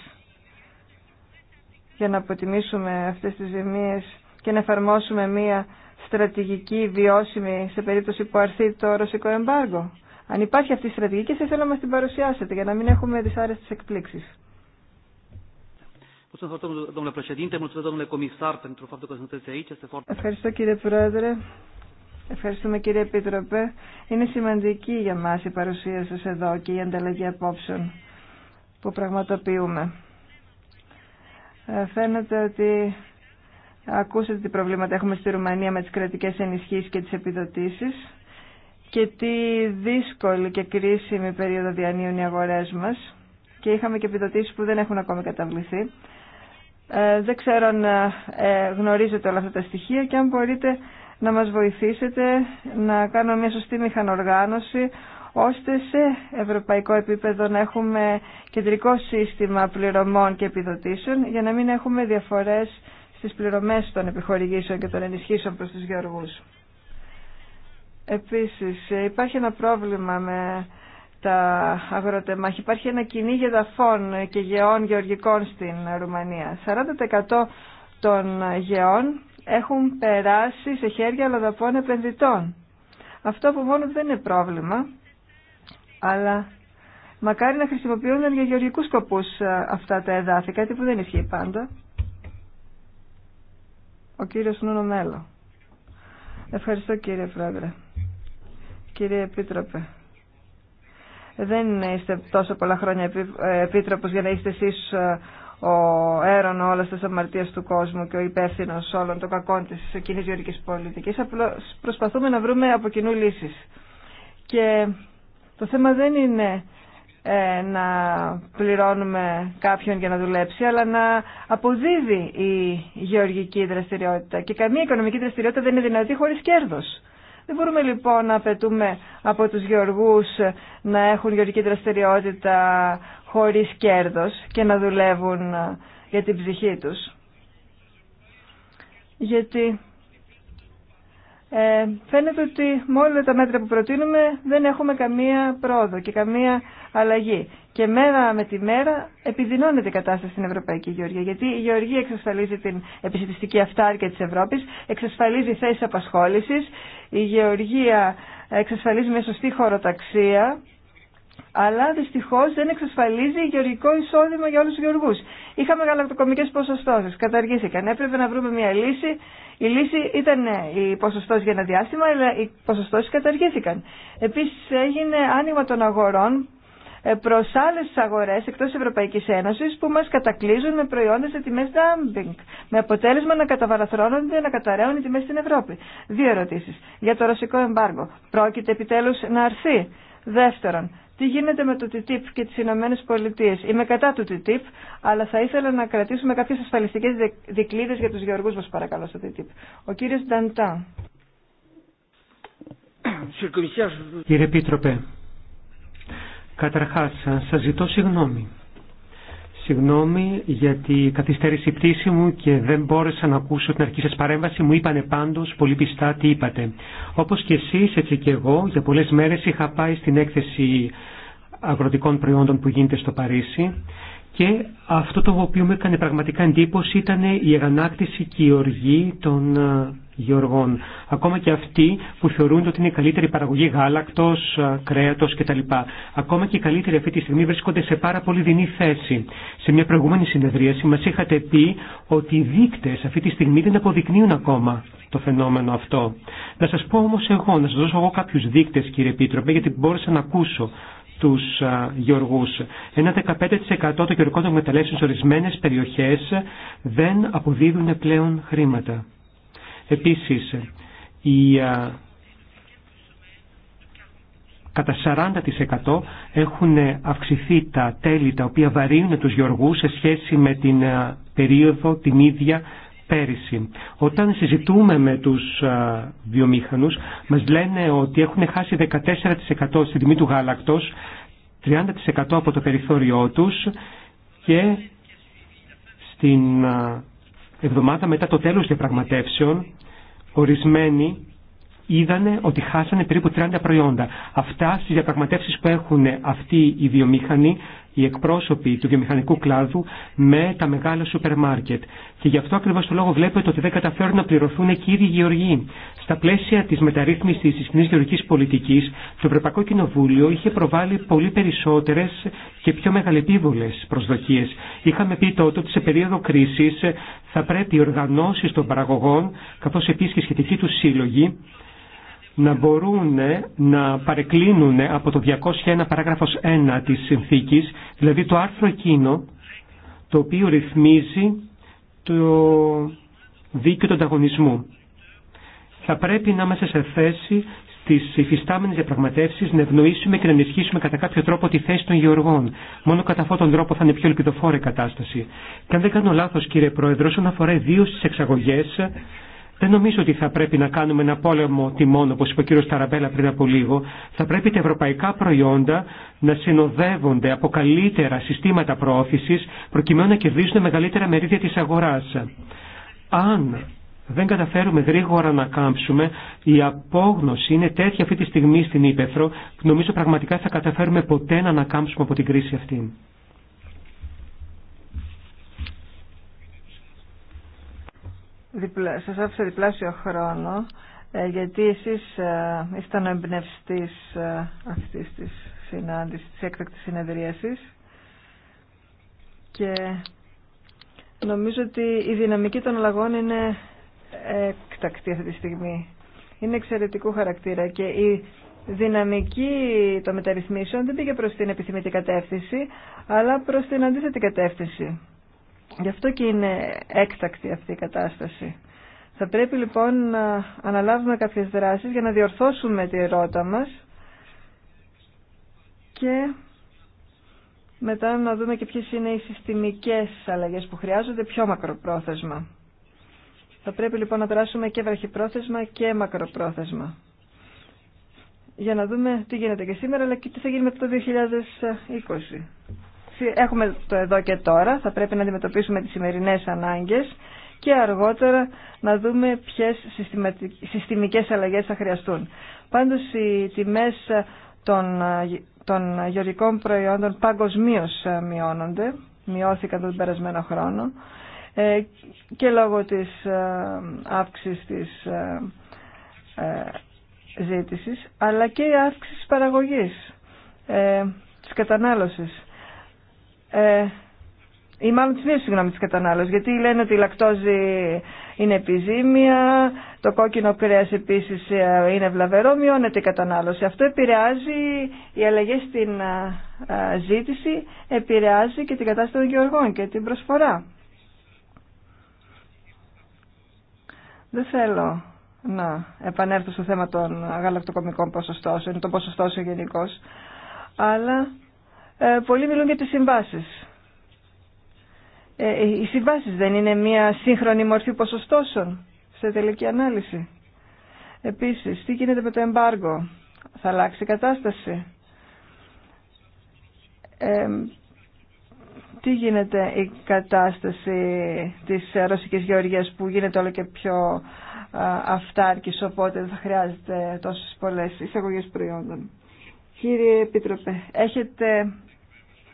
για να αποτιμήσουμε αυτές τις ζημίες και να εφαρμόσουμε μία στρατηγική βιώσιμη σε περίπτωση που αρθεί το ρωσικό εμπάργο. Αν υπάρχει αυτή η στρατηγική, θα θέλω να μας την παρουσιάσετε για να μην έχουμε τις άρεστε εκπλήξεις. Ευχαριστώ κύριε Πρόεδρε. Ευχαριστούμε κύριε Επίτροπε. Είναι σημαντική για μας η παρουσία σας εδώ και η ανταλλαγή απόψεων που πραγματοποιούμε. Ε, φαίνεται ότι ακούσατε τι προβλήματα έχουμε στη Ρουμανία με τις κρατικές ενισχύσεις και τις επιδοτήσεις και τι δύσκολη και κρίσιμη περίοδο διανύουν οι αγορές μας και είχαμε και επιδοτήσεις που δεν έχουν ακόμη καταβληθεί. Ε, δεν ξέρω αν ε, γνωρίζετε όλα αυτά τα στοιχεία και αν μπορείτε να μας βοηθήσετε να κάνουμε μια σωστή μηχανοργάνωση ώστε σε ευρωπαϊκό επίπεδο να έχουμε κεντρικό σύστημα πληρωμών και επιδοτήσεων για να μην έχουμε διαφορές στις πληρωμές των επιχορηγήσεων και των ενισχύσεων προς τους γεωργούς. Επίσης υπάρχει ένα πρόβλημα με τα αγροτεμάχια. Υπάρχει ένα κοινή γεδαφών και γεών γεωργικών στην Ρουμανία. 40% των γεών έχουν περάσει σε χέρια λαδαπών επενδυτών. Αυτό που μόνο δεν είναι πρόβλημα, αλλά μακάρι να χρησιμοποιούνταν για γεωργικούς σκοπούς ε, αυτά τα εδάφη, κάτι που δεν ισχύει πάντα. Ο κύριος Νούνο Μέλο. Ευχαριστώ κύριε Πρόεδρε. Κύριε Επίτροπε. Δεν είστε τόσο πολλά χρόνια ε, επίτροπος για να είστε εσείς ε, ο έρον όλα τη αμαρτίε του κόσμου και ο υπεύθυνο όλων των κακών τη κοινή γεωργική πολιτική. Απλώ προσπαθούμε να βρούμε από κοινού λύσει. Και το θέμα δεν είναι ε, να πληρώνουμε κάποιον για να δουλέψει, αλλά να αποδίδει η γεωργική δραστηριότητα. Και καμία οικονομική δραστηριότητα δεν είναι δυνατή χωρί κέρδο. Δεν μπορούμε λοιπόν να απαιτούμε από τους γεωργούς να έχουν γεωργική δραστηριότητα χωρίς κέρδος και να δουλεύουν ε, για την ψυχή τους. Γιατί ε, φαίνεται ότι με όλα τα μέτρα που προτείνουμε δεν έχουμε καμία πρόοδο και καμία αλλαγή. Και μέρα με τη μέρα επιδεινώνεται η κατάσταση στην Ευρωπαϊκή Γεωργία. Γιατί η Γεωργία εξασφαλίζει την επιστημιστική αυτάρκεια της Ευρώπης, εξασφαλίζει θέσεις απασχόλησης, η Γεωργία εξασφαλίζει μια σωστή χωροταξία αλλά δυστυχώ δεν εξασφαλίζει γεωργικό εισόδημα για όλου του γεωργού. Είχαμε γαλακτοκομικέ ποσοστώσει, καταργήθηκαν. Έπρεπε να βρούμε μια λύση. Η λύση ήταν ναι, η ποσοστό για ένα διάστημα, αλλά οι ποσοστώσει καταργήθηκαν. Επίση έγινε άνοιγμα των αγορών ε, προ άλλε αγορέ εκτό Ευρωπαϊκή Ένωση που μα κατακλείζουν με προϊόντα σε τιμέ dumping. Με αποτέλεσμα να καταβαραθρώνονται, να καταραίουν οι τιμέ στην Ευρώπη. Δύο ερωτήσει. Για το ρωσικό εμπάργο. Πρόκειται επιτέλου να αρθεί. Δεύτερον, τι γίνεται με το TTIP και τις Ηνωμένε Πολιτείε. Είμαι κατά του TTIP, αλλά θα ήθελα να κρατήσουμε κάποιε ασφαλιστικές δικλείδες για τους γεωργού μα παρακαλώ, στο TTIP. Ο κύριος Νταντά. Κύριε Πίτροπε, Καταρχά σα ζητώ συγγνώμη Συγγνώμη γιατί τη η πτήση μου και δεν μπόρεσα να ακούσω την αρχή σας παρέμβαση. Μου είπανε πάντως πολύ πιστά τι είπατε. Όπως και εσείς, έτσι και εγώ, για πολλές μέρες είχα πάει στην έκθεση αγροτικών προϊόντων που γίνεται στο Παρίσι και αυτό το οποίο μου έκανε πραγματικά εντύπωση ήταν η εγανάκτηση και η οργή των ε, γεωργών. Ακόμα και αυτοί που θεωρούν ότι είναι η καλύτερη παραγωγή γάλακτος, ε, κρέατος κτλ. Ακόμα και οι καλύτεροι αυτή τη στιγμή βρίσκονται σε πάρα πολύ δινή θέση. Σε μια προηγούμενη συνεδρίαση μας είχατε πει ότι οι δείκτες αυτή τη στιγμή δεν αποδεικνύουν ακόμα το φαινόμενο αυτό. Να σας πω όμως εγώ, να σα δώσω εγώ κάποιου δείκτες κύριε Επίτροπε, γιατί μπόρεσα να ακούσω τους ε, γεωργού. Ένα 15% των γεωργικών των σε ορισμένες περιοχές δεν αποδίδουν πλέον χρήματα. Επίσης, η κατά 40% έχουν αυξηθεί τα τέλη τα οποία βαρύνουν τους γεωργούς σε σχέση με την περίοδο την ίδια πέρυσι. Όταν συζητούμε με τους βιομήχανους μας λένε ότι έχουν χάσει 14% στην τιμή του γάλακτος, 30% από το περιθώριό τους και στην εβδομάδα μετά το τέλος διαπραγματεύσεων, ορισμένοι είδανε ότι χάσανε περίπου 30 προϊόντα. Αυτά στις διαπραγματεύσεις που έχουν αυτοί οι βιομήχανοι οι εκπρόσωποι του βιομηχανικού κλάδου με τα μεγάλα σούπερ μάρκετ. Και γι' αυτό ακριβώ το λόγο βλέπετε ότι δεν καταφέρουν να πληρωθούν και οι ίδιοι γεωργοί. Στα πλαίσια τη μεταρρύθμιση τη κοινή γεωργική πολιτική, το Ευρωπαϊκό Κοινοβούλιο είχε προβάλει πολύ περισσότερε και πιο μεγαλεπίβολε προσδοκίε. Είχαμε πει τότε ότι σε περίοδο κρίση θα πρέπει οι οργανώσει των παραγωγών, καθώ επίση και σχετικοί του σύλλογοι, να μπορούν να παρεκκλίνουν από το 201 παράγραφος 1 της συνθήκης, δηλαδή το άρθρο εκείνο το οποίο ρυθμίζει το δίκαιο του ανταγωνισμού. Θα πρέπει να είμαστε σε θέση στις υφιστάμενες διαπραγματεύσεις να ευνοήσουμε και να ενισχύσουμε κατά κάποιο τρόπο τη θέση των γεωργών. Μόνο κατά αυτόν τον τρόπο θα είναι πιο ελπιδοφόρη η κατάσταση. Και αν δεν κάνω λάθος κύριε Πρόεδρο, όσον αφορά δύο στις εξαγωγές, δεν νομίζω ότι θα πρέπει να κάνουμε ένα πόλεμο τιμών, όπως είπε ο κύριος Ταραμπέλα πριν από λίγο. Θα πρέπει τα ευρωπαϊκά προϊόντα να συνοδεύονται από καλύτερα συστήματα προώθησης, προκειμένου να κερδίσουν μεγαλύτερα μερίδια της αγοράς. Αν δεν καταφέρουμε γρήγορα να κάμψουμε, η απόγνωση είναι τέτοια αυτή τη στιγμή στην Ήπεθρο, που νομίζω πραγματικά θα καταφέρουμε ποτέ να ανακάμψουμε από την κρίση αυτή. διπλα, σας άφησα διπλάσιο χρόνο ε, γιατί εσείς ε, ήσταν ο εμπνευστής ε, αυτής της συνάντησης, της έκτακτης συνεδρίασης και νομίζω ότι η δυναμική των λαγών είναι έκτακτη αυτή τη στιγμή. Είναι εξαιρετικού χαρακτήρα και η δυναμική των μεταρρυθμίσεων δεν πήγε προς την επιθυμητή κατεύθυνση αλλά προς την αντίθετη κατεύθυνση. Γι' αυτό και είναι έκτακτη αυτή η κατάσταση. Θα πρέπει λοιπόν να αναλάβουμε κάποιες δράσεις για να διορθώσουμε τη ερώτα μας και μετά να δούμε και ποιες είναι οι συστημικές αλλαγές που χρειάζονται πιο μακροπρόθεσμα. Θα πρέπει λοιπόν να δράσουμε και βραχυπρόθεσμα και μακροπρόθεσμα. Για να δούμε τι γίνεται και σήμερα αλλά και τι θα γίνει μετά το 2020 έχουμε το εδώ και τώρα, θα πρέπει να αντιμετωπίσουμε τις σημερινές ανάγκες και αργότερα να δούμε ποιες συστημικές αλλαγές θα χρειαστούν. Πάντως οι τιμές των, των γεωργικών προϊόντων παγκοσμίω ε, μειώνονται, μειώθηκαν τον περασμένο χρόνο ε, και λόγω της ε, αύξησης της ζήτησης, αλλά και η αύξηση της παραγωγής, της κατανάλωσης ε, ή μάλλον τις μείωσης συγγνώμη της κατανάλωσης, γιατί λένε ότι η λακτόζη τη μία το κατανάλωση, επίσης ε, είναι βλαβερό, μειώνεται η κατανάλωση. κρεα επίση ειναι βλαβερο μειωνεται επηρεάζει οι αλλαγέ στην ε, ε, ζήτηση, επηρεάζει και την κατάσταση των γεωργών και την προσφορά. Δεν θέλω να επανέλθω στο θέμα των γαλακτοκομικών ποσοστώσεων, το ποσοστό γενικώ, αλλά ε, πολλοί μιλούν για τις συμβάσεις. Ε, οι συμβάσεις δεν είναι μια σύγχρονη μορφή ποσοστώσεων σε τελική ανάλυση. Επίσης, τι γίνεται με το εμπάργο. Θα αλλάξει η κατάσταση. Ε, τι γίνεται η κατάσταση της ρωσικής γεωργίας που γίνεται όλο και πιο αυτάρκης, οπότε δεν θα χρειάζεται τόσες πολλές εισαγωγές προϊόντων. Κύριε Επίτροπε, έχετε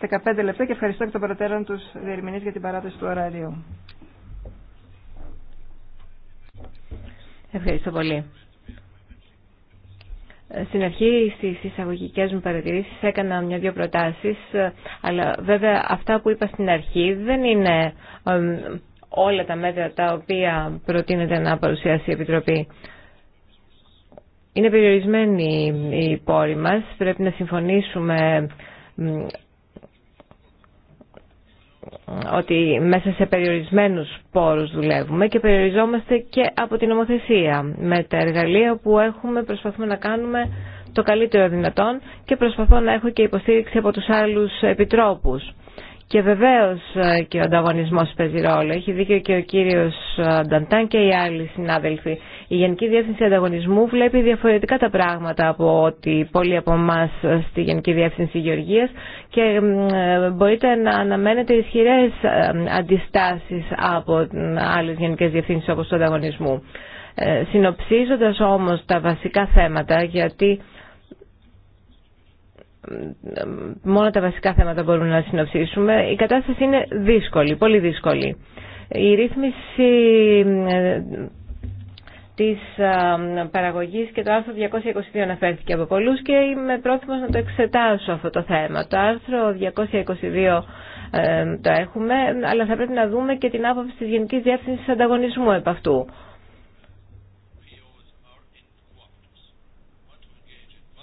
15 λεπτά και ευχαριστώ και τον περαιτέρω τους διερμηνείς για την παράδοση του ωραρίου. Ευχαριστώ πολύ. Στην αρχή στις εισαγωγικές μου παρατηρήσεις έκανα μια-δυο προτάσεις, αλλά βέβαια αυτά που είπα στην αρχή δεν είναι όλα τα μέτρα τα οποία προτείνεται να παρουσιάσει η Επιτροπή. Είναι περιορισμένοι η πόροι μας, πρέπει να συμφωνήσουμε ότι μέσα σε περιορισμένους πόρους δουλεύουμε και περιοριζόμαστε και από την νομοθεσία. Με τα εργαλεία που έχουμε προσπαθούμε να κάνουμε το καλύτερο δυνατόν και προσπαθώ να έχω και υποστήριξη από τους άλλους επιτρόπους. Και βεβαίως ε, και ο ανταγωνισμό παίζει ρόλο. Έχει δίκιο και ο κύριος ε, Νταντάν και οι άλλοι συνάδελφοι. Η Γενική Διεύθυνση Ανταγωνισμού βλέπει διαφορετικά τα πράγματα από ότι πολλοί από εμά ε, στη Γενική Διεύθυνση Γεωργίας και μπορείτε να αναμένετε ισχυρέ αντιστάσεις από άλλες γενικέ διευθύνσει όπω του ανταγωνισμού. Συνοψίζοντα όμω τα βασικά θέματα γιατί ε, μόνο τα βασικά θέματα μπορούμε να συνοψίσουμε. Η κατάσταση είναι δύσκολη, πολύ δύσκολη. Η ρύθμιση ε, της ε, παραγωγής και το άρθρο 222 αναφέρθηκε από πολλούς και είμαι πρόθυμος να το εξετάσω αυτό το θέμα. Το άρθρο 222 το έχουμε, αλλά θα πρέπει να δούμε και την άποψη της Γενικής Διεύθυνσης Ανταγωνισμού επ' αυτού.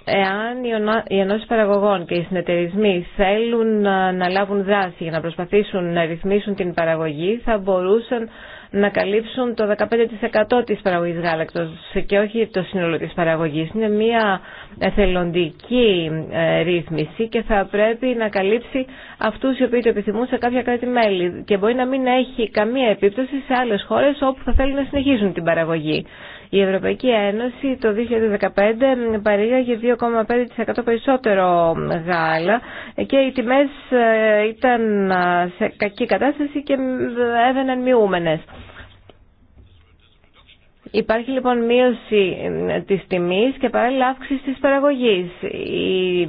Εάν οι ενώσει παραγωγών και οι συνεταιρισμοί θέλουν ε, να λάβουν δράση για να προσπαθήσουν να ρυθμίσουν την παραγωγή, θα μπορούσαν να καλύψουν το 15% της παραγωγής γάλακτος και όχι το σύνολο της παραγωγής. Είναι μια εθελοντική ε, ρύθμιση και θα πρέπει να καλύψει αυτούς οι οποίοι το επιθυμούν σε κάποια κράτη-μέλη και μπορεί να μην έχει καμία επίπτωση σε άλλες χώρες όπου θα θέλουν να συνεχίσουν την παραγωγή. Η Ευρωπαϊκή Ένωση το 2015 παρήγαγε 2,5% περισσότερο γάλα και οι τιμές ε, ήταν ε, σε κακή κατάσταση και ε, έβαιναν μειούμενες. Υπάρχει λοιπόν μείωση της τιμής και παράλληλα αύξηση της παραγωγής. Η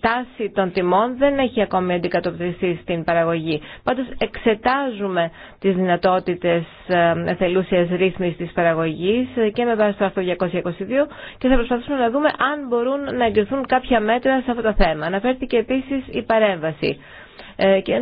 τάση των τιμών δεν έχει ακόμη αντικατοπτριστεί στην παραγωγή. Πάντως εξετάζουμε τις δυνατότητες θελούσιας ρύθμισης της παραγωγής και με βάση το άρθρο 222 και θα προσπαθήσουμε να δούμε αν μπορούν να εγκριθούν κάποια μέτρα σε αυτό το θέμα. Αναφέρθηκε επίσης η παρέμβαση. Ε, και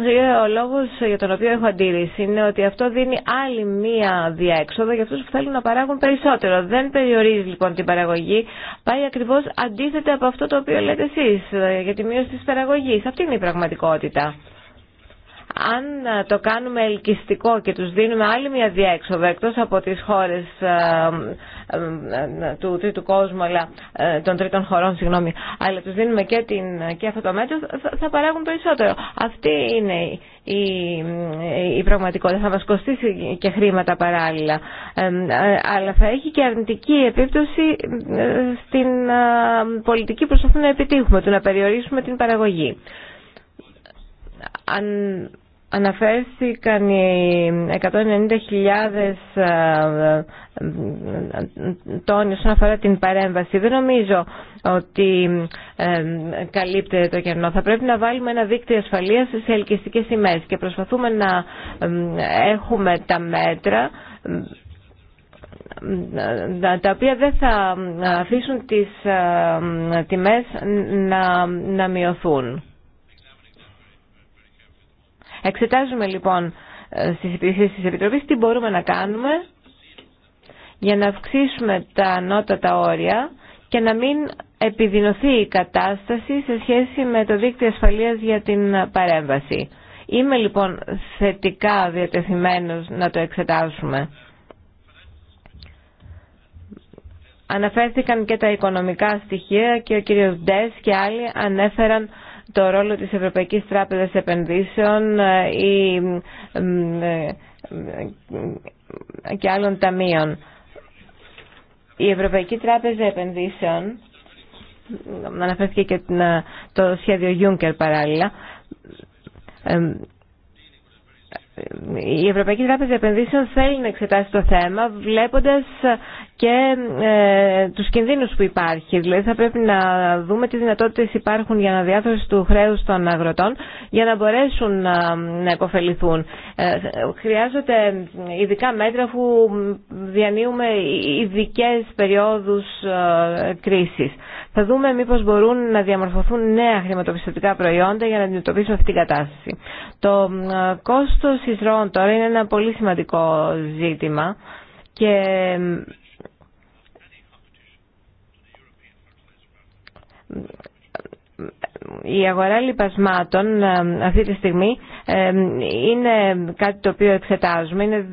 ο λόγο για τον οποίο έχω αντίρρηση είναι ότι αυτό δίνει άλλη μία διέξοδο για αυτού που θέλουν να παράγουν περισσότερο. Δεν περιορίζει λοιπόν την παραγωγή, πάει ακριβώς αντίθετα από αυτό το οποίο λέτε εσείς ε, για τη μείωση της παραγωγής. Αυτή είναι η πραγματικότητα αν ε, το κάνουμε ελκυστικό και τους δίνουμε άλλη μια διέξοδο εκτός από τις χώρες ε, ε, του τρίτου κόσμου, αλλά, των τρίτων χωρών, συγγνώμη, αλλά τους δίνουμε και, την, και αυτό το μέτρο, θα, παράγουν περισσότερο. Αυτή είναι η, η πραγματικότητα. Θα μας κοστίσει και χρήματα παράλληλα, αλλά θα έχει και αρνητική επίπτωση στην πολιτική που να επιτύχουμε, του να περιορίσουμε την παραγωγή αν Αναφέρθηκαν οι 190.000 ε, ε, τόνοι όσον αφορά την παρέμβαση. Δεν νομίζω ότι ε, καλύπτεται το κενό. Θα πρέπει να βάλουμε ένα δίκτυο ασφαλείας σε ελκυστικές σημαίες και προσπαθούμε να έχουμε τα μέτρα τα οποία δεν θα αφήσουν τις τιμές να, να μειωθούν. Εξετάζουμε λοιπόν ε, στις υπηρεσίες της Επιτροπής τι μπορούμε να κάνουμε για να αυξήσουμε τα ανώτατα όρια και να μην επιδεινωθεί η κατάσταση σε σχέση με το δίκτυο ασφαλείας για την παρέμβαση. Είμαι λοιπόν θετικά διατεθειμένος να το εξετάσουμε. Αναφέρθηκαν και τα οικονομικά στοιχεία και ο κύριος Ντές και άλλοι ανέφεραν το ρόλο της Ευρωπαϊκής Τράπεζας Επενδύσεων ε, ή ε, και άλλων ταμείων. Η Ευρωπαϊκή Τράπεζα Επενδύσεων αναφέρθηκε και ε, το σχέδιο Juncker παράλληλα η Ευρωπαϊκή Τράπεζα Επενδύσεων θέλει να εξετάσει το θέμα βλέποντας και ε, τους κινδύνους που υπάρχει. Δηλαδή θα πρέπει να δούμε τι δυνατότητες υπάρχουν για αναδιάθρωση του χρέου των αγροτών για να μπορέσουν να, να ε, χρειάζονται ειδικά μέτρα που διανύουμε ειδικέ περιόδους ε, κρίσης. Θα δούμε μήπως μπορούν να διαμορφωθούν νέα χρηματοπιστωτικά προϊόντα για να αντιμετωπίσουν αυτή την κατάσταση. Το κόστος εισρώων τώρα είναι ένα πολύ σημαντικό ζήτημα και η αγορά λιπασμάτων ε, αυτή τη στιγμή ε, είναι κάτι το οποίο εξετάζουμε. Είναι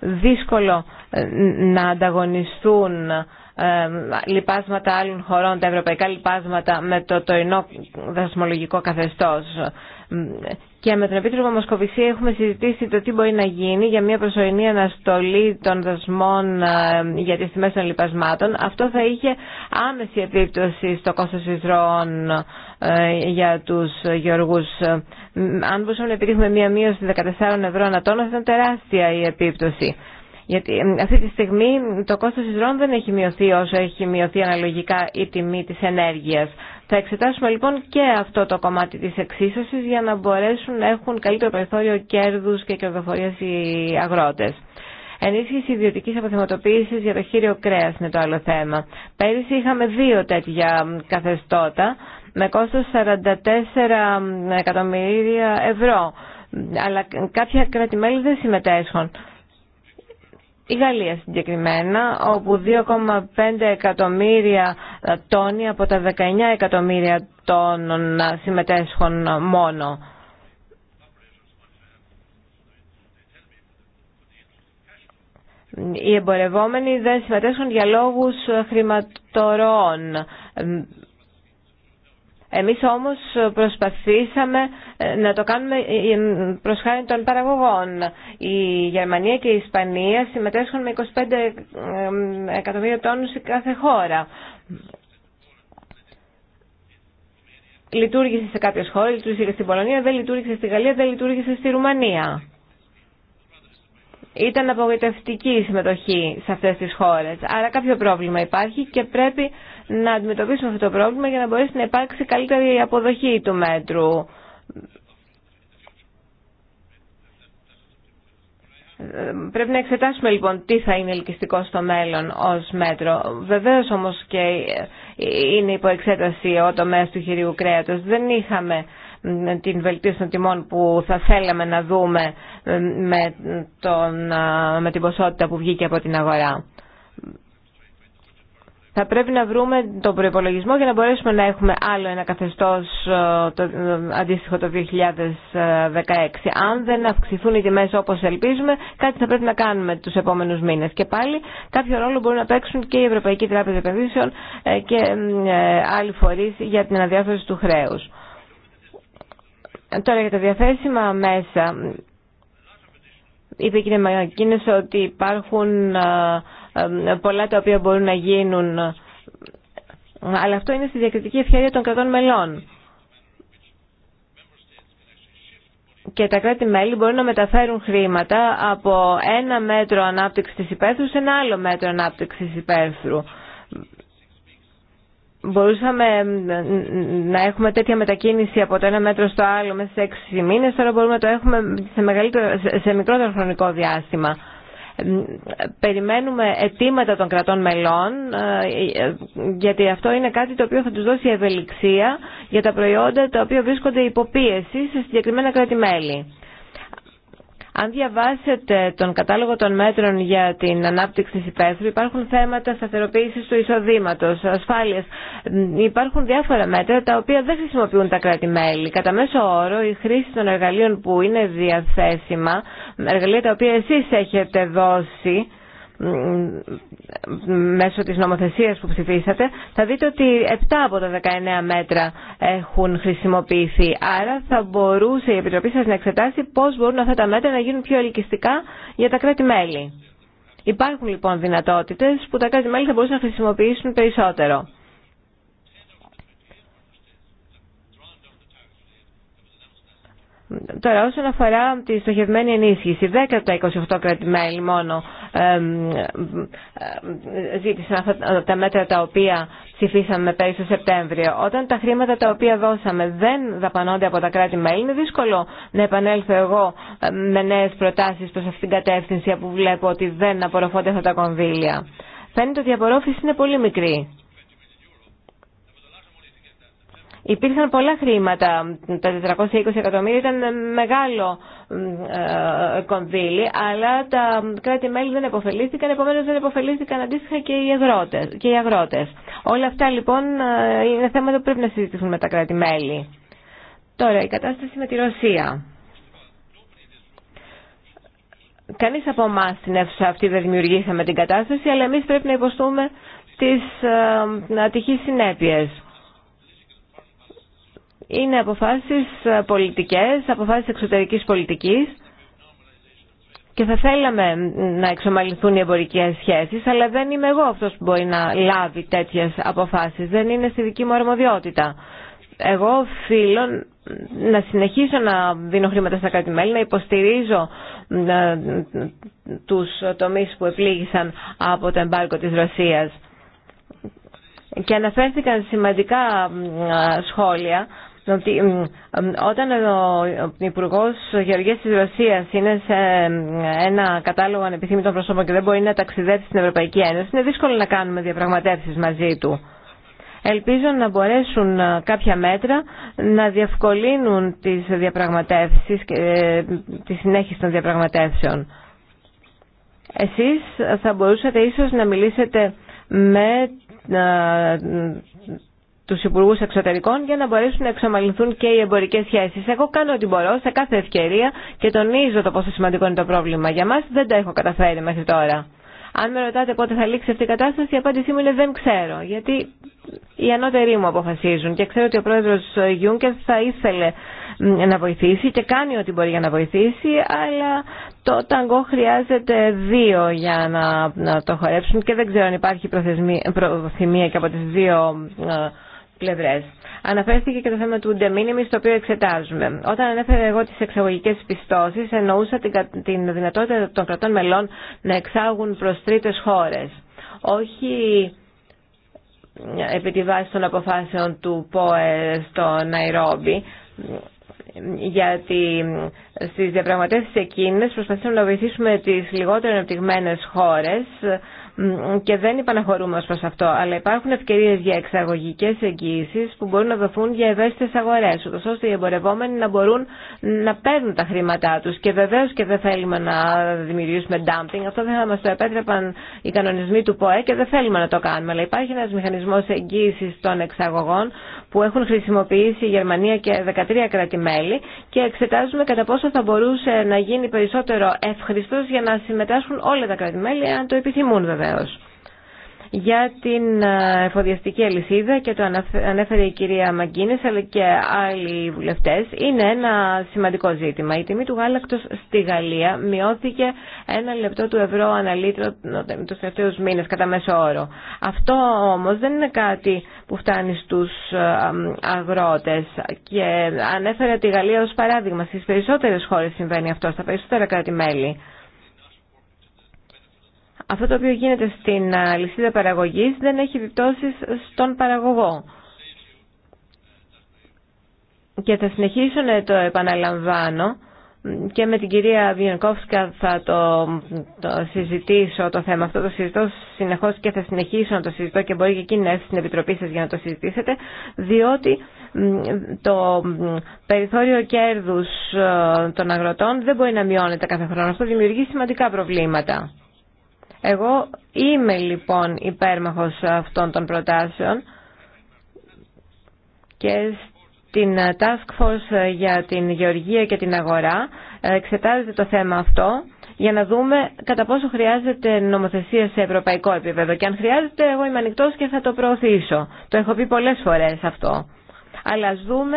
δύσκολο ε, να ανταγωνιστούν λοιπάσματα άλλων χωρών, τα ευρωπαϊκά λοιπάσματα, με το τωρινό δασμολογικό καθεστώς. Και με τον Επίτροπο Μοσκοβισή έχουμε συζητήσει το τι μπορεί να γίνει για μια προσωρινή αναστολή των δασμών ε, για τις τιμές των λοιπασμάτων. Αυτό θα είχε άμεση επίπτωση στο κόστος εισρώων ε, για τους γεωργούς. Ε, αν μπορούσαμε να επιτύχουμε μια μείωση 14 ευρώ ανά θα ήταν τεράστια η επίπτωση. Γιατί αυτή τη στιγμή το κόστος εισρώων δεν έχει μειωθεί όσο έχει μειωθεί αναλογικά η τιμή της ενέργειας. Θα εξετάσουμε λοιπόν και αυτό το κομμάτι της εξίσωσης για να μπορέσουν να έχουν καλύτερο περιθώριο κέρδους και κερδοφορίας οι αγρότες. Ενίσχυση ιδιωτική αποθεματοποίηση για το χείριο κρέα είναι το άλλο θέμα. Πέρυσι είχαμε δύο τέτοια καθεστώτα με κόστος 44 εκατομμύρια ευρώ. Αλλά κάποια κράτη-μέλη δεν συμμετέσχουν η Γαλλία συγκεκριμένα, όπου 2,5 εκατομμύρια τόνοι από τα 19 εκατομμύρια τόνων συμμετέσχουν μόνο. Οι εμπορευόμενοι δεν συμμετέσχουν για λόγους χρηματορών. Εμείς όμως προσπαθήσαμε ε, να το κάνουμε ε, ε, προς χάρη των παραγωγών. Η Γερμανία και η Ισπανία συμμετέσχουν με 25 εκατομμύρια τόνους σε κάθε χώρα. Λειτουργήσε σε κάποιες χώρες, λειτουργήσε στην Πολωνία, δεν λειτουργήσε στη Γαλλία, δεν λειτουργήσε στη Ρουμανία ήταν απογοητευτική η συμμετοχή σε αυτές τις χώρε. Άρα κάποιο πρόβλημα υπάρχει και πρέπει να αντιμετωπίσουμε αυτό το πρόβλημα για να μπορέσει να υπάρξει καλύτερη αποδοχή του μέτρου. Πρέπει να εξετάσουμε λοιπόν τι θα είναι ελκυστικό στο μέλλον ως μέτρο. Βεβαίως όμως και είναι υπό εξέταση ο τομέας του χειρίου κρέατος. Δεν είχαμε την βελτίωση των τιμών που θα θέλαμε να δούμε ε, με, τον, ε, με την ποσότητα που βγήκε από την αγορά. Θα πρέπει να βρούμε τον προπολογισμό για να μπορέσουμε να έχουμε άλλο ένα καθεστώς ε, το, αντίστοιχο το 2016. Αν δεν αυξηθούν οι τιμές όπως ελπίζουμε, κάτι θα πρέπει να κάνουμε τους επόμενους μήνες. Και πάλι κάποιο ρόλο μπορούν να παίξουν και η Ευρωπαϊκή Τράπεζα Επενδύσεων και άλλοι φορείς για την αναδιάθρωση του χρέους. Τώρα για τα διαθέσιμα μέσα. Είπε η κυρία Μαγκίνες ότι υπάρχουν πολλά τα οποία μπορούν να γίνουν. Αλλά αυτό είναι στη διακριτική ευχαίρεια των κρατών μελών. και τα κράτη-μέλη μπορούν να μεταφέρουν χρήματα από ένα μέτρο ανάπτυξης της σε ένα άλλο μέτρο ανάπτυξης υπαίθρου μπορούσαμε να έχουμε τέτοια μετακίνηση από το ένα μέτρο στο άλλο μέσα σε έξι μήνες, τώρα μπορούμε να το έχουμε σε, μεγαλύτερο, σε μικρότερο χρονικό διάστημα. Περιμένουμε αιτήματα των κρατών μελών, ε, ε, γιατί αυτό είναι κάτι το οποίο θα τους δώσει ευελιξία για τα προϊόντα τα οποία βρίσκονται υποπίεση σε συγκεκριμένα κράτη-μέλη. Αν διαβάσετε τον κατάλογο των μέτρων για την ανάπτυξη της υπαίθρου, υπάρχουν θέματα σταθεροποίησης του εισοδήματος, ασφάλειας. Υπάρχουν διάφορα μέτρα τα οποία δεν χρησιμοποιούν τα κράτη-μέλη. Κατά μέσο όρο, η χρήση των εργαλείων που είναι διαθέσιμα, εργαλεία τα οποία εσείς έχετε δώσει, μέσω της νομοθεσίας που ψηφίσατε, θα δείτε ότι 7 από τα 19 μέτρα έχουν χρησιμοποιηθεί. Άρα θα μπορούσε η Επιτροπή σας να εξετάσει πώς μπορούν αυτά τα μέτρα να γίνουν πιο ελκυστικά για τα κράτη-μέλη. Υπάρχουν λοιπόν δυνατότητες που τα κράτη-μέλη θα μπορούσαν να χρησιμοποιήσουν περισσότερο. Τώρα, όσον αφορά τη στοχευμένη ενίσχυση, 10 από τα 28 κράτη-μέλη μόνο ζήτησαν αυτά τα μέτρα τα οποία ψηφίσαμε πέρυσι το Σεπτέμβριο. Όταν τα χρήματα τα οποία δώσαμε δεν δαπανώνται από τα κράτη-μέλη, είναι δύσκολο να επανέλθω εγώ με νέε προτάσει προ αυτήν την κατεύθυνση, που βλέπω ότι δεν απορροφώνται αυτά τα κονδύλια. Φαίνεται ότι η απορρόφηση είναι πολύ μικρή. Υπήρχαν πολλά χρήματα, τα 420 εκατομμύρια ήταν μεγάλο ε, κονδύλι, αλλά τα κράτη-μέλη δεν επωφελήθηκαν, επομένω δεν επωφελήθηκαν αντίστοιχα και οι, αγρότες, και οι αγρότες. Όλα αυτά λοιπόν ε, είναι θέματα που πρέπει να συζητηθούν με τα κράτη-μέλη. Τώρα η κατάσταση με τη Ρωσία. Κανεί από εμά στην αίθουσα αυτή δεν δημιουργήσαμε την κατάσταση, αλλά εμεί πρέπει να υποστούμε τι ε, ατυχεί συνέπειε είναι αποφάσεις ε, πολιτικές, αποφάσεις εξωτερικής πολιτικής και θα θέλαμε να εξομαλυνθούν οι εμπορικές σχέσεις, αλλά δεν είμαι εγώ αυτός που μπορεί να λάβει τέτοιες αποφάσεις. Δεν είναι στη δική μου αρμοδιότητα. Εγώ οφείλω να συνεχίσω να δίνω χρήματα στα κράτη-μέλη, να υποστηρίζω ε, τους τομείς που επλήγησαν από το εμπάρκο της Ρωσίας. Και αναφέρθηκαν σημαντικά ε, σχόλια ότι όταν ο Υπουργό Γεωργία τη Ρωσία είναι σε ένα κατάλογο ανεπιθύμητων προσώπων και δεν μπορεί να ταξιδέψει στην Ευρωπαϊκή Ένωση, είναι δύσκολο να κάνουμε διαπραγματεύσει μαζί του. Ελπίζω να μπορέσουν ε, κάποια μέτρα να διευκολύνουν τις διαπραγματεύσεις και ε, τη συνέχιση των διαπραγματεύσεων. Εσείς θα μπορούσατε ίσως να μιλήσετε με ε, τους Υπουργούς Εξωτερικών για να μπορέσουν να εξομαλυνθούν και οι εμπορικές σχέσεις. Εγώ κάνω ό,τι μπορώ σε κάθε ευκαιρία και τονίζω το πόσο σημαντικό είναι το πρόβλημα. Για μας δεν τα έχω καταφέρει μέχρι τώρα. Αν με ρωτάτε πότε θα λήξει αυτή η κατάσταση, η απάντησή μου είναι δεν ξέρω. Γιατί οι ανώτεροι μου αποφασίζουν και ξέρω ότι ο πρόεδρο Γιούγκερ θα ήθελε να βοηθήσει και κάνει ό,τι μπορεί για να βοηθήσει, αλλά το ταγκό χρειάζεται δύο για να, το χορέψουν και δεν ξέρω αν υπάρχει προθυμία και από τι δύο Αναφέρθηκε και το θέμα του de minimis, το οποίο εξετάζουμε. Όταν ανέφερε εγώ τις εξαγωγικέ πιστώσει, εννοούσα την, δυνατότητα των κρατών μελών να εξάγουν προ τρίτε χώρες. Όχι ε, επί τη βάση των αποφάσεων του ΠΟΕ στο Ναϊρόμπι, γιατί ε, στις διαπραγματεύσεις εκείνες προσπαθήσαμε να βοηθήσουμε τις λιγότερο αναπτυγμένε χώρες και δεν υπαναχωρούμε ως προς αυτό, αλλά υπάρχουν ευκαιρίες για εξαγωγικές εγγύησεις που μπορούν να δοθούν για ευαίσθητες αγορές, ούτως ώστε οι εμπορευόμενοι να μπορούν να παίρνουν τα χρήματά τους και βεβαίως και δεν θέλουμε να δημιουργήσουμε dumping, αυτό δεν θα μας το επέτρεπαν οι κανονισμοί του ΠΟΕ και δεν θέλουμε να το κάνουμε, αλλά υπάρχει ένας μηχανισμός εγγύησης των εξαγωγών που έχουν χρησιμοποιήσει η Γερμανία και 13 κράτη-μέλη και εξετάζουμε κατά πόσο θα μπορούσε να γίνει περισσότερο ευχρηστός για να συμμετάσχουν όλα τα κράτη-μέλη, αν το επιθυμούν βεβαίως για την ε, εφοδιαστική αλυσίδα και το ανέφερε η κυρία Μαγκίνες αλλά και άλλοι βουλευτές είναι ένα σημαντικό ζήτημα. Η τιμή του γάλακτος στη Γαλλία μειώθηκε ένα λεπτό του ευρώ αναλύτρο τους τελευταίους μήνες κατά μέσο όρο. Αυτό όμως δεν είναι κάτι που φτάνει στους ε, αγρότες και ανέφερε τη Γαλλία ως παράδειγμα. Στις περισσότερες χώρες συμβαίνει αυτό, στα περισσότερα κράτη-μέλη αυτό το οποίο γίνεται στην ε, λυσίδα παραγωγής δεν έχει επιπτώσεις στον παραγωγό. Και θα συνεχίσω να το επαναλαμβάνω και με την κυρία Βιενκόφσκα θα το, το, συζητήσω το θέμα αυτό, το συζητώ συνεχώς και θα συνεχίσω να το συζητώ και μπορεί και εκείνη να έρθει στην Επιτροπή σας για να το συζητήσετε, διότι το περιθώριο κέρδους ε, των αγροτών δεν μπορεί να μειώνεται κάθε χρόνο. Αυτό δημιουργεί σημαντικά προβλήματα. Εγώ είμαι λοιπόν υπέρμαχος αυτών των προτάσεων και στην Task Force για την Γεωργία και την Αγορά εξετάζεται το θέμα αυτό για να δούμε κατά πόσο χρειάζεται νομοθεσία σε ευρωπαϊκό επίπεδο. Και αν χρειάζεται, εγώ είμαι ανοιχτό και θα το προωθήσω. Το έχω πει πολλές φορές αυτό. Αλλά ας δούμε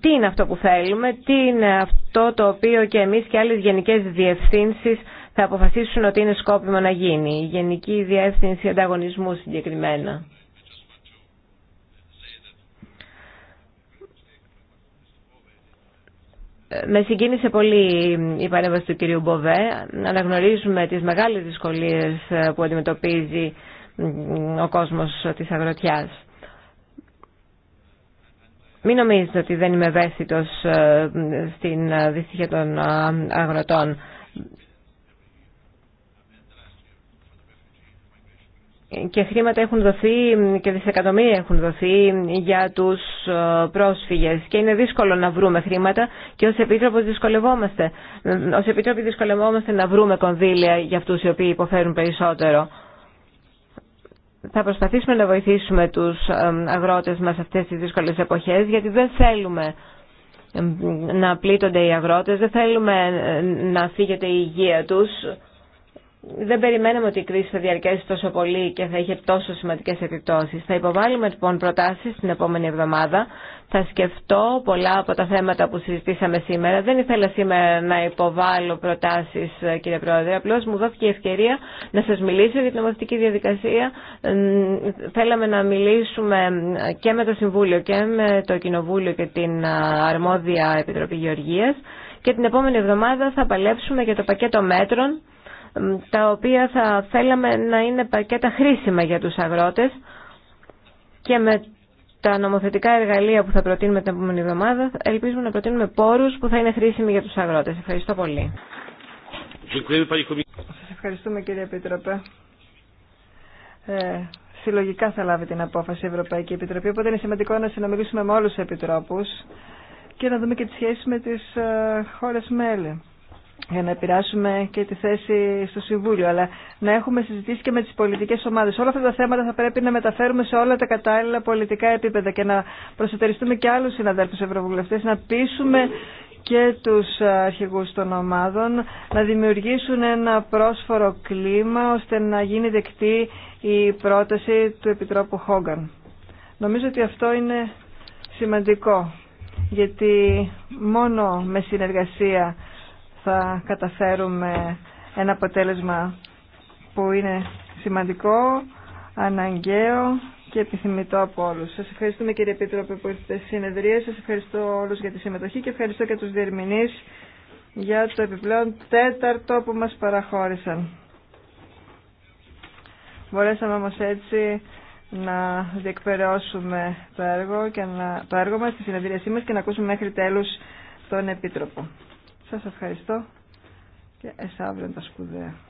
τι είναι αυτό που θέλουμε, τι είναι αυτό το οποίο και εμείς και άλλες γενικές διευθύνσεις θα αποφασίσουν ότι είναι σκόπιμο να γίνει. Η Γενική Διεύθυνση Ανταγωνισμού συγκεκριμένα. Με συγκίνησε πολύ η παρέμβαση του κυρίου Μποβέ. Αναγνωρίζουμε τις μεγάλες δυσκολίες που αντιμετωπίζει ο κόσμος της αγροτιάς. Μην νομίζετε ότι δεν είμαι ευαίσθητος ε, στην ε, δυστυχία των ε, αγροτών. και χρήματα έχουν δοθεί και δισεκατομμύρια έχουν δοθεί για τους πρόσφυγες και είναι δύσκολο να βρούμε χρήματα και ως Επίτροπος δυσκολευόμαστε. Ως Επίτροποι δυσκολευόμαστε να βρούμε κονδύλια για αυτούς οι οποίοι υποφέρουν περισσότερο θα προσπαθήσουμε να βοηθήσουμε τους αγρότες μας αυτές τις δύσκολες εποχές γιατί δεν θέλουμε να πλήττονται οι αγρότες, δεν θέλουμε να φύγεται η υγεία τους δεν περιμέναμε ότι η κρίση θα διαρκέσει τόσο πολύ και θα είχε τόσο σημαντικέ επιπτώσεις. Θα υποβάλουμε λοιπόν προτάσει την επόμενη εβδομάδα. Θα σκεφτώ πολλά από τα θέματα που συζητήσαμε σήμερα. Δεν ήθελα σήμερα να υποβάλω προτάσει, κύριε Πρόεδρε. απλώ μου δόθηκε η ευκαιρία να σα μιλήσω για την νομοθετική διαδικασία. Θέλαμε να μιλήσουμε και με το Συμβούλιο και με το Κοινοβούλιο και την αρμόδια Επιτροπή Γεωργία. Και την επόμενη εβδομάδα θα παλέψουμε για το πακέτο μέτρων τα οποία θα θέλαμε να είναι πακέτα χρήσιμα για τους αγρότες και με τα νομοθετικά εργαλεία που θα προτείνουμε την επόμενη εβδομάδα ελπίζουμε να προτείνουμε πόρους που θα είναι χρήσιμοι για τους αγρότες. Ευχαριστώ πολύ. Σας ευχαριστούμε κύριε Επίτροπε. Ε, συλλογικά θα λάβει την απόφαση η Ευρωπαϊκή Επιτροπή, οπότε είναι σημαντικό να συνομιλήσουμε με όλους τους επιτρόπους και να δούμε και τις σχέσεις με τις ε, χώρες μέλη για να επηρεάσουμε και τη θέση στο Συμβούλιο, αλλά να έχουμε συζητήσει και με τις πολιτικές ομάδες. Όλα αυτά τα θέματα θα πρέπει να μεταφέρουμε σε όλα τα κατάλληλα πολιτικά επίπεδα και να προσετεριστούμε και άλλους συναδέλφους ευρωβουλευτές, να πείσουμε και τους αρχηγούς των ομάδων να δημιουργήσουν ένα πρόσφορο κλίμα ώστε να γίνει δεκτή η πρόταση του Επιτρόπου Χόγκαν. Νομίζω ότι αυτό είναι σημαντικό, γιατί μόνο με συνεργασία θα καταφέρουμε ένα αποτέλεσμα που είναι σημαντικό, αναγκαίο και επιθυμητό από όλους. Σας ευχαριστούμε κύριε Επίτροπε που ήρθατε στη συνεδρία, σας ευχαριστώ όλους για τη συμμετοχή και ευχαριστώ και τους διερμηνείς για το επιπλέον τέταρτο που μας παραχώρησαν. Μπορέσαμε όμως έτσι να διεκπαιρεώσουμε το έργο, και να, το έργο μας, τη συνεδρίασή μας και να ακούσουμε μέχρι τέλους τον Επίτροπο. Σας ευχαριστώ και εσάβρεν τα σπουδαία.